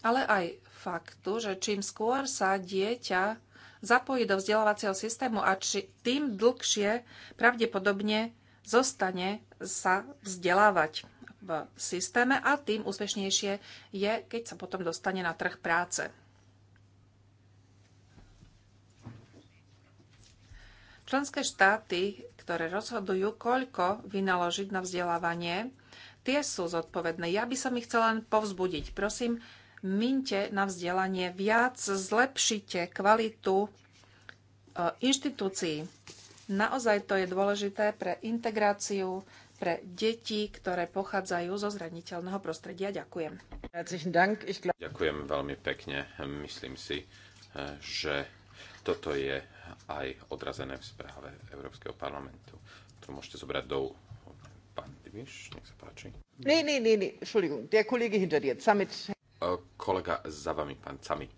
ale aj faktu, že čím skôr sa dieťa zapojí do vzdelávacieho systému a či, tým dlhšie pravdepodobne zostane sa vzdelávať v systéme a tým úspešnejšie je, keď sa potom dostane na trh práce. Členské štáty, ktoré rozhodujú, koľko vynaložiť na vzdelávanie, tie sú zodpovedné. Ja by som ich chcela len povzbudiť. Prosím, minte na vzdelanie viac, zlepšite kvalitu e, inštitúcií. Naozaj to je dôležité pre integráciu pre deti, ktoré pochádzajú zo zraniteľného prostredia. Ďakujem. Ďakujem veľmi pekne. Myslím si, eh, že toto je aj odrazené v správe Európskeho parlamentu, ktorú môžete zobrať do Pán Dimiš, nech sa páči. Nie, nie, nie, nie. šuligu, tie kolegy hinter Samit. Eh, kolega za vami, pán Samit.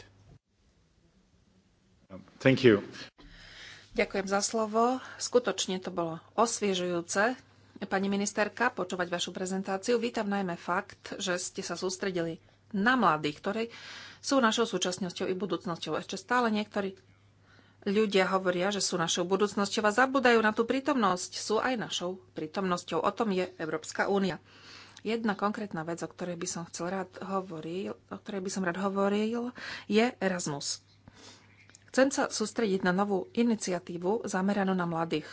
Thank you. Ďakujem za slovo. Skutočne to bolo osviežujúce pani ministerka, počúvať vašu prezentáciu. Vítam najmä fakt, že ste sa sústredili na mladých, ktorí sú našou súčasnosťou i budúcnosťou. Ešte stále niektorí ľudia hovoria, že sú našou budúcnosťou a zabudajú na tú prítomnosť. Sú aj našou prítomnosťou. O tom je Európska únia. Jedna konkrétna vec, o ktorej by som chcel rád hovoril, o ktorej by som rád hovoril, je Erasmus. Chcem sa sústrediť na novú iniciatívu zameranú na mladých.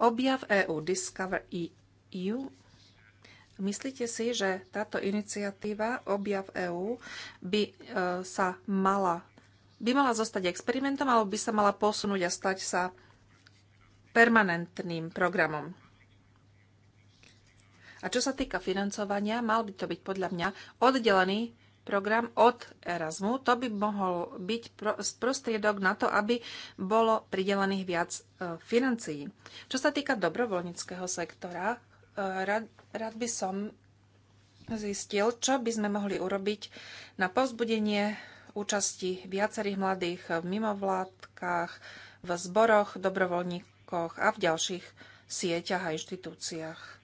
Objav EU, Discover EU. Myslíte si, že táto iniciatíva Objav EU by e, sa mala by mala zostať experimentom alebo by sa mala posunúť a stať sa permanentným programom? A čo sa týka financovania, mal by to byť podľa mňa oddelený program od Erasmu. To by mohol byť prostriedok na to, aby bolo pridelených viac e, financií. Čo sa týka dobrovoľníckého sektora, e, rád, rád by som zistil, čo by sme mohli urobiť na povzbudenie účasti viacerých mladých v mimovládkach, v zboroch, dobrovoľníkoch a v ďalších sieťach a inštitúciách.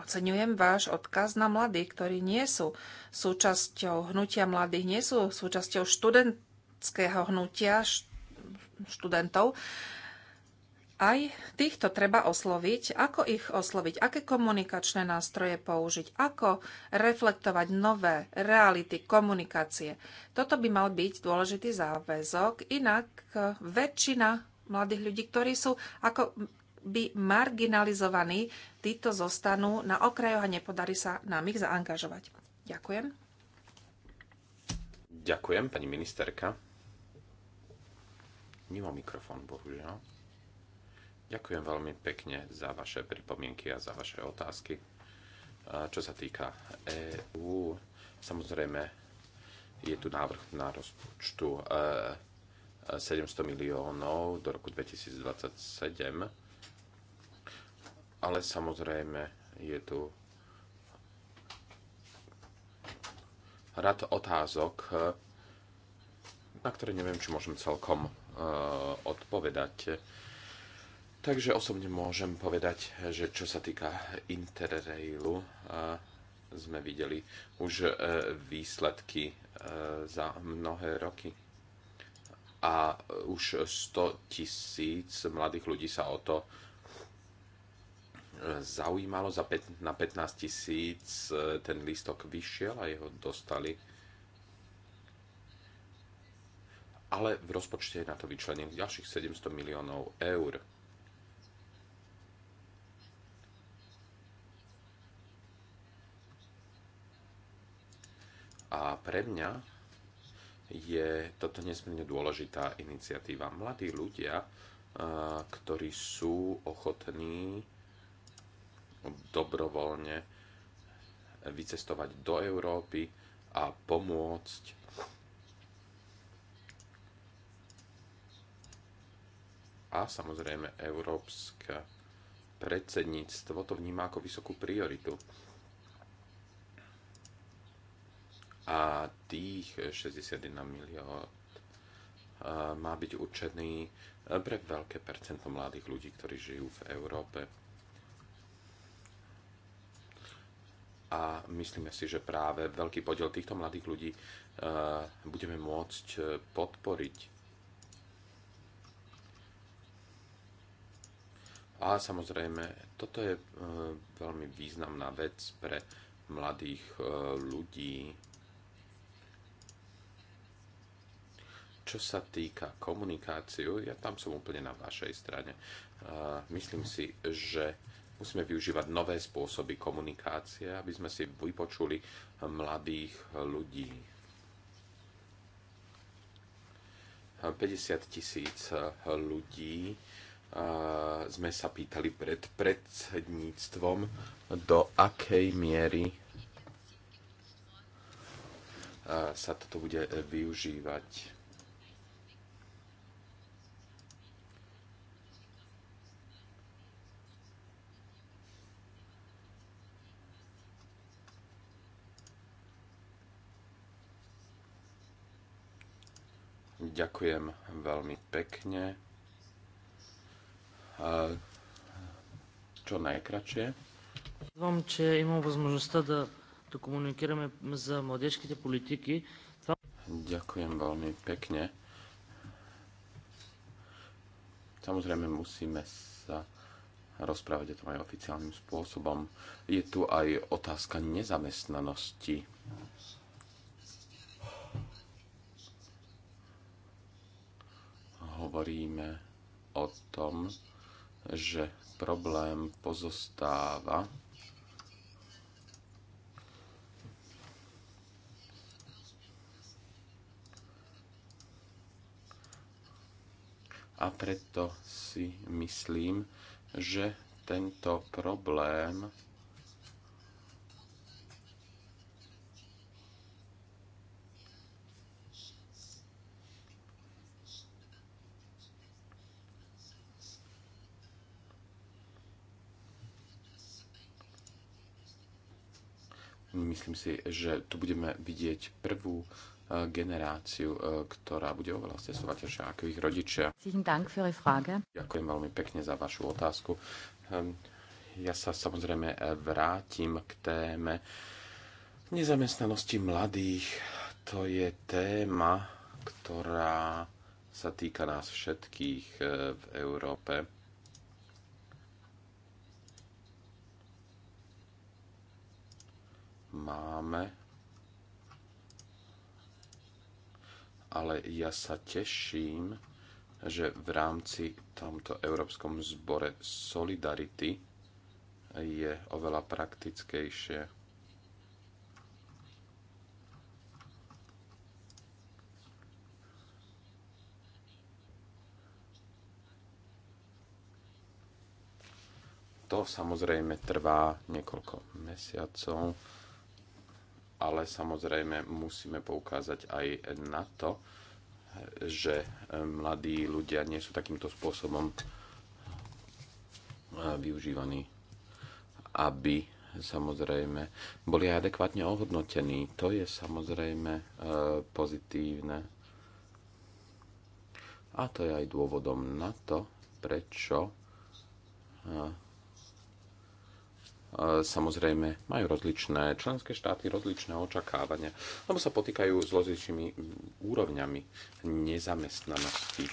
Oceňujem váš odkaz na mladých, ktorí nie sú súčasťou hnutia mladých, nie sú súčasťou študentského hnutia študentov. Aj týchto treba osloviť, ako ich osloviť, aké komunikačné nástroje použiť, ako reflektovať nové reality komunikácie. Toto by mal byť dôležitý záväzok, inak väčšina mladých ľudí, ktorí sú, ako by marginalizovaní, títo zostanú na okrajoch a nepodarí sa nám ich zaangažovať. Ďakujem. Ďakujem, pani ministerka. Nemám mikrofón, bohužiaľ. Ďakujem veľmi pekne za vaše pripomienky a za vaše otázky. Čo sa týka EÚ, samozrejme je tu návrh na rozpočtu 700 e, e, miliónov do roku 2027 ale samozrejme je tu rad otázok, na ktoré neviem, či môžem celkom e, odpovedať. Takže osobne môžem povedať, že čo sa týka Interrailu, e, sme videli už e, výsledky za mnohé roky. A už 100 tisíc mladých ľudí sa o to zaujímalo, za 5, na 15 tisíc e, ten lístok vyšiel a jeho dostali. Ale v rozpočte je na to vyčlenených ďalších 700 miliónov eur. A pre mňa je toto nesmierne dôležitá iniciatíva. Mladí ľudia, e, ktorí sú ochotní dobrovoľne vycestovať do Európy a pomôcť a samozrejme európske predsedníctvo to vníma ako vysokú prioritu. A tých 61 miliód eh, má byť určený pre veľké percento mladých ľudí, ktorí žijú v Európe. a myslíme si, že práve veľký podiel týchto mladých ľudí e, budeme môcť e, podporiť. A samozrejme, toto je e, veľmi významná vec pre mladých ľudí. Čo sa týka komunikáciu, ja tam som úplne na vašej strane. Myslím si, že Musíme využívať nové spôsoby komunikácie, aby sme si vypočuli mladých ľudí. 50 tisíc ľudí sme sa pýtali pred predsedníctvom, do akej miery sa toto bude využívať Ďakujem veľmi pekne. Čo najkračšie? Vám, че imam възможността da to komunikujeme за младежките politiky. Това... Ďakujem veľmi pekne. Samozrejme musíme sa rozprávať o tom aj oficiálnym spôsobom. Je tu aj otázka nezamestnanosti. hovoríme o tom, že problém pozostáva a preto si myslím, že tento problém Myslím si, že tu budeme vidieť prvú e, generáciu, e, ktorá bude oveľa stresovateľšia ako ich rodičia. Ďakujem veľmi pekne za vašu otázku. Ehm, ja sa samozrejme e, vrátim k téme nezamestnanosti mladých. To je téma, ktorá sa týka nás všetkých v Európe máme. Ale ja sa teším, že v rámci tomto Európskom zbore Solidarity je oveľa praktickejšie. To samozrejme trvá niekoľko mesiacov ale samozrejme musíme poukázať aj na to, že e, mladí ľudia nie sú takýmto spôsobom e, využívaní, aby samozrejme boli adekvátne ohodnotení. To je samozrejme e, pozitívne. A to je aj dôvodom na to, prečo samozrejme majú rozličné členské štáty, rozličné očakávania, lebo sa potýkajú s rozličnými mm, úrovňami nezamestnanosti.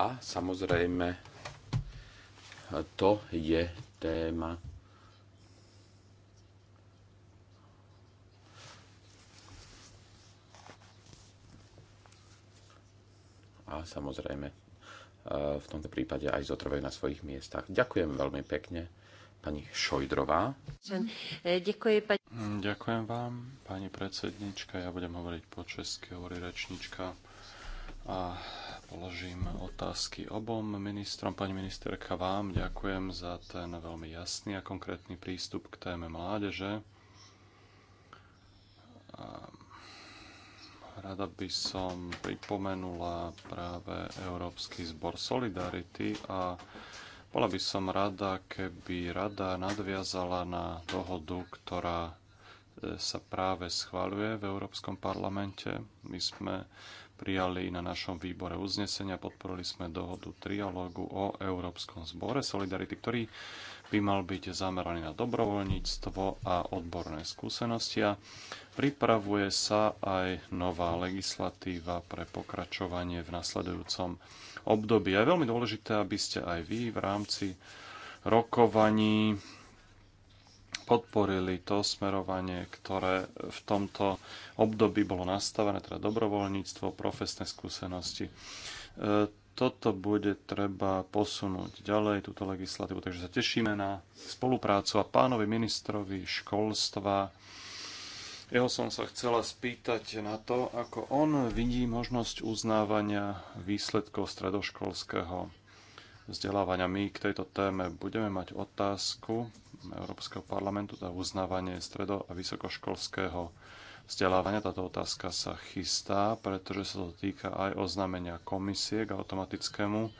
A samozrejme, to je téma a samozrejme v tomto prípade aj zotrvajú na svojich miestach. Ďakujem veľmi pekne pani Šojdrová. Ďakujem, pani... Ďakujem vám, pani predsednička. Ja budem hovoriť po česky, hovorí rečnička. A položím otázky obom ministrom. Pani ministerka, vám ďakujem za ten veľmi jasný a konkrétny prístup k téme mládeže. A Rada by som pripomenula práve Európsky zbor Solidarity a bola by som rada, keby rada nadviazala na dohodu, ktorá e, sa práve schváľuje v Európskom parlamente. My sme prijali na našom výbore uznesenia, podporili sme dohodu trialógu o Európskom zbore Solidarity, ktorý by mal byť zameraný na dobrovoľníctvo a odborné skúsenosti a pripravuje sa aj nová legislatíva pre pokračovanie v nasledujúcom období. A je veľmi dôležité, aby ste aj vy v rámci rokovaní podporili to smerovanie, ktoré v tomto období bolo nastavené, teda dobrovoľníctvo, profesné skúsenosti. E, toto bude treba posunúť ďalej, túto legislatívu. Takže sa tešíme na spoluprácu a pánovi ministrovi školstva. Jeho som sa chcela spýtať na to, ako on vidí možnosť uznávania výsledkov stredoškolského vzdelávania. My k tejto téme budeme mať otázku Európskeho parlamentu za uznávanie stredo- a vysokoškolského vzdelávania. Táto otázka sa chystá, pretože sa to týka aj oznámenia komisie k automatickému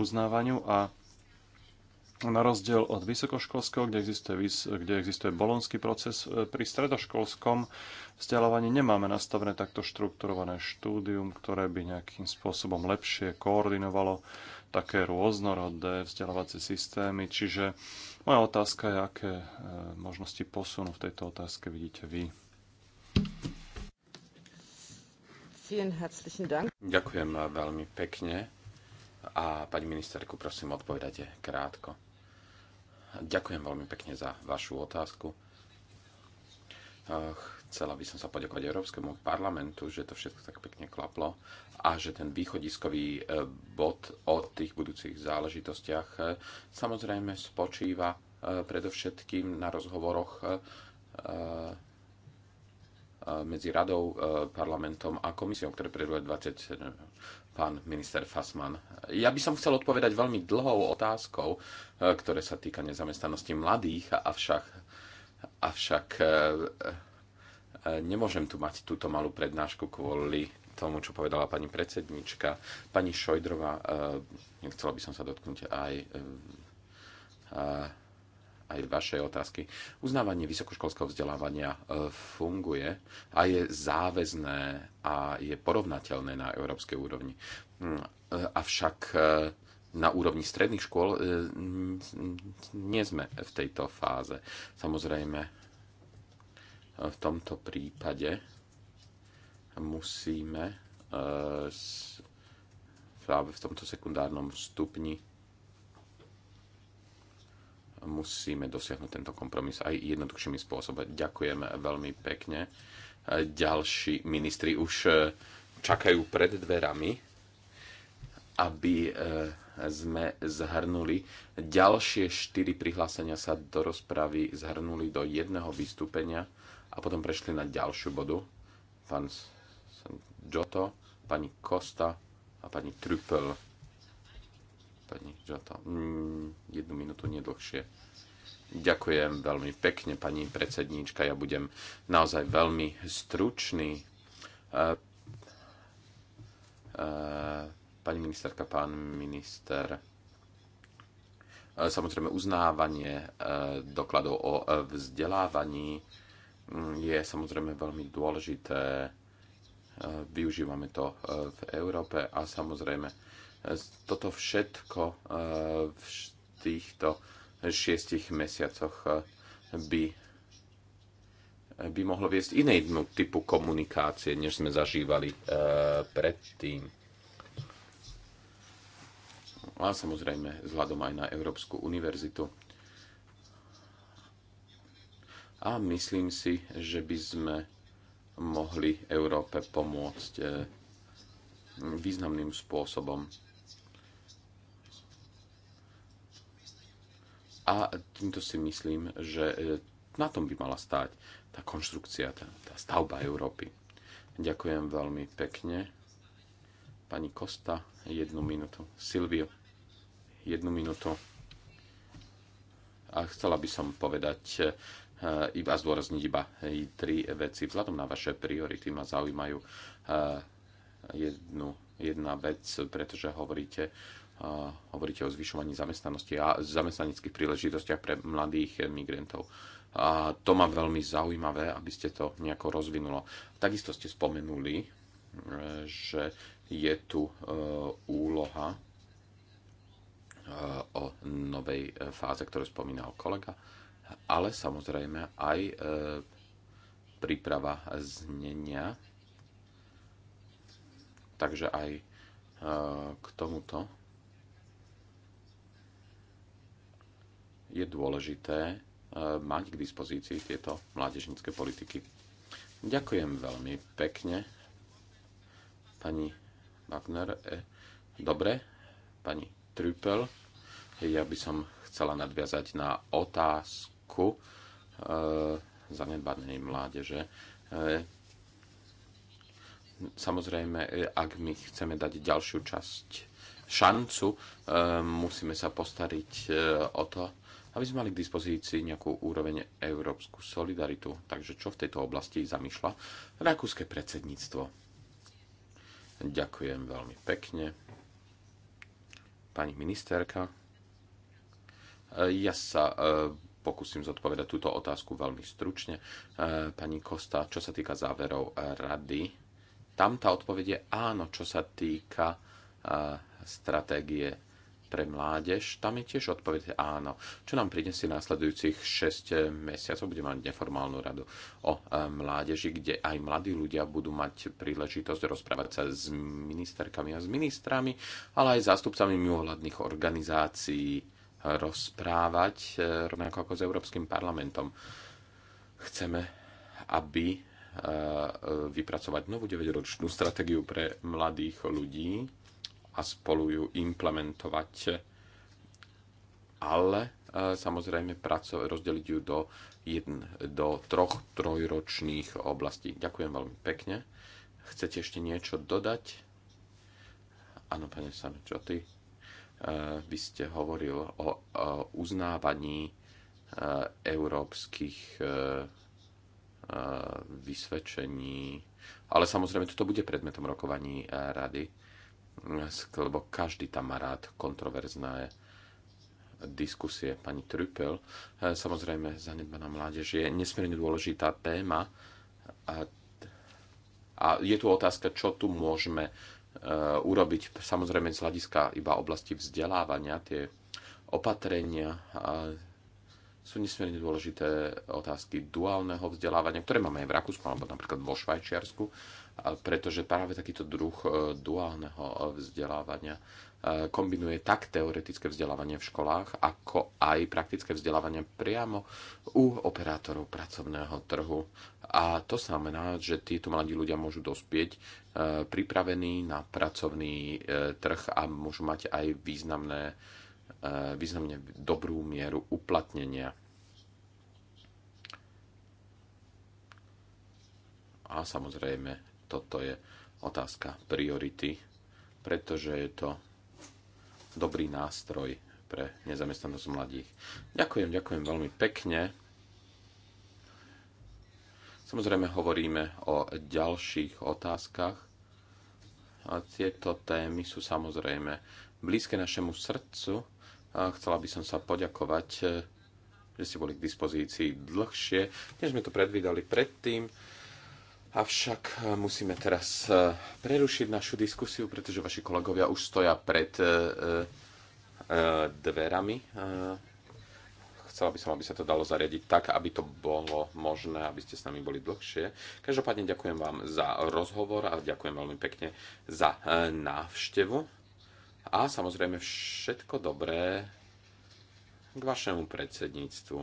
uznávaniu a na rozdiel od vysokoškolského, kde existuje, kde existuje bolonský proces, e, pri stredoškolskom vzdelávaní nemáme nastavené takto štrukturované štúdium, ktoré by nejakým spôsobom lepšie koordinovalo také rôznorodé vzdelávacie systémy. Čiže moja otázka je, aké e, možnosti posunu v tejto otázke vidíte vy. Ďakujem veľmi pekne. A pani ministerku, prosím, odpovedajte krátko. Ďakujem veľmi pekne za vašu otázku. E, chcela by som sa poďakovať Európskemu parlamentu, že to všetko tak pekne klaplo a že ten východiskový e, bod o tých budúcich záležitostiach e, samozrejme spočíva predovšetkým na rozhovoroch medzi radou, e, parlamentom a komisiou, ktoré predvoje 20 pán minister Fasman. Ja by som chcel odpovedať veľmi dlhou otázkou, e, ktoré sa týka nezamestnanosti mladých, avšak, avšak e, nemôžem tu mať túto malú prednášku kvôli tomu, čo povedala pani predsednička. Pani Šojdrova, chcela by som sa dotknúť aj aj vaše otázky. Uznávanie vysokoškolského vzdelávania e, funguje a je záväzné a je porovnateľné na európskej úrovni. Hm, e, avšak e, na úrovni stredných škôl nie sme v tejto fáze. Samozrejme, v tomto prípade musíme práve v tomto sekundárnom stupni musíme dosiahnuť tento kompromis aj jednoduchšími spôsobom. Ďakujem veľmi pekne. Ďalší ministri už e, čakajú pred dverami, aby e, sme zhrnuli. Ďalšie štyri prihlásenia sa do rozpravy zhrnuli do jedného vystúpenia a potom prešli na ďalšiu bodu. Pán Giotto, pani Costa a pani Trüppel pani Žata. Mm, jednu minútu, nedlhšie. Ďakujem veľmi pekne, pani predsedníčka. Ja budem naozaj veľmi stručný. E, e, pani ministerka, pán minister, e, samozrejme uznávanie dokladov o vzdelávaní mm, je samozrejme veľmi dôležité. Využívame to v Európe a samozrejme toto všetko eh, v týchto šiestich mesiacoch eh, by eh, by mohlo viesť inému typu komunikácie, než sme zažívali e, predtým. A samozrejme, vzhľadom aj na Európsku univerzitu. A myslím si, že by sme mohli Európe pomôcť e, významným spôsobom A týmto si myslím, že e, na tom by mala stáť tá konštrukcia, tá, tá stavba Európy. Ďakujem veľmi pekne. Pani Kosta, jednu minútu. Silvio, jednu minútu. A chcela by som povedať e, iba zdôrazniť iba e, tri veci. Vzhľadom na vaše priority ma zaujímajú jednu, jedna vec, pretože hovoríte hovoríte o zvyšovaní zamestnanosti a zamestnaneckých príležitostiach pre mladých migrantov. A to ma veľmi zaujímavé, aby ste to nejako rozvinulo. Takisto ste spomenuli, e, že je tu e, úloha e, o novej fáze, ktorú spomínal kolega, ale samozrejme aj príprava znenia. Takže aj k tomuto je dôležité e, mať k dispozícii tieto mládežnícke politiky. Ďakujem veľmi pekne, pani Wagner. E, dobre, pani Trüppel. Ja by som chcela nadviazať na otázku e, zanedbanej mládeže. E, samozrejme, e, ak my chceme dať ďalšiu časť šancu, e, musíme sa postariť e, o to, aby sme mali k dispozícii nejakú úroveň európsku solidaritu. Takže čo v tejto oblasti zamýšľa rakúske predsedníctvo? Ďakujem veľmi pekne. Pani ministerka, ja sa e, pokúsim zodpovedať túto otázku veľmi stručne. E, pani Kosta, čo sa týka záverov rady, tam tá odpovede je áno, čo sa týka e, stratégie pre mládež, tam je tiež odpoveď áno. Čo nám prinesie následujúcich 6 eh, mesiacov? Budeme mať neformálnu radu o eh, mládeži, kde aj mladí ľudia budú mať príležitosť rozprávať sa s ministerkami a s ministrami, ale aj zástupcami mimovládnych organizácií eh, rozprávať, rovnako ako s Európskym parlamentom. Chceme, aby vypracovať novú 9-ročnú stratégiu pre mladých ľudí, a spolu ju implementovať. Ale e, samozrejme rozdeliť ju do, jedn, do troch trojročných oblastí. Ďakujem veľmi pekne. Chcete ešte niečo dodať? Áno, pane ty? E, vy ste hovoril o e, uznávaní európskych vysvedčení. Ale samozrejme, toto bude predmetom rokovaní rady lebo každý tam má rád kontroverzné diskusie. Pani Trüppel, eh, samozrejme zanedbaná mládež je nesmierne dôležitá téma a, a je tu otázka, čo tu môžeme eh, urobiť. Samozrejme z hľadiska iba oblasti vzdelávania tie opatrenia a eh, sú nesmierne dôležité otázky duálneho vzdelávania, ktoré máme aj v Rakúsku alebo napríklad vo Švajčiarsku pretože práve takýto druh e, duálneho e, vzdelávania e, kombinuje tak teoretické vzdelávanie v školách, ako aj praktické vzdelávanie priamo u operátorov pracovného trhu. A to znamená, že títo mladí ľudia môžu dospieť pripravení na pracovný trh a môžu mať aj významné, významne dobrú mieru uplatnenia. A samozrejme toto je otázka priority, pretože je to dobrý nástroj pre nezamestnanosť mladých. Ďakujem, ďakujem veľmi pekne. Samozrejme hovoríme o ďalších otázkach. A tieto témy sú samozrejme blízke našemu srdcu. A chcela by som sa poďakovať, že ste boli k dispozícii dlhšie, než sme to predvídali predtým. Avšak eh, musíme teraz eh, prerušiť našu diskusiu, pretože vaši kolegovia už stoja pred eh, dverami. Chcela by som, aby sa to dalo zariadiť tak, aby to bolo možné, aby ste s nami boli dlhšie. Každopádne ďakujem vám za rozhovor a ďakujem veľmi pekne za návštevu. A samozrejme všetko dobré k vašemu predsedníctvu.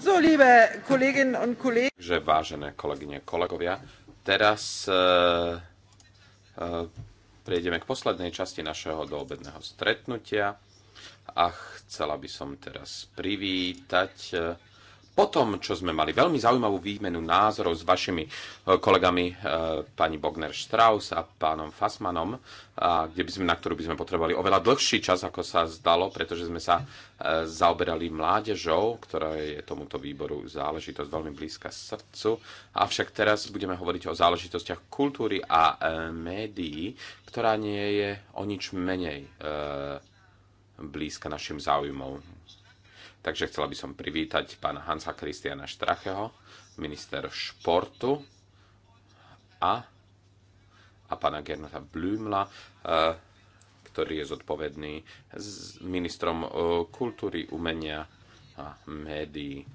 So, liebe Kolleginnen und Kollegen. vážené kolegyne, kolegovia, teraz e, e, prejdeme k poslednej časti našeho doobedného stretnutia a chcela by som teraz privítať e, tom, čo sme mali veľmi zaujímavú výmenu názorov s vašimi e, kolegami e, pani Bogner Strauss a pánom Fasmanom, kde by sme, na ktorú by sme potrebovali oveľa dlhší čas, ako sa zdalo, pretože sme sa e, zaoberali mládežou, ktorá je tomuto výboru záležitosť veľmi blízka srdcu. Avšak teraz budeme hovoriť o záležitostiach kultúry a médií, ktorá nie je o nič menej blízka našim záujmom Takže chcela by som privítať pána Hansa Kristiana Štracheho, minister športu a, a pána Gernota Blümla, e, ktorý je zodpovedný s ministrom e, kultúry, umenia a médií.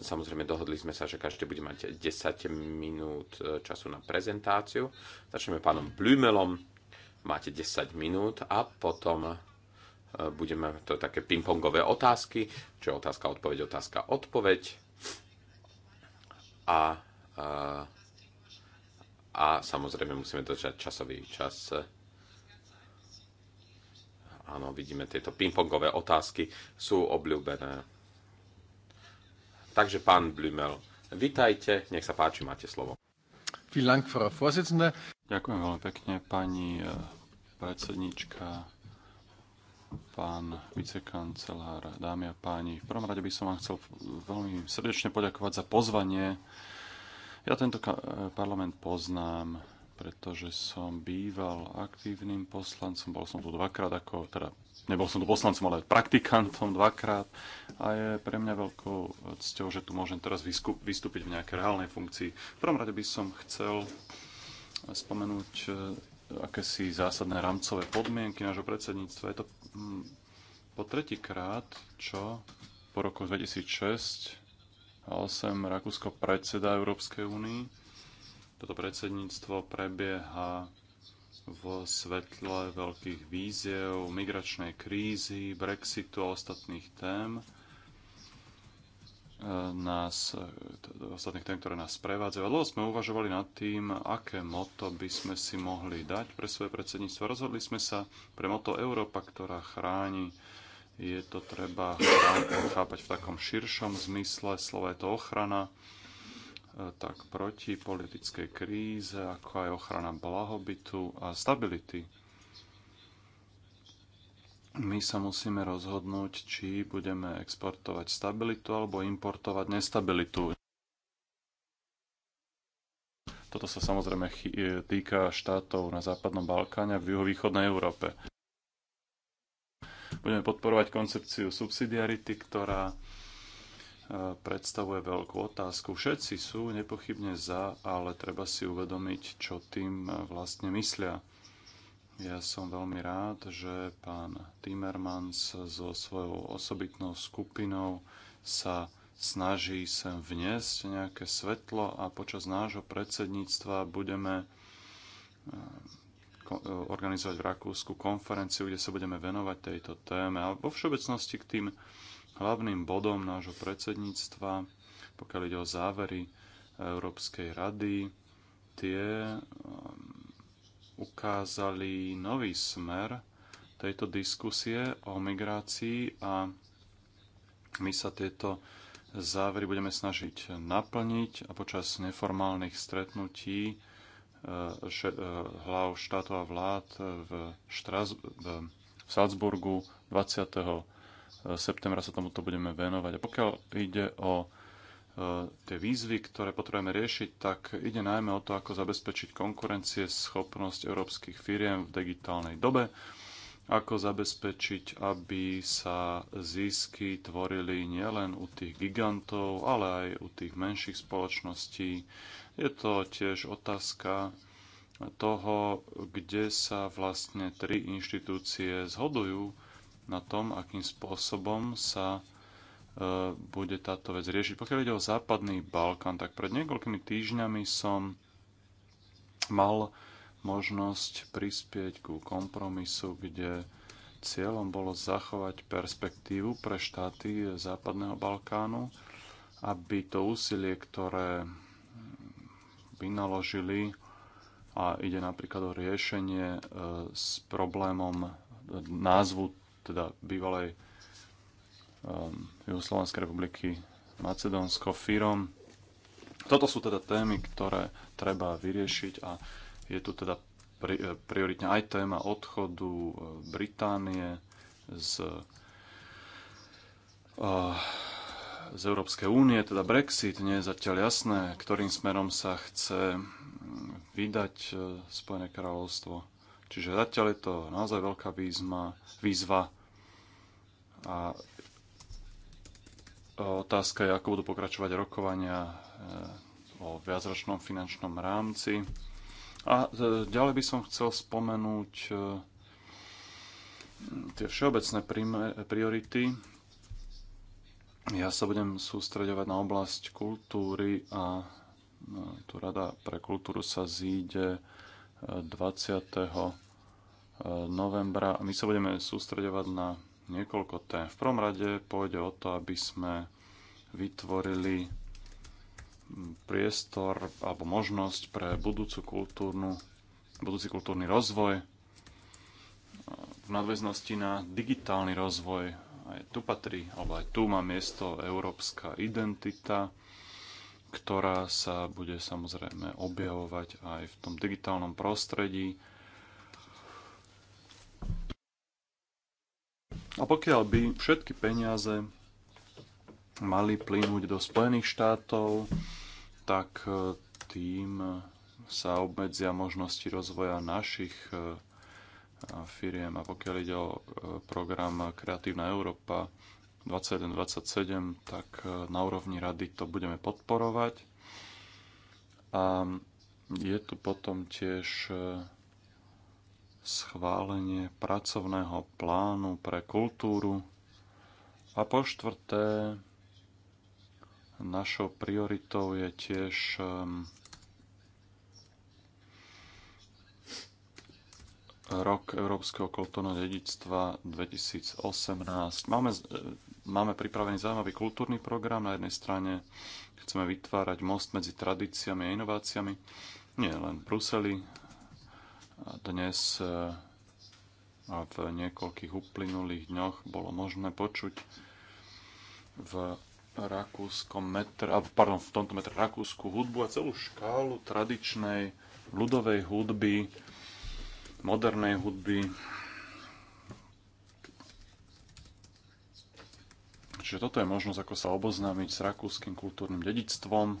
Samozrejme, dohodli sme sa, že každý bude mať 10 minút e, času na prezentáciu. Začneme pánom Blümelom. Máte 10 minút a potom budeme to také pingpongové otázky, čo otázka, odpoveď, otázka, odpoveď. A, a, a samozrejme musíme držať časový čas. Áno, vidíme, tieto pingpongové otázky sú obľúbené. Takže pán Blümel, vitajte, nech sa páči, máte slovo. Ďakujem veľmi pekne, pani eh, predsednička, pán vicekancelár, dámy a páni. V prvom rade by som vám chcel veľmi srdečne poďakovať za pozvanie. Ja tento parlament poznám, pretože som býval aktívnym poslancom, bol som tu dvakrát ako, teda nebol som tu poslancom, ale praktikantom dvakrát a je pre mňa veľkou cťou, že tu môžem teraz vystúpiť v nejakej reálnej funkcii. V prvom rade by som chcel spomenúť akési zásadné rámcové podmienky nášho predsedníctva. Je to hm, po tretíkrát, čo po roku 2006 a 8 Rakúsko predseda Európskej únii. Toto predsedníctvo prebieha v svetle veľkých víziev, migračnej krízy, Brexitu a ostatných tém nás, teda ostatných tém, ktoré nás prevádzajú. A dlho sme uvažovali nad tým, aké moto by sme si mohli dať pre svoje predsedníctvo. Rozhodli sme sa pre moto Európa, ktorá chráni. Je to treba chápať v takom širšom zmysle. Slovo je to ochrana e, tak proti politickej kríze, ako aj ochrana blahobytu a stability my sa musíme rozhodnúť, či budeme exportovať stabilitu alebo importovať nestabilitu. Toto sa samozrejme e, týka štátov na Západnom Balkáne a v juhovýchodnej Európe. Budeme podporovať koncepciu subsidiarity, ktorá e, predstavuje veľkú otázku. Všetci sú nepochybne za, ale treba si uvedomiť, čo tým e, vlastne myslia ja som veľmi rád, že pán Timmermans so svojou osobitnou skupinou sa snaží sem vniesť nejaké svetlo a počas nášho predsedníctva budeme eh, eh, organizovať v Rakúsku konferenciu, kde sa budeme venovať tejto téme. A vo všeobecnosti k tým hlavným bodom nášho predsedníctva, pokiaľ ide o závery Európskej rady, tie eh, ukázali nový smer tejto diskusie o migrácii a my sa tieto závery budeme snažiť naplniť a počas neformálnych stretnutí e, e, hlav štátov a vlád v, Štras- v Salzburgu 20. septembra sa tomuto budeme venovať. A pokiaľ ide o tie výzvy, ktoré potrebujeme riešiť, tak ide najmä o to, ako zabezpečiť konkurencie, schopnosť európskych firiem v digitálnej dobe, ako zabezpečiť, aby sa zisky tvorili nielen u tých gigantov, ale aj u tých menších spoločností. Je to tiež otázka toho, kde sa vlastne tri inštitúcie zhodujú na tom, akým spôsobom sa E, bude táto vec riešiť. Pokiaľ ide o západný Balkán, tak pred niekoľkými týždňami som mal možnosť prispieť ku kompromisu, kde cieľom bolo zachovať perspektívu pre štáty západného Balkánu, aby to úsilie, ktoré vynaložili a ide napríklad o riešenie e, s problémom názvu teda bývalej Um, Juhoslovenskej republiky Macedónsko, Fyrom. Toto sú teda témy, ktoré treba vyriešiť a je tu teda pri, eh, prioritne aj téma odchodu eh, Británie z, eh, z Európskej únie, teda Brexit, nie je zatiaľ jasné, ktorým smerom sa chce mm, vydať Spojené kráľovstvo. Čiže zatiaľ je to naozaj veľká výzma, výzva a Otázka je, ako budú pokračovať rokovania e, o viacročnom finančnom rámci. A e, ďalej by som chcel spomenúť e, tie všeobecné priority. Ja sa budem sústreďovať na oblasť kultúry a tu Rada pre kultúru sa zíde 20. novembra. My sa budeme sústreďovať na niekoľko tém. V prvom rade pôjde o to, aby sme vytvorili priestor alebo možnosť pre budúcu kultúrnu, budúci kultúrny rozvoj v nadväznosti na digitálny rozvoj. Aj tu patrí, alebo aj tu má miesto európska identita, ktorá sa bude samozrejme objavovať aj v tom digitálnom prostredí A pokiaľ by všetky peniaze mali plynúť do Spojených štátov, tak e, tým e, sa obmedzia možnosti rozvoja našich e, firiem. A pokiaľ ide o program Kreatívna Európa 2127, tak na úrovni rady to budeme podporovať. A je tu potom tiež schválenie pracovného plánu pre kultúru a po štvrté našou prioritou je tiež um, rok Európskeho kultúrneho dedičstva 2018. Máme, máme pripravený zaujímavý kultúrny program. Na jednej strane chceme vytvárať most medzi tradíciami a inováciami. Nie len v Bruseli, dnes e, a v niekoľkých uplynulých dňoch bolo možné počuť v rakúskom metre, pardon, v tomto metre rakúsku hudbu a celú škálu tradičnej ľudovej hudby, modernej hudby. Čiže toto je možnosť, ako sa oboznámiť s rakúskym kultúrnym dedictvom,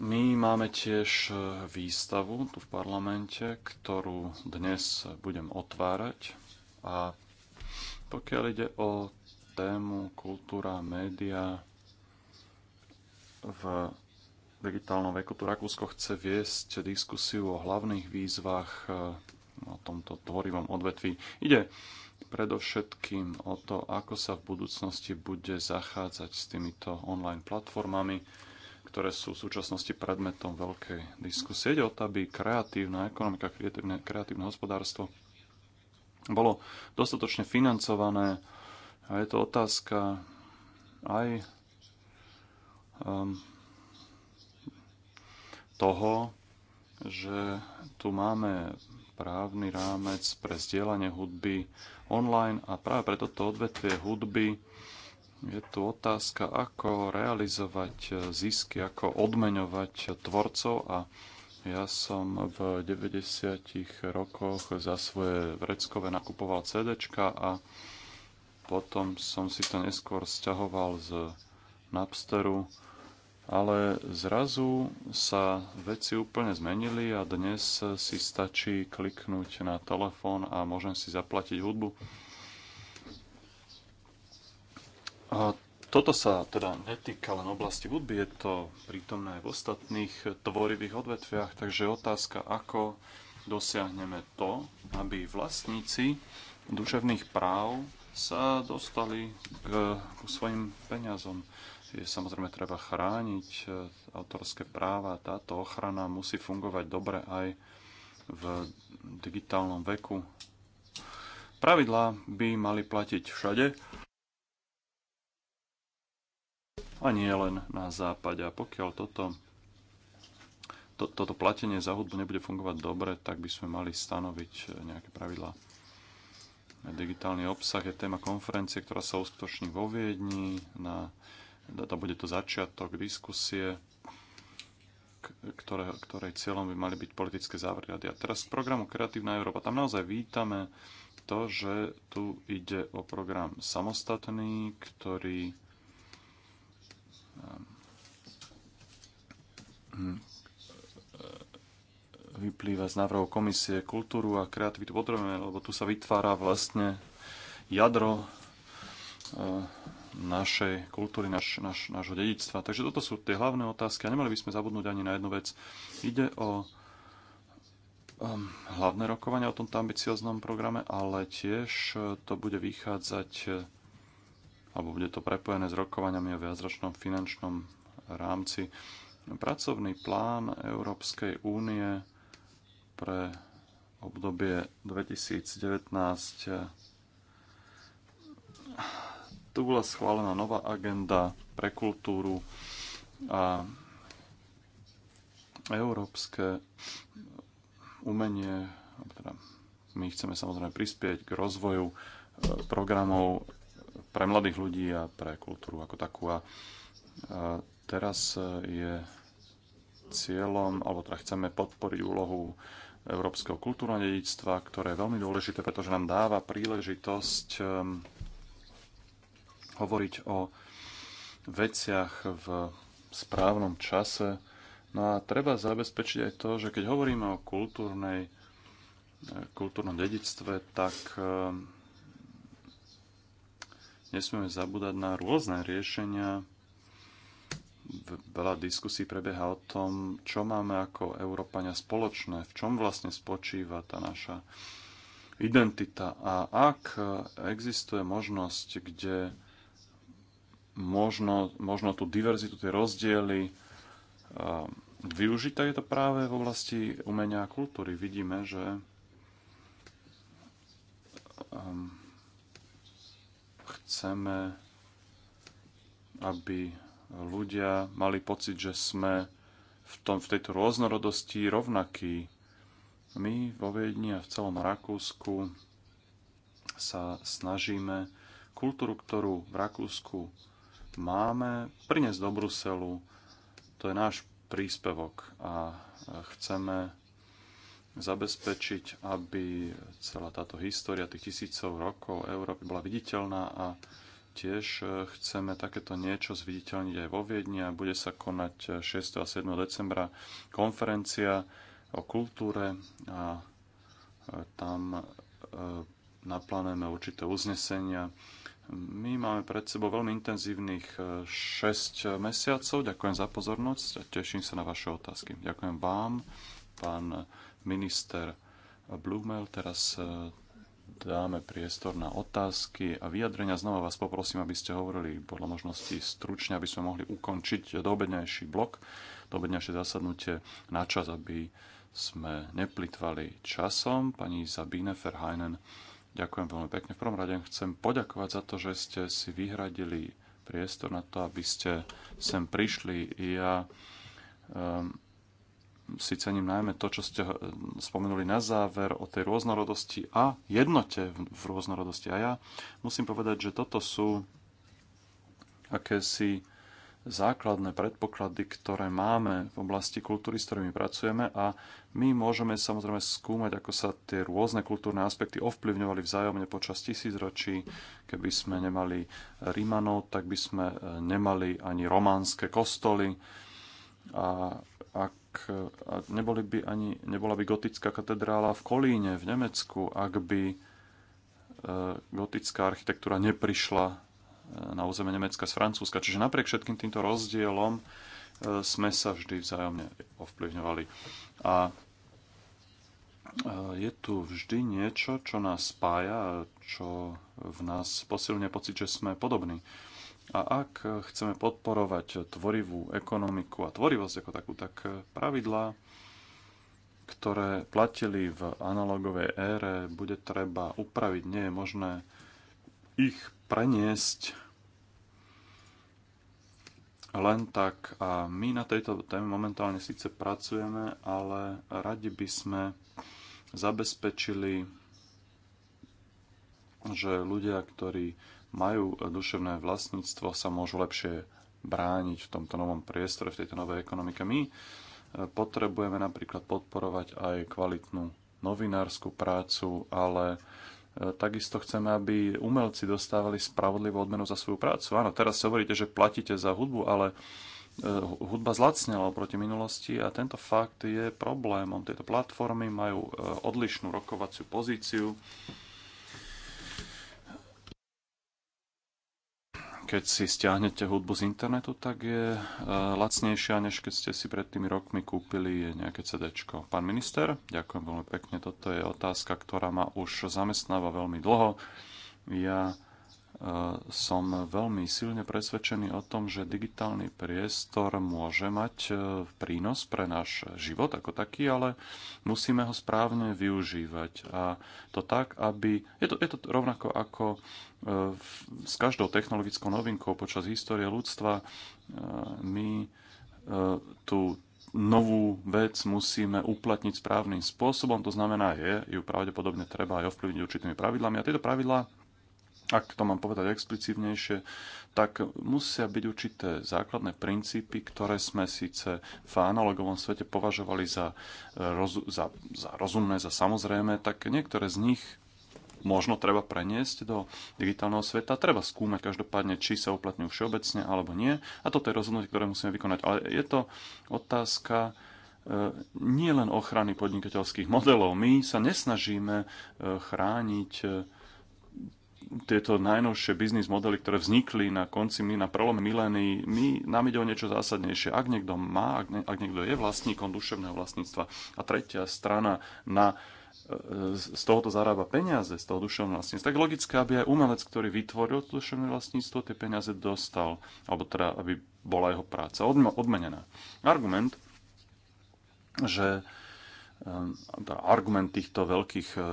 my máme tiež e, výstavu tu v parlamente, ktorú dnes budem otvárať. A pokiaľ ide o tému kultúra, média v digitálnom veku, tu Rakúsko chce viesť diskusiu o hlavných výzvach e, o tomto tvorivom odvetví. Ide predovšetkým o to, ako sa v budúcnosti bude zachádzať s týmito online platformami, ktoré sú v súčasnosti predmetom veľkej diskusie. Ide o to, aby kreatívna ekonomika, kreatívne, kreatívne hospodárstvo bolo dostatočne financované a je to otázka aj um, toho, že tu máme právny rámec pre zdieľanie hudby online a práve preto to odvetvie hudby je tu otázka, ako realizovať eh, zisky, ako odmeňovať tvorcov a ja som v 90 rokoch za svoje vreckové nakupoval CDčka a potom som si to neskôr sťahoval z Napsteru, ale zrazu sa veci úplne zmenili a dnes si stačí kliknúť na telefón a môžem si zaplatiť hudbu. A toto sa teda netýka len oblasti hudby, je to prítomné aj v ostatných tvorivých odvetviach, takže otázka, ako dosiahneme to, aby vlastníci duševných práv sa dostali k, k svojim peniazom. Je samozrejme treba chrániť e, autorské práva. Táto ochrana musí fungovať dobre aj v digitálnom veku. Pravidlá by mali platiť všade a nie len na západe. A pokiaľ toto, to, toto platenie za hudbu nebude fungovať dobre, tak by sme mali stanoviť eh, nejaké pravidlá. Digitálny obsah je téma konferencie, ktorá sa uskutoční vo Viedni. Na, to bude to začiatok diskusie, ktoré, ktorej cieľom by mali byť politické závrady. A teraz k programu Kreatívna Európa. Tam naozaj vítame to, že tu ide o program samostatný, ktorý Ehm, ehm, vyplýva z návrhov komisie kultúru a kreativitu potrebujeme, lebo tu sa vytvára vlastne jadro ehm, našej kultúry, naš, naš, našho dedičstva. Takže toto sú tie hlavné otázky a nemali by sme zabudnúť ani na jednu vec. Ide o um, hlavné rokovania o tomto ambicioznom programe, ale tiež to bude vychádzať alebo bude to prepojené s rokovaniami o viacročnom finančnom rámci. Pracovný plán Európskej únie pre obdobie 2019 tu bola schválená nová agenda pre kultúru a európske umenie, teda my chceme samozrejme prispieť k rozvoju e, programov pre mladých ľudí a pre kultúru ako takú. A teraz e, je cieľom, alebo teda chceme podporiť úlohu európskeho kultúrneho dedictva, ktoré je veľmi dôležité, pretože nám dáva príležitosť e, hovoriť o veciach v správnom čase. No a treba zabezpečiť aj to, že keď hovoríme o kultúrnej, e, kultúrnom dedictve, tak nesmieme zabúdať na rôzne riešenia. Veľa diskusí prebieha o tom, čo máme ako Európania spoločné, v čom vlastne spočíva tá naša identita a ak existuje možnosť, kde možno, možno tú diverzitu, tie rozdiely um, využiť, tak je to práve v oblasti umenia a kultúry. Vidíme, že um, Chceme, aby ľudia mali pocit, že sme v, tom, v tejto rôznorodosti rovnakí. My vo Viedni a v celom Rakúsku sa snažíme kultúru, ktorú v Rakúsku máme, priniesť do Bruselu. To je náš príspevok a chceme zabezpečiť, aby celá táto história tých tisícov rokov Európy bola viditeľná a tiež e, chceme takéto niečo zviditeľniť aj vo Viedni a bude sa konať 6. E, a 7. decembra konferencia o kultúre a e, tam naplánujeme určité uznesenia. My máme pred sebou veľmi intenzívnych 6 mesiacov. Ďakujem za pozornosť a teším sa na vaše otázky. Ďakujem vám, pán minister Blumel. Teraz e, dáme priestor na otázky a vyjadrenia. Znova vás poprosím, aby ste hovorili podľa možnosti stručne, aby sme mohli ukončiť doobednejší blok, doobednejšie zasadnutie na čas, aby sme neplitvali časom. Pani Zabine Ferhajnen, ďakujem veľmi pekne. V prvom rade chcem poďakovať za to, že ste si vyhradili priestor na to, aby ste sem prišli. Ja um, si cením najmä to, čo ste eh, spomenuli na záver o tej rôznorodosti a jednote v rôznorodosti. A ja musím povedať, že toto sú akési základné predpoklady, ktoré máme v oblasti kultúry, s ktorými pracujeme a my môžeme samozrejme skúmať, ako sa tie rôzne kultúrne aspekty ovplyvňovali vzájomne počas tisícročí. Keby sme nemali Rímanov, tak by sme eh, nemali ani románske kostoly. A ak E, neboli by ani, nebola by gotická katedrála v Kolíne v Nemecku, ak by e, gotická architektúra neprišla e, na územie Nemecka z Francúzska. Čiže napriek všetkým týmto rozdielom sme sa vždy vzájomne ovplyvňovali. A je tu vždy niečo, čo nás spája, čo v nás posilňuje pocit, že sme podobní. A ak chceme podporovať tvorivú ekonomiku a tvorivosť ako takú, tak pravidlá, ktoré platili v analogovej ére, bude treba upraviť. Nie je možné ich preniesť len tak. A my na tejto téme momentálne síce pracujeme, ale radi by sme zabezpečili, že ľudia, ktorí majú duševné vlastníctvo, sa môžu lepšie brániť v tomto novom priestore, v tejto novej ekonomike. My e, potrebujeme napríklad podporovať aj kvalitnú novinárskú prácu, ale e, takisto chceme, aby umelci dostávali spravodlivú odmenu za svoju prácu. Áno, teraz si hovoríte, že platíte za hudbu, ale e, hudba zlacnela oproti minulosti a tento fakt je problémom. Tieto platformy majú odlišnú rokovaciu pozíciu keď si stiahnete hudbu z internetu, tak je e, lacnejšia, než keď ste si pred tými rokmi kúpili nejaké CD. Pán minister, ďakujem veľmi pekne. Toto je otázka, ktorá ma už zamestnáva veľmi dlho. Ja Eh, som veľmi silne presvedčený o tom, že digitálny priestor môže mať eh, prínos pre náš život ako taký, ale musíme ho správne využívať. A to tak, aby... Je to, je to rovnako ako eh, s každou technologickou novinkou počas histórie ľudstva. My tú novú vec musíme uplatniť správnym spôsobom, to znamená, je ju pravdepodobne treba aj ovplyvniť určitými pravidlami a tieto pravidlá ak to mám povedať explicívnejšie, tak musia byť určité základné princípy, ktoré sme síce v analogovom svete považovali za, roz, za, za rozumné, za samozrejme, tak niektoré z nich možno treba preniesť do digitálneho sveta. Treba skúmať každopádne, či sa uplatňujú všeobecne alebo nie. A toto je rozhodnutie, ktoré musíme vykonať. Ale je to otázka e, nie len ochrany podnikateľských modelov. My sa nesnažíme e, chrániť e, tieto najnovšie biznis modely, ktoré vznikli na konci, my na prelome milény, my, nám ide o niečo zásadnejšie. Ak niekto má, ak, ne, ak niekto je vlastníkom duševného vlastníctva a tretia strana na e, z tohoto zarába peniaze, z toho duševného vlastníctva, tak logické, aby aj umelec, ktorý vytvoril to duševné vlastníctvo, tie peniaze dostal, alebo teda, aby bola jeho práca odmenená. Argument, že Ehm, teda argument týchto veľkých ehm,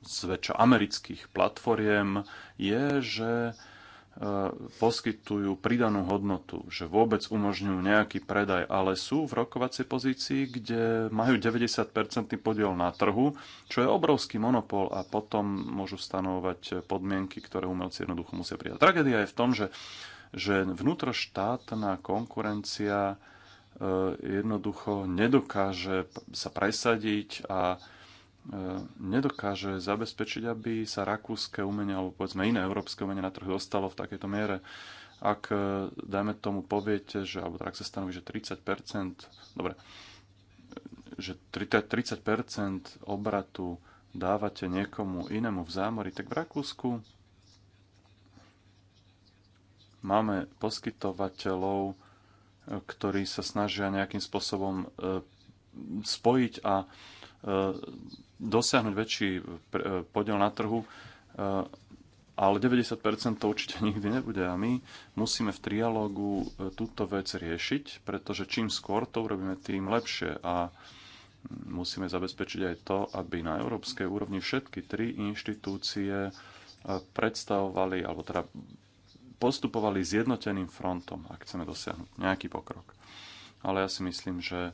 zväčša amerických platformiem je, že ehm, poskytujú pridanú hodnotu, že vôbec umožňujú nejaký predaj, ale sú v rokovacej pozícii, kde majú 90% podiel na trhu, čo je obrovský monopol a potom môžu stanovať podmienky, ktoré umelci jednoducho musia prijať. Tragédia je v tom, že, že vnútroštátna konkurencia E, jednoducho nedokáže sa presadiť a e, nedokáže zabezpečiť, aby sa rakúske umenie alebo povedzme iné európske umenie na trh dostalo v takejto miere. Ak, e, dajme tomu, poviete, že, alebo tak sa stanoví, že 30%, dobre, že 30% obratu dávate niekomu inému v zámori, tak v Rakúsku máme poskytovateľov ktorí sa snažia nejakým spôsobom e, spojiť a e, dosiahnuť väčší e, podiel na trhu, ale 90% to určite nikdy nebude a my musíme v trialógu túto vec riešiť, pretože čím skôr to urobíme, tým lepšie a musíme zabezpečiť aj to, aby na európskej úrovni všetky tri inštitúcie predstavovali, alebo teda postupovali zjednoteným frontom, ak chceme dosiahnuť nejaký pokrok. Ale ja si myslím, že e,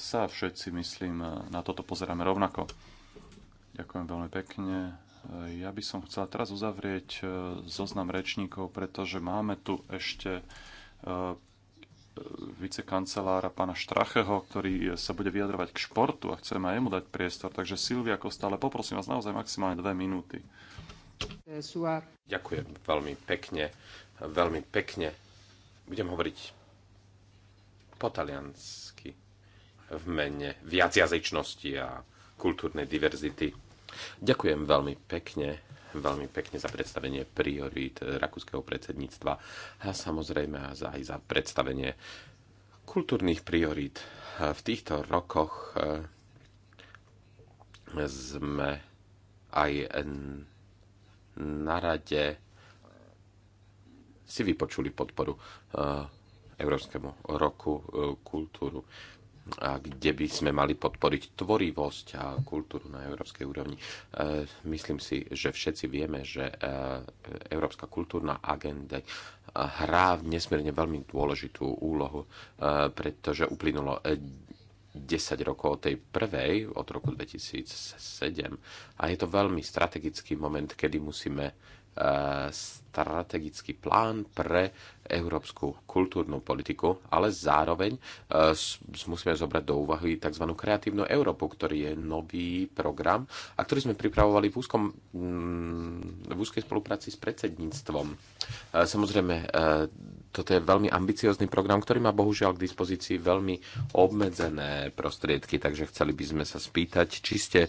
sa všetci, myslím, e, na toto pozeráme rovnako. Ďakujem veľmi pekne. E, ja by som chcela teraz uzavrieť zoznam rečníkov, pretože máme tu ešte vicekancelára pána Štracheho, ktorý sa bude vyjadrovať k športu a chceme aj jemu dať priestor. Takže Silvia Kostále, poprosím vás naozaj maximálne dve minúty. Ďakujem veľmi pekne, veľmi pekne. Budem hovoriť po taliansky v mene viacjazyčnosti a kultúrnej diverzity. Ďakujem veľmi pekne, veľmi pekne za predstavenie priorít rakúskeho predsedníctva a samozrejme aj za predstavenie kultúrnych priorít. V týchto rokoch eh, sme aj na rade si vypočuli podporu e, Európskemu roku e, kultúru, kde by sme mali podporiť tvorivosť a kultúru na európskej úrovni. E, myslím si, že všetci vieme, že Európska kultúrna agenda hrá nesmierne veľmi dôležitú úlohu, pretože uplynulo 10 rokov od tej prvej, od roku 2007. A je to veľmi strategický moment, kedy musíme eh, strategický plán pre európsku kultúrnu politiku, ale zároveň e, musíme zobrať do úvahy tzv. kreatívnu Európu, ktorý je nový program a ktorý sme pripravovali v, úzkom, mm, v úzkej spolupráci s predsedníctvom. E, samozrejme, e, toto je veľmi ambiciózny program, ktorý má bohužiaľ k dispozícii veľmi obmedzené prostriedky, takže chceli by sme sa spýtať, či ste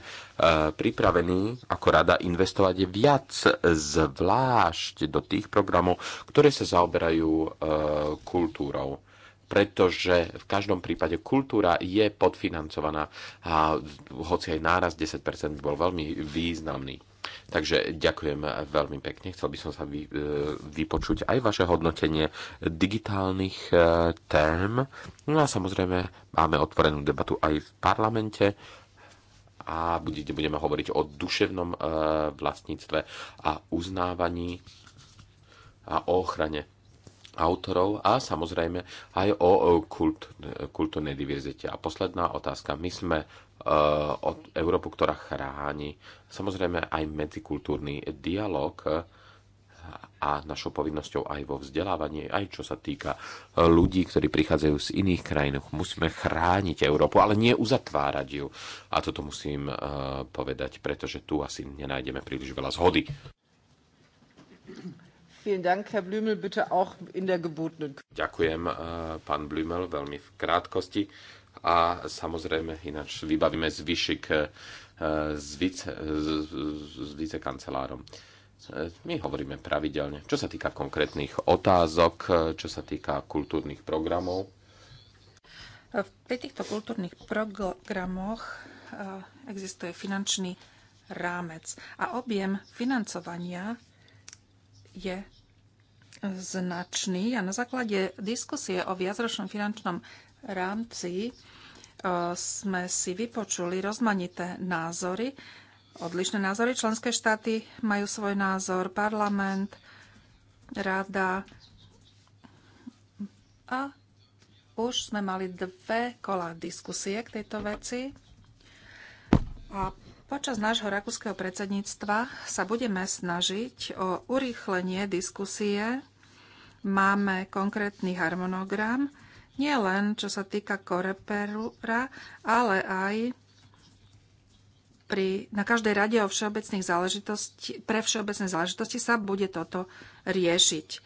pripravení ako rada investovať viac zvlášť do tých programov, ktoré sa zaoberajú svoju e, kultúrou pretože v každom prípade kultúra je podfinancovaná a hoci aj náraz 10% bol veľmi významný. Takže ďakujem veľmi pekne. Chcel by som sa vy, e, vypočuť aj vaše hodnotenie digitálnych e, tém. No a samozrejme máme otvorenú debatu aj v parlamente a budeme hovoriť o duševnom e, vlastníctve a uznávaní a o ochrane autorov a samozrejme aj o kult, kultúrnej diverzite. A posledná otázka. My sme eh, od Európu, ktorá chráni samozrejme aj medzikultúrny dialog eh, a našou povinnosťou aj vo vzdelávaní, aj čo sa týka eh, ľudí, ktorí prichádzajú z iných krajín. Musíme chrániť Európu, ale nie uzatvárať ju. A toto musím povedať, pretože tu asi nenájdeme príliš veľa zhody. Ďakujem, eh, pán Blümel, veľmi v krátkosti. A samozrejme, ináč vybavíme zvyšik s, eh, vice, s vicekancelárom. Eh, my hovoríme pravidelne, čo sa týka konkrétnych otázok, čo sa týka kultúrnych programov. Pri týchto kultúrnych programoch existuje finančný rámec a objem financovania je značný a na základe diskusie o viacročnom finančnom rámci e, sme si vypočuli rozmanité názory, odlišné názory. Členské štáty majú svoj názor, parlament, rada. A už sme mali dve kola diskusie k tejto veci. A Počas nášho rakúskeho predsedníctva sa budeme snažiť o urýchlenie diskusie. Máme konkrétny harmonogram, nie len čo sa týka koreperúra, ale aj pri, na každej rade o všeobecných záležitosti, pre všeobecné záležitosti sa bude toto riešiť.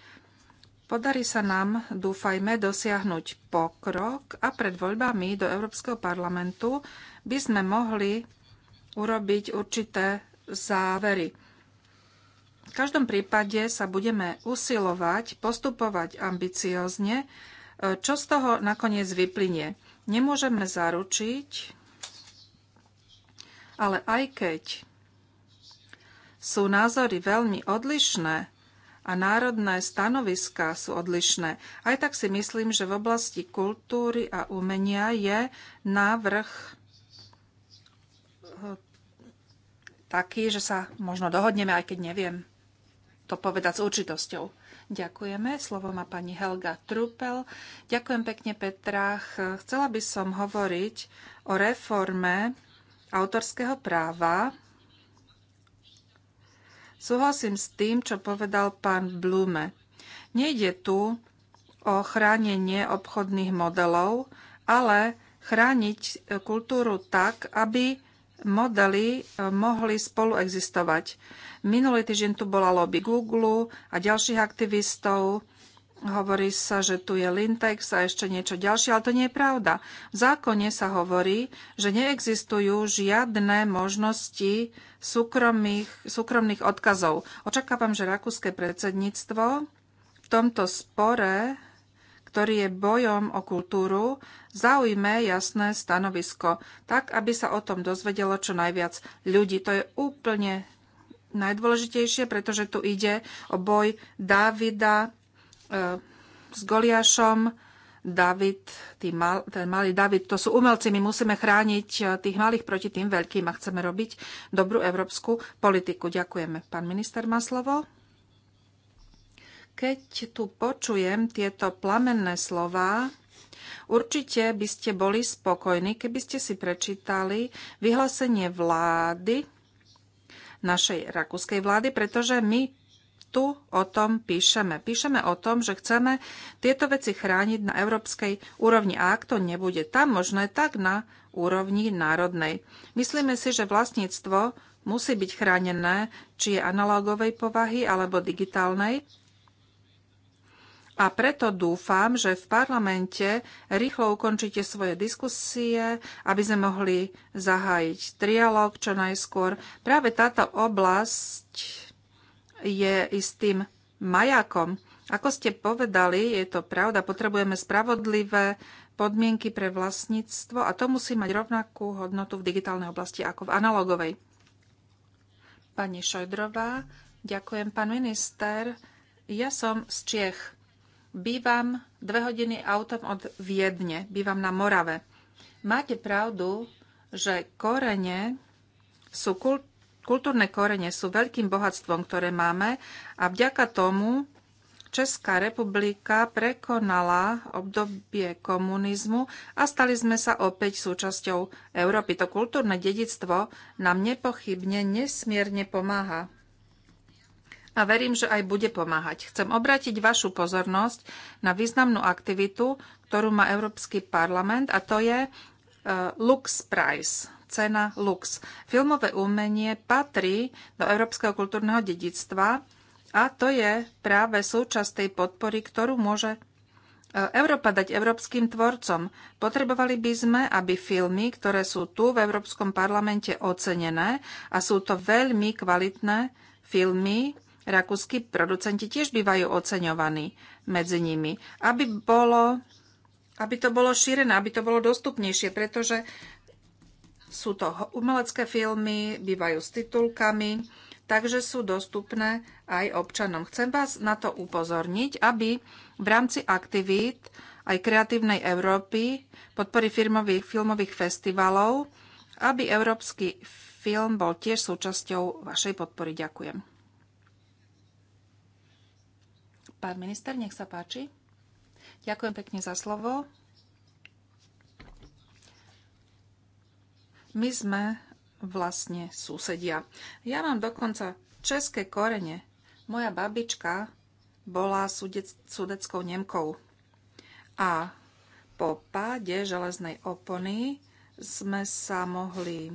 Podarí sa nám, dúfajme, dosiahnuť pokrok a pred voľbami do Európskeho parlamentu by sme mohli urobiť určité závery. V každom prípade sa budeme usilovať, postupovať ambiciozne, e, čo z toho nakoniec vyplynie. Nemôžeme zaručiť, ale aj keď sú názory veľmi odlišné, a národné stanoviská sú odlišné. Aj tak si myslím, že v oblasti kultúry a umenia je návrh taký, že sa možno dohodneme, aj keď neviem to povedať s určitosťou. Ďakujeme. Slovo má pani Helga Trupel. Ďakujem pekne, Petra. Chcela by som hovoriť o reforme autorského práva. Súhlasím s tým, čo povedal pán Blume. Nejde tu o chránenie obchodných modelov, ale chrániť kultúru tak, aby modely e, mohli spolu existovať. Minulý týždeň tu bola lobby Google a ďalších aktivistov. Hovorí sa, že tu je Lintex a ešte niečo ďalšie, ale to nie je pravda. V zákone sa hovorí, že neexistujú žiadne možnosti súkromných, súkromných odkazov. Očakávam, že rakúske predsedníctvo v tomto spore ktorý je bojom o kultúru, zaujme jasné stanovisko, tak aby sa o tom dozvedelo čo najviac ľudí. To je úplne najdôležitejšie, pretože tu ide o boj Davida e, s Goliášom. David, tý mal, ten malý David, to sú umelci, my musíme chrániť eh, tých malých proti tým veľkým a chceme robiť dobrú európsku politiku. Ďakujeme. Pán minister má slovo. Keď tu počujem tieto plamenné slova, určite by ste boli spokojní, keby ste si prečítali vyhlásenie vlády, našej rakúskej vlády, pretože my tu o tom píšeme. Píšeme o tom, že chceme tieto veci chrániť na európskej úrovni. A ak to nebude tam možné, tak na úrovni národnej. Myslíme si, že vlastníctvo musí byť chránené, či je analogovej povahy alebo digitálnej. A preto dúfam, že v parlamente rýchlo ukončíte svoje diskusie, aby sme mohli zahájiť trialog čo najskôr. Práve táto oblasť je istým majakom. Ako ste povedali, je to pravda, potrebujeme spravodlivé podmienky pre vlastníctvo a to musí mať rovnakú hodnotu v digitálnej oblasti ako v analogovej. Pani Šojdrová, ďakujem, pán minister. Ja som z Čiech Bývam dve hodiny autom od Viedne, bývam na Morave. Máte pravdu, že korene sú kult, kultúrne korene sú veľkým bohatstvom, ktoré máme a vďaka tomu Česká republika prekonala obdobie komunizmu a stali sme sa opäť súčasťou Európy. To kultúrne dedictvo nám nepochybne nesmierne pomáha a verím, že aj bude pomáhať. Chcem obrátiť vašu pozornosť na významnú aktivitu, ktorú má Európsky parlament a to je e, Lux Prize, cena Lux. Filmové umenie patrí do európskeho kultúrneho dedictva a to je práve súčasť tej podpory, ktorú môže e, Európa dať európskym tvorcom. Potrebovali by sme, aby filmy, ktoré sú tu v Európskom parlamente ocenené a sú to veľmi kvalitné filmy, Rakúsky producenti tiež bývajú oceňovaní medzi nimi, aby, bolo, aby to bolo šírené, aby to bolo dostupnejšie, pretože sú to umelecké filmy, bývajú s titulkami, takže sú dostupné aj občanom. Chcem vás na to upozorniť, aby v rámci aktivít aj kreatívnej Európy, podpory firmových, filmových festivalov, aby európsky film bol tiež súčasťou vašej podpory. Ďakujem. Pán minister, nech sa páči. Ďakujem pekne za slovo. My sme vlastne susedia. Ja mám dokonca české korene. Moja babička bola sudeckou Nemkou. A po páde železnej opony sme sa mohli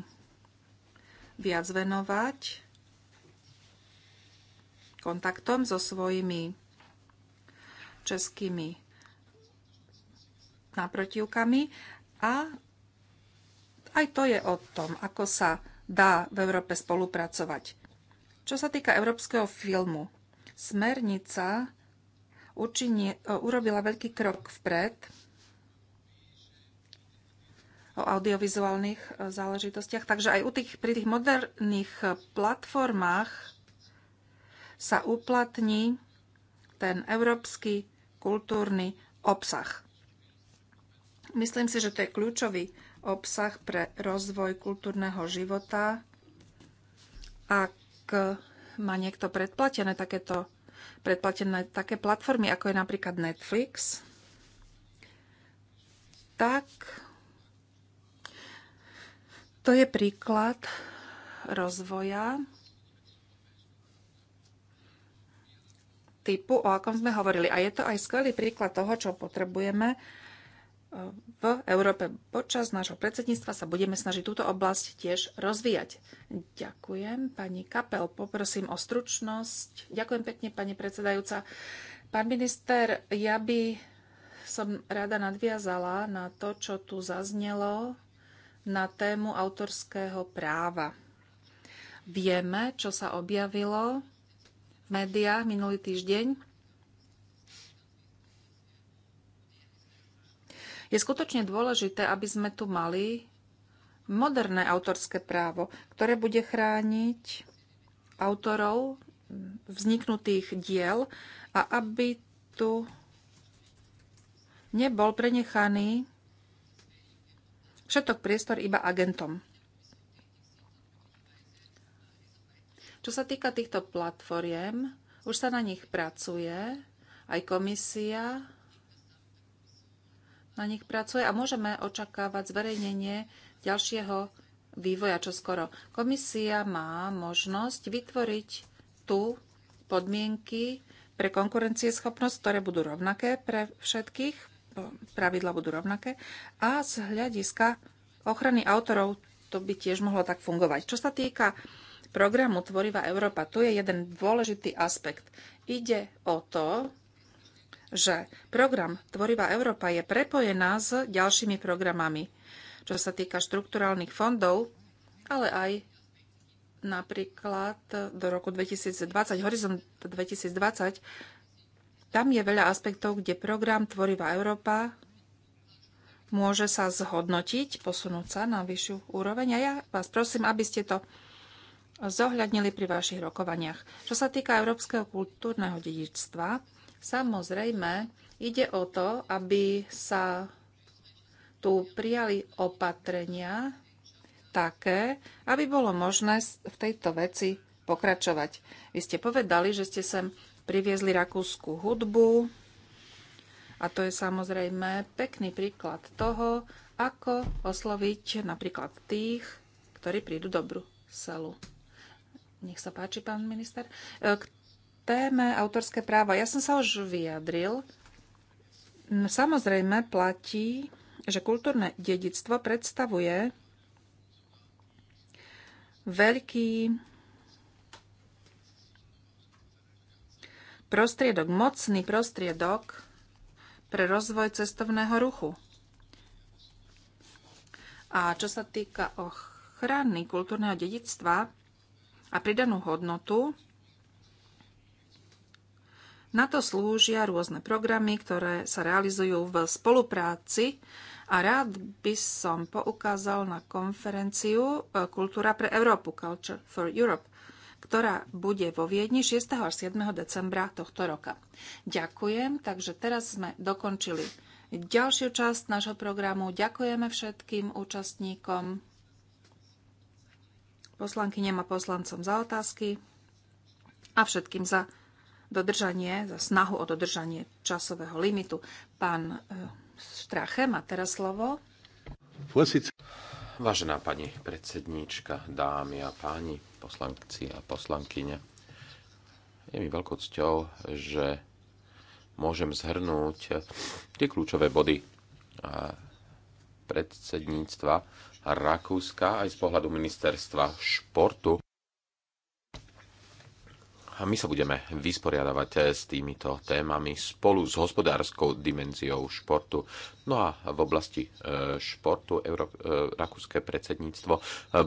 viac venovať kontaktom so svojimi českými naprotivkami a aj to je o tom, ako sa dá v Európe spolupracovať. Čo sa týka európskeho filmu, smernica učinie, e, urobila veľký krok vpred o audiovizuálnych e, záležitostiach. Takže aj u tých, pri tých moderných e, platformách sa uplatní ten európsky kultúrny obsah. Myslím si, že to je kľúčový obsah pre rozvoj kultúrneho života. Ak má niekto predplatené takéto predplatené také platformy, ako je napríklad Netflix, tak to je príklad rozvoja typu, o akom sme hovorili. A je to aj skvelý príklad toho, čo potrebujeme e, v Európe. Počas nášho predsedníctva sa budeme snažiť túto oblasť tiež rozvíjať. Ďakujem, pani Kapel. Poprosím o stručnosť. Ďakujem pekne, pani predsedajúca. Pán minister, ja by som rada nadviazala na to, čo tu zaznelo na tému autorského práva. Vieme, čo sa objavilo médiá minulý týždeň. Je skutočne dôležité, aby sme tu mali moderné autorské právo, ktoré bude chrániť autorov vzniknutých diel a aby tu nebol prenechaný všetok priestor iba agentom. Čo sa týka týchto platformiem, už sa na nich pracuje, aj komisia na nich pracuje a môžeme očakávať zverejnenie ďalšieho vývoja čoskoro. Komisia má možnosť vytvoriť tu podmienky pre konkurencieschopnosť, ktoré budú rovnaké pre všetkých, pravidla budú rovnaké, a z hľadiska ochrany autorov to by tiež mohlo tak fungovať. Čo sa týka programu Tvorivá Európa, tu je jeden dôležitý aspekt. Ide o to, že program Tvorivá Európa je prepojená s ďalšími programami, čo sa týka štrukturálnych fondov, ale aj napríklad do roku 2020, Horizont 2020, tam je veľa aspektov, kde program Tvorivá Európa môže sa zhodnotiť, posunúť sa na vyššiu úroveň. A ja vás prosím, aby ste to zohľadnili pri vašich rokovaniach. Čo sa týka európskeho kultúrneho dedičstva, samozrejme ide o to, aby sa tu prijali opatrenia také, aby bolo možné v tejto veci pokračovať. Vy ste povedali, že ste sem priviezli rakúsku hudbu, a to je samozrejme pekný príklad toho, ako osloviť napríklad tých, ktorí prídu do Bruselu. Nech sa páči, pán minister. E, k téme autorské práva. Ja som sa už vyjadril. Mm, samozrejme platí, že kultúrne dedictvo predstavuje veľký prostriedok, mocný prostriedok pre rozvoj cestovného ruchu. A čo sa týka ochrany kultúrneho dedictva a pridanú hodnotu, na to slúžia rôzne programy, ktoré sa realizujú v spolupráci a rád by som poukázal na konferenciu e, Kultúra pre Európu, Culture for Europe, ktorá bude vo Viedni 6. až 7. decembra tohto roka. Ďakujem, takže teraz sme dokončili ďalšiu časť nášho programu. Ďakujeme všetkým účastníkom, poslankyňam a poslancom za otázky a všetkým za dodržanie, za snahu o dodržanie časového limitu. Pán Strache eh, má teraz slovo. Vážená pani predsedníčka, dámy a páni, poslanci a poslankyne, je mi veľkou cťou, že môžem zhrnúť tie kľúčové body predsedníctva Rakúska aj z pohľadu ministerstva športu a my sa budeme vysporiadavať eh, s týmito témami spolu s hospodárskou dimenziou športu. No a v oblasti eh, športu Euró- eh, rakúske predsedníctvo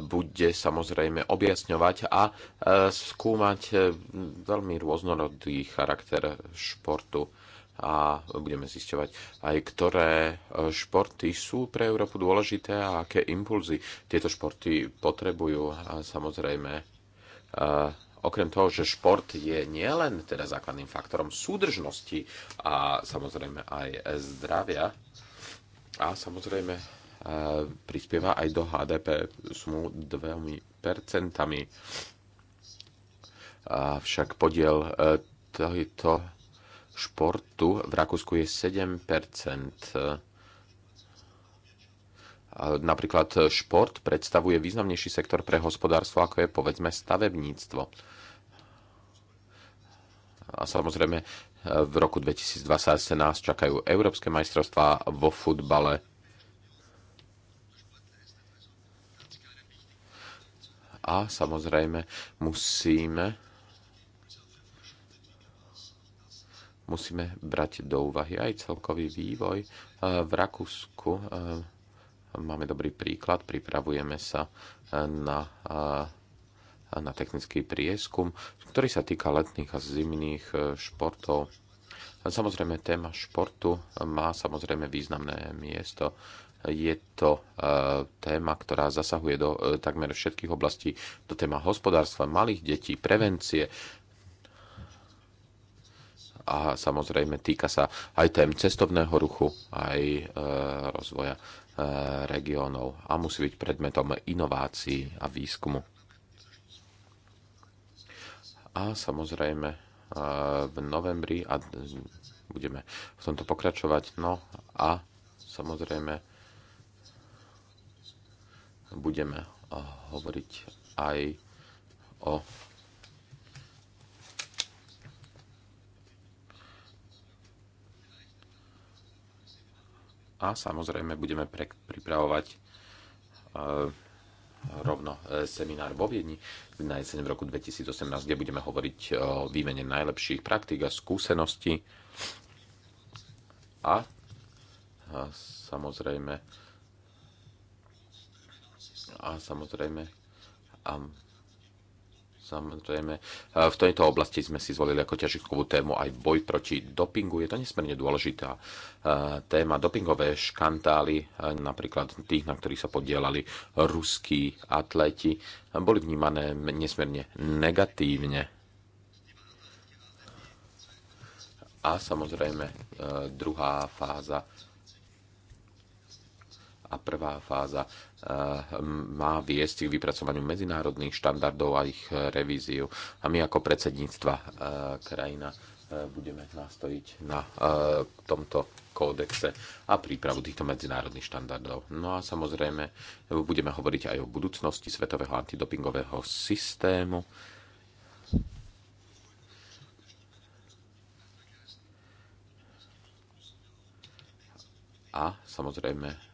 bude samozrejme objasňovať a skúmať veľmi rôznorodý charakter športu a budeme zisťovať aj, ktoré športy sú pre Európu dôležité a aké impulzy tieto športy potrebujú. A samozrejme, okrem toho, že šport je nielen teda základným faktorom súdržnosti a samozrejme aj zdravia a samozrejme e, prispieva aj do HDP sumu 2%. Avšak podiel e, tohto športu v Rakúsku je 7%. Napríklad šport predstavuje významnejší sektor pre hospodárstvo, ako je povedzme stavebníctvo. A samozrejme, v roku 2020 nás čakajú európske majstrovstvá vo futbale. A samozrejme, musíme musíme brať do úvahy aj celkový vývoj eh, v Rakúsku eh, máme dobrý príklad, pripravujeme sa eh, na, eh, na technický prieskum, ktorý sa týka letných a zimných eh, športov. Samozrejme, téma športu má samozrejme významné miesto. Je to téma, ktorá zasahuje do takmer všetkých oblastí, do téma hospodárstva, malých detí, prevencie, a samozrejme týka sa aj tém cestovného ruchu, aj e, rozvoja regiónov a musí byť predmetom inovácií a výskumu. A samozrejme v novembri a budeme v tomto pokračovať. No a samozrejme budeme hovoriť aj o a samozrejme budeme pre, pripravovať e, rovno e, seminár vo Viedni na jeseň v roku 2018, kde budeme hovoriť e, o výmene najlepších praktík a skúseností a, a e, samozrejme a samozrejme a Samozrejme, v tejto oblasti sme si zvolili ako ťažikovú tému aj boj proti dopingu. Je to nesmierne dôležitá téma. Dopingové škandály, napríklad tých, na ktorých sa podielali ruskí atléti, boli vnímané nesmierne negatívne. A samozrejme, druhá fáza a prvá fáza má viesť k vypracovaniu medzinárodných štandardov a ich revíziu. A my ako predsedníctva krajina budeme nastojiť na tomto kódexe a prípravu týchto medzinárodných štandardov. No a samozrejme budeme hovoriť aj o budúcnosti svetového antidopingového systému. A samozrejme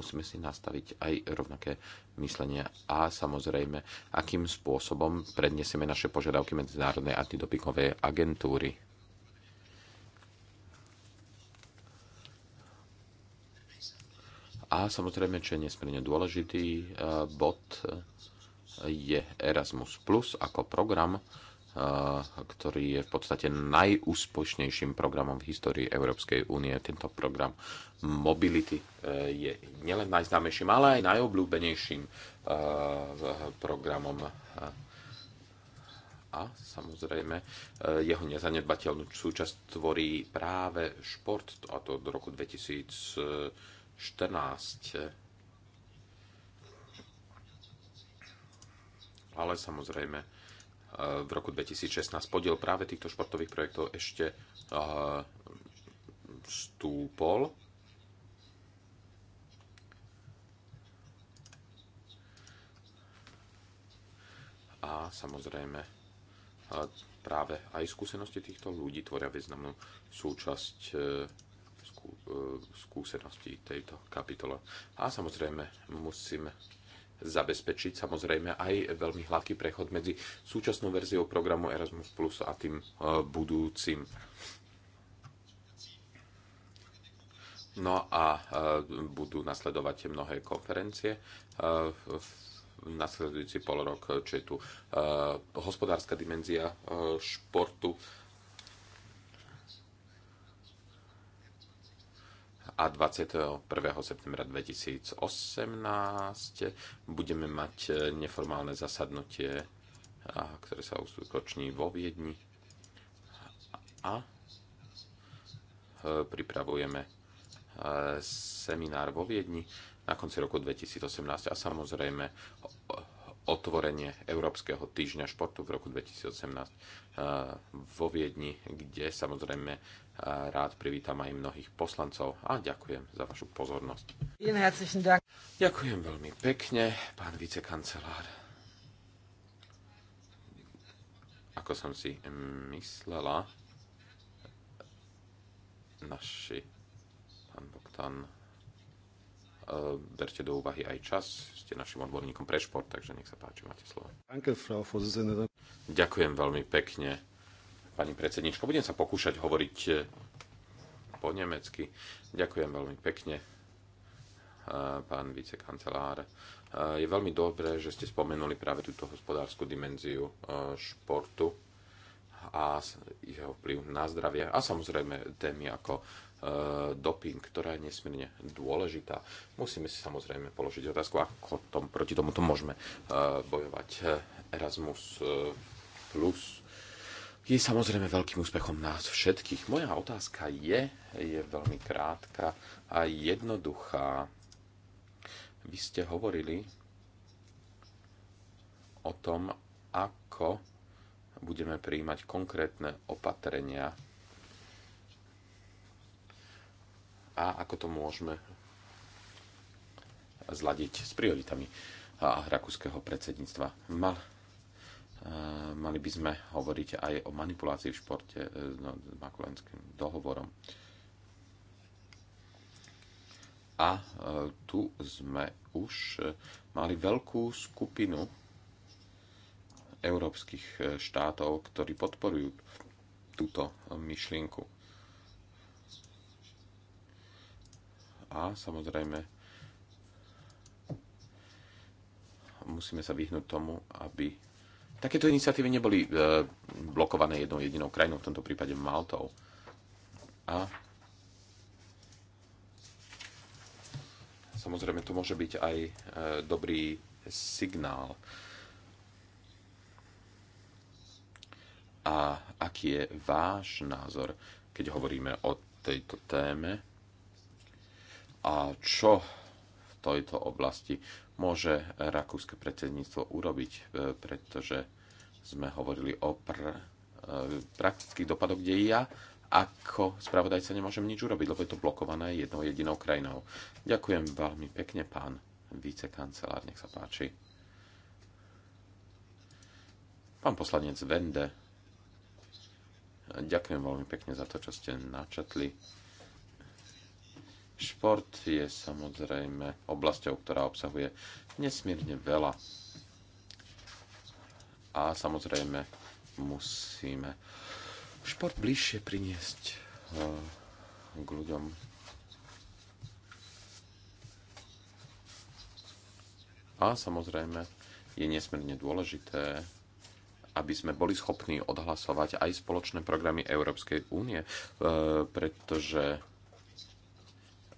musíme si nastaviť aj rovnaké myslenie a samozrejme, akým spôsobom predniesieme naše požiadavky Medzinárodnej antidopingovej agentúry. A samozrejme, čo je nesmierne dôležitý eh, bod, eh, je Erasmus Plus ako program, ktorý je v podstate najúspešnejším programom v histórii Európskej únie. Tento program Mobility e, je nielen najznámejším, ale aj najobľúbenejším e, e, programom a samozrejme jeho nezanedbateľnú súčasť tvorí práve šport, a to do roku 2014. Ale samozrejme, v roku 2016 podiel práve týchto športových projektov ešte eh, stúpol. A samozrejme eh, práve aj skúsenosti týchto ľudí tvoria významnú súčasť eh, skúseností tejto kapitole. A samozrejme musíme zabezpečiť samozrejme aj veľmi hladký prechod medzi súčasnou verziou programu Erasmus Plus a tým e, budúcim. No a e, budú nasledovať mnohé konferencie e, v nasledujúci pol rok, čo je tu hospodárska dimenzia športu, a 21. septembra 2018 budeme mať e, neformálne zasadnutie, ktoré sa uskutoční vo Viedni a e, pripravujeme e, seminár vo Viedni na konci roku 2018 a samozrejme otvorenie Európskeho týždňa športu v roku 2018 vo Viedni, kde samozrejme rád privítam aj mnohých poslancov a ďakujem za vašu pozornosť. Ďakujem veľmi pekne, pán vicekancelár. Ako som si myslela, naši pán Bogdan e, berte do úvahy aj čas. Ste našim odborníkom pre šport, takže nech sa páči, máte slovo. Ďakujem veľmi pekne pani predsednička. Budem sa pokúšať hovoriť e, po nemecky. Ďakujem veľmi pekne, e, pán vicekancelár. E, je veľmi dobré, že ste spomenuli práve túto hospodárskú dimenziu športu a jeho vplyv na zdravie a samozrejme témy ako doping, ktorá je nesmierne dôležitá. Musíme si samozrejme položiť otázku, ako tom, proti tomuto môžeme bojovať. Erasmus plus je samozrejme veľkým úspechom nás všetkých. Moja otázka je, je veľmi krátka a jednoduchá. Vy ste hovorili o tom, ako budeme prijímať konkrétne opatrenia a ako to môžeme zladiť s prioritami rakúskeho predsedníctva. Mal Eh, mali by sme hovoriť aj o manipulácii v športe eh, no, s makulenským dohovorom. A eh, tu sme už mali veľkú skupinu európskych štátov, ktorí podporujú túto myšlienku. A samozrejme musíme sa vyhnúť tomu, aby Takéto iniciatívy neboli e, blokované jednou jedinou krajinou, v tomto prípade Maltou. A samozrejme to môže byť aj e, dobrý signál. A aký je váš názor, keď hovoríme o tejto téme? A čo v tejto oblasti môže rakúske predsedníctvo urobiť, e, pretože sme hovorili o pr- e, praktických dopadoch, kde ja ako spravodajca nemôžem nič urobiť, lebo je to blokované jednou jedinou krajinou. Ďakujem veľmi pekne, pán vicekancelár, nech sa páči. Pán poslanec Vende, ďakujem veľmi pekne za to, čo ste načetli Šport je samozrejme oblasťou, ktorá obsahuje nesmierne veľa. A samozrejme musíme šport bližšie priniesť eh, k ľuďom. A samozrejme je nesmierne dôležité, aby sme boli schopní odhlasovať aj spoločné programy Európskej únie, eh, pretože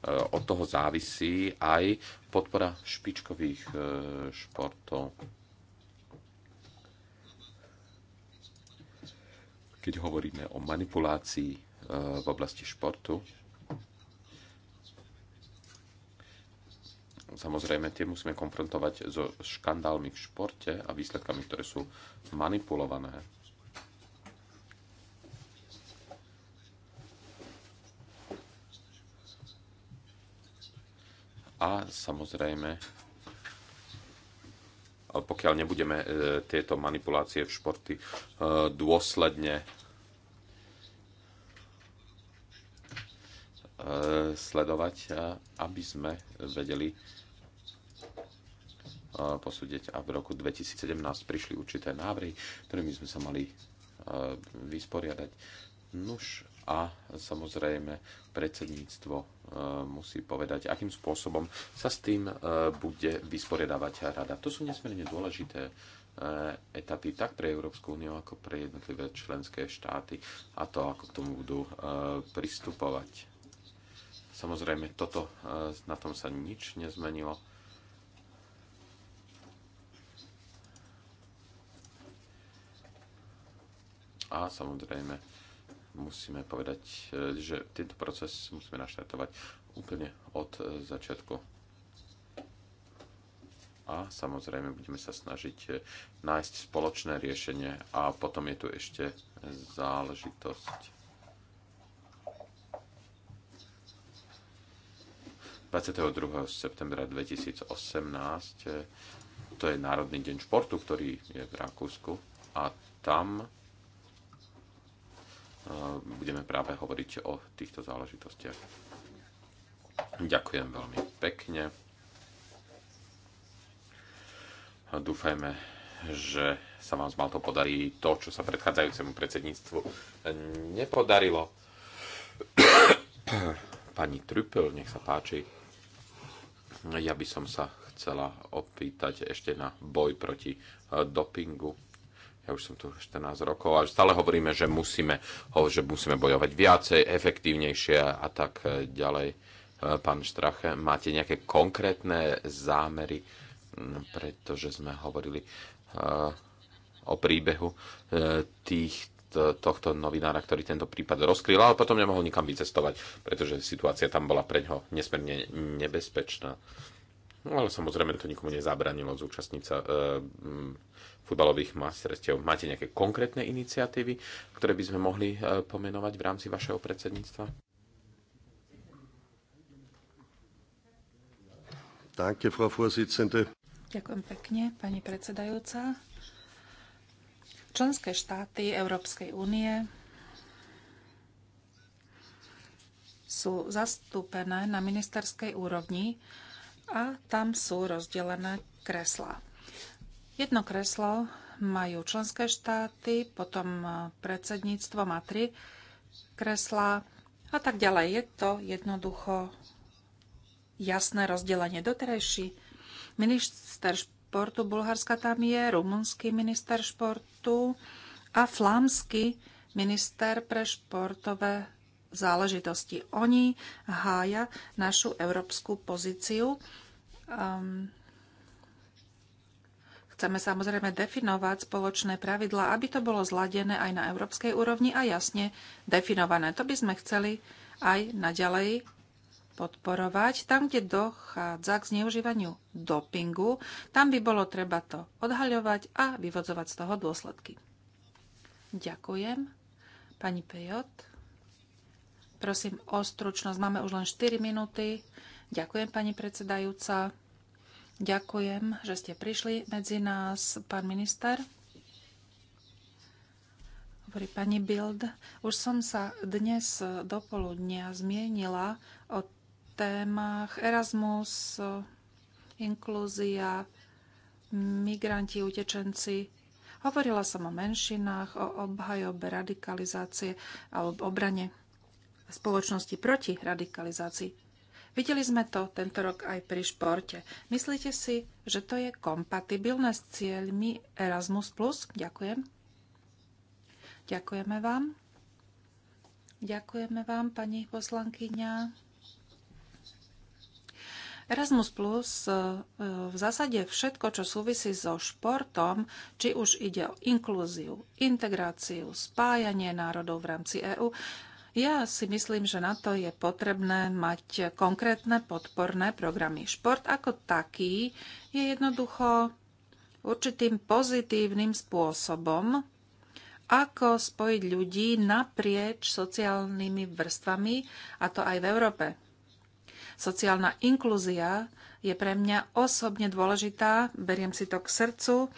Eh, od toho závisí aj podpora špičkových eh, športov. Keď hovoríme o manipulácii eh, v oblasti športu, samozrejme tie musíme konfrontovať so škandálmi v športe a výsledkami, ktoré sú manipulované A samozrejme, pokiaľ nebudeme e, tieto manipulácie v športy e, dôsledne e, sledovať, aby sme vedeli posúdiť. A v roku 2017 prišli určité návrhy, ktorými sme sa mali vysporiadať. Nuž, a samozrejme predsedníctvo e, musí povedať, akým spôsobom sa s tým e, bude vysporiadavať rada. To sú nesmierne dôležité e, etapy tak pre Európsku úniu, ako pre jednotlivé členské štáty a to, ako k tomu budú pristupovať. Samozrejme, toto, na tom sa nič nezmenilo. A samozrejme, musíme povedať, e, že tento proces musíme naštartovať úplne od e, začiatku. A samozrejme budeme sa snažiť e, nájsť spoločné riešenie a potom je tu ešte záležitosť 22. septembra 2018 to je Národný deň športu, ktorý je v Rakúsku a tam Eh, budeme práve hovoriť o týchto záležitostiach. Ďakujem veľmi pekne. Dúfajme, že sa vám z Malto podarí to, čo sa predchádzajúcemu predsedníctvu nepodarilo. Pani Trüppel, nech sa páči. Ja by som sa chcela opýtať ešte na boj proti dopingu ja už som tu 14 rokov a stále hovoríme, že musíme, že musíme bojovať viacej, efektívnejšie a tak e, ďalej. E, pán Štrache, máte nejaké konkrétne zámery, mm, pretože sme hovorili e, o príbehu tých, tohto novinára, ktorý tento prípad rozkryl, ale potom nemohol nikam vycestovať, pretože situácia tam bola pre ňoho nesmierne nebezpečná. No ale samozrejme to nikomu nezabranilo zúčastniť sa e, futbalových masterstiev. Máte nejaké konkrétne iniciatívy, ktoré by sme mohli e, pomenovať v rámci vašeho predsedníctva? Danke, Frau Vorsitzende. Ďakujem pekne, pani predsedajúca. Členské štáty Európskej únie sú zastúpené na ministerskej úrovni a tam sú rozdelené kreslá. Jedno kreslo majú členské štáty, potom predsedníctvo má tri kreslá a tak ďalej. Je to jednoducho jasné rozdelenie. Doterajší minister športu Bulharska tam je, rumunský minister športu a flámsky minister pre športové záležitosti. Oni hája našu európsku pozíciu Um, chceme samozrejme definovať spoločné pravidlá, aby to bolo zladené aj na európskej úrovni a jasne definované. To by sme chceli aj naďalej podporovať. Tam, kde dochádza k zneužívaniu dopingu, tam by bolo treba to odhaľovať a vyvodzovať z toho dôsledky. Ďakujem. Pani Pejot, prosím o stručnosť. Máme už len 4 minúty. Ďakujem, pani predsedajúca. Ďakujem, že ste prišli medzi nás, pán minister. Hovorí pani Bild. Už som sa dnes do poludnia zmienila o témach Erasmus, inklúzia, migranti, utečenci. Hovorila som o menšinách, o obhajobe radikalizácie alebo obrane spoločnosti proti radikalizácii. Videli sme to tento rok aj pri športe. Myslíte si, že to je kompatibilné s cieľmi Erasmus+. Ďakujem. Ďakujeme vám. Ďakujeme vám, pani poslankyňa. Erasmus Plus e, v zásade všetko, čo súvisí so športom, či už ide o inklúziu, integráciu, spájanie národov v rámci EÚ, ja si myslím, že na to je potrebné mať konkrétne podporné programy. Šport ako taký je jednoducho určitým pozitívnym spôsobom, ako spojiť ľudí naprieč sociálnymi vrstvami, a to aj v Európe. Sociálna inklúzia je pre mňa osobne dôležitá, beriem si to k srdcu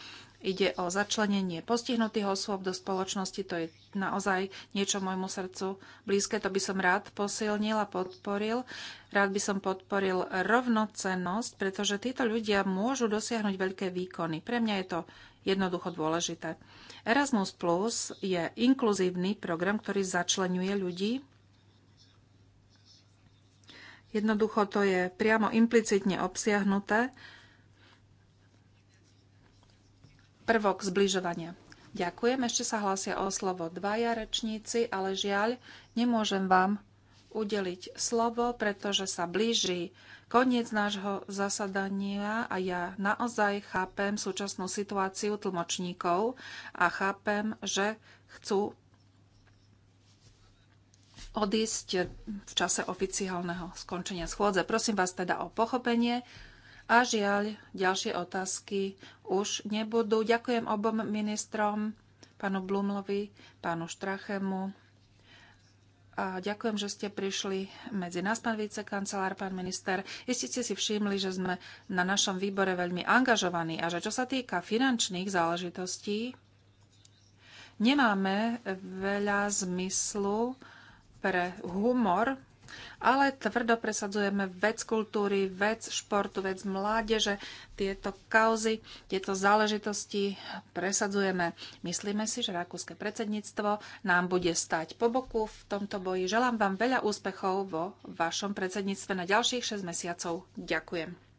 Ide o začlenenie postihnutých osôb do spoločnosti. To je naozaj niečo môjmu srdcu blízke. To by som rád posilnil a podporil. Rád by som podporil rovnocennosť, pretože títo ľudia môžu dosiahnuť veľké výkony. Pre mňa je to jednoducho dôležité. Erasmus Plus je inkluzívny program, ktorý začlenuje ľudí. Jednoducho to je priamo implicitne obsiahnuté prvok zbližovania. Ďakujem, ešte sa hlásia o slovo dvaja rečníci, ale žiaľ, nemôžem vám udeliť slovo, pretože sa blíži koniec nášho zasadania a ja naozaj chápem súčasnú situáciu tlmočníkov a chápem, že chcú odísť v čase oficiálneho skončenia schôdze. Prosím vás teda o pochopenie. A žiaľ, ďalšie otázky už nebudú. Ďakujem obom ministrom, pánu Blumlovi, pánu Štrachemu. A ďakujem, že ste prišli medzi nás, pán vicekancelár, pán minister. Iste ste si všimli, že sme na našom výbore veľmi angažovaní a že čo sa týka finančných záležitostí, nemáme veľa zmyslu pre humor, ale tvrdo presadzujeme vec kultúry, vec športu, vec mládeže. Tieto kauzy, tieto záležitosti presadzujeme. Myslíme si, že rakúske predsedníctvo nám bude stať po boku v tomto boji. Želám vám veľa úspechov vo vašom predsedníctve na ďalších 6 mesiacov. Ďakujem.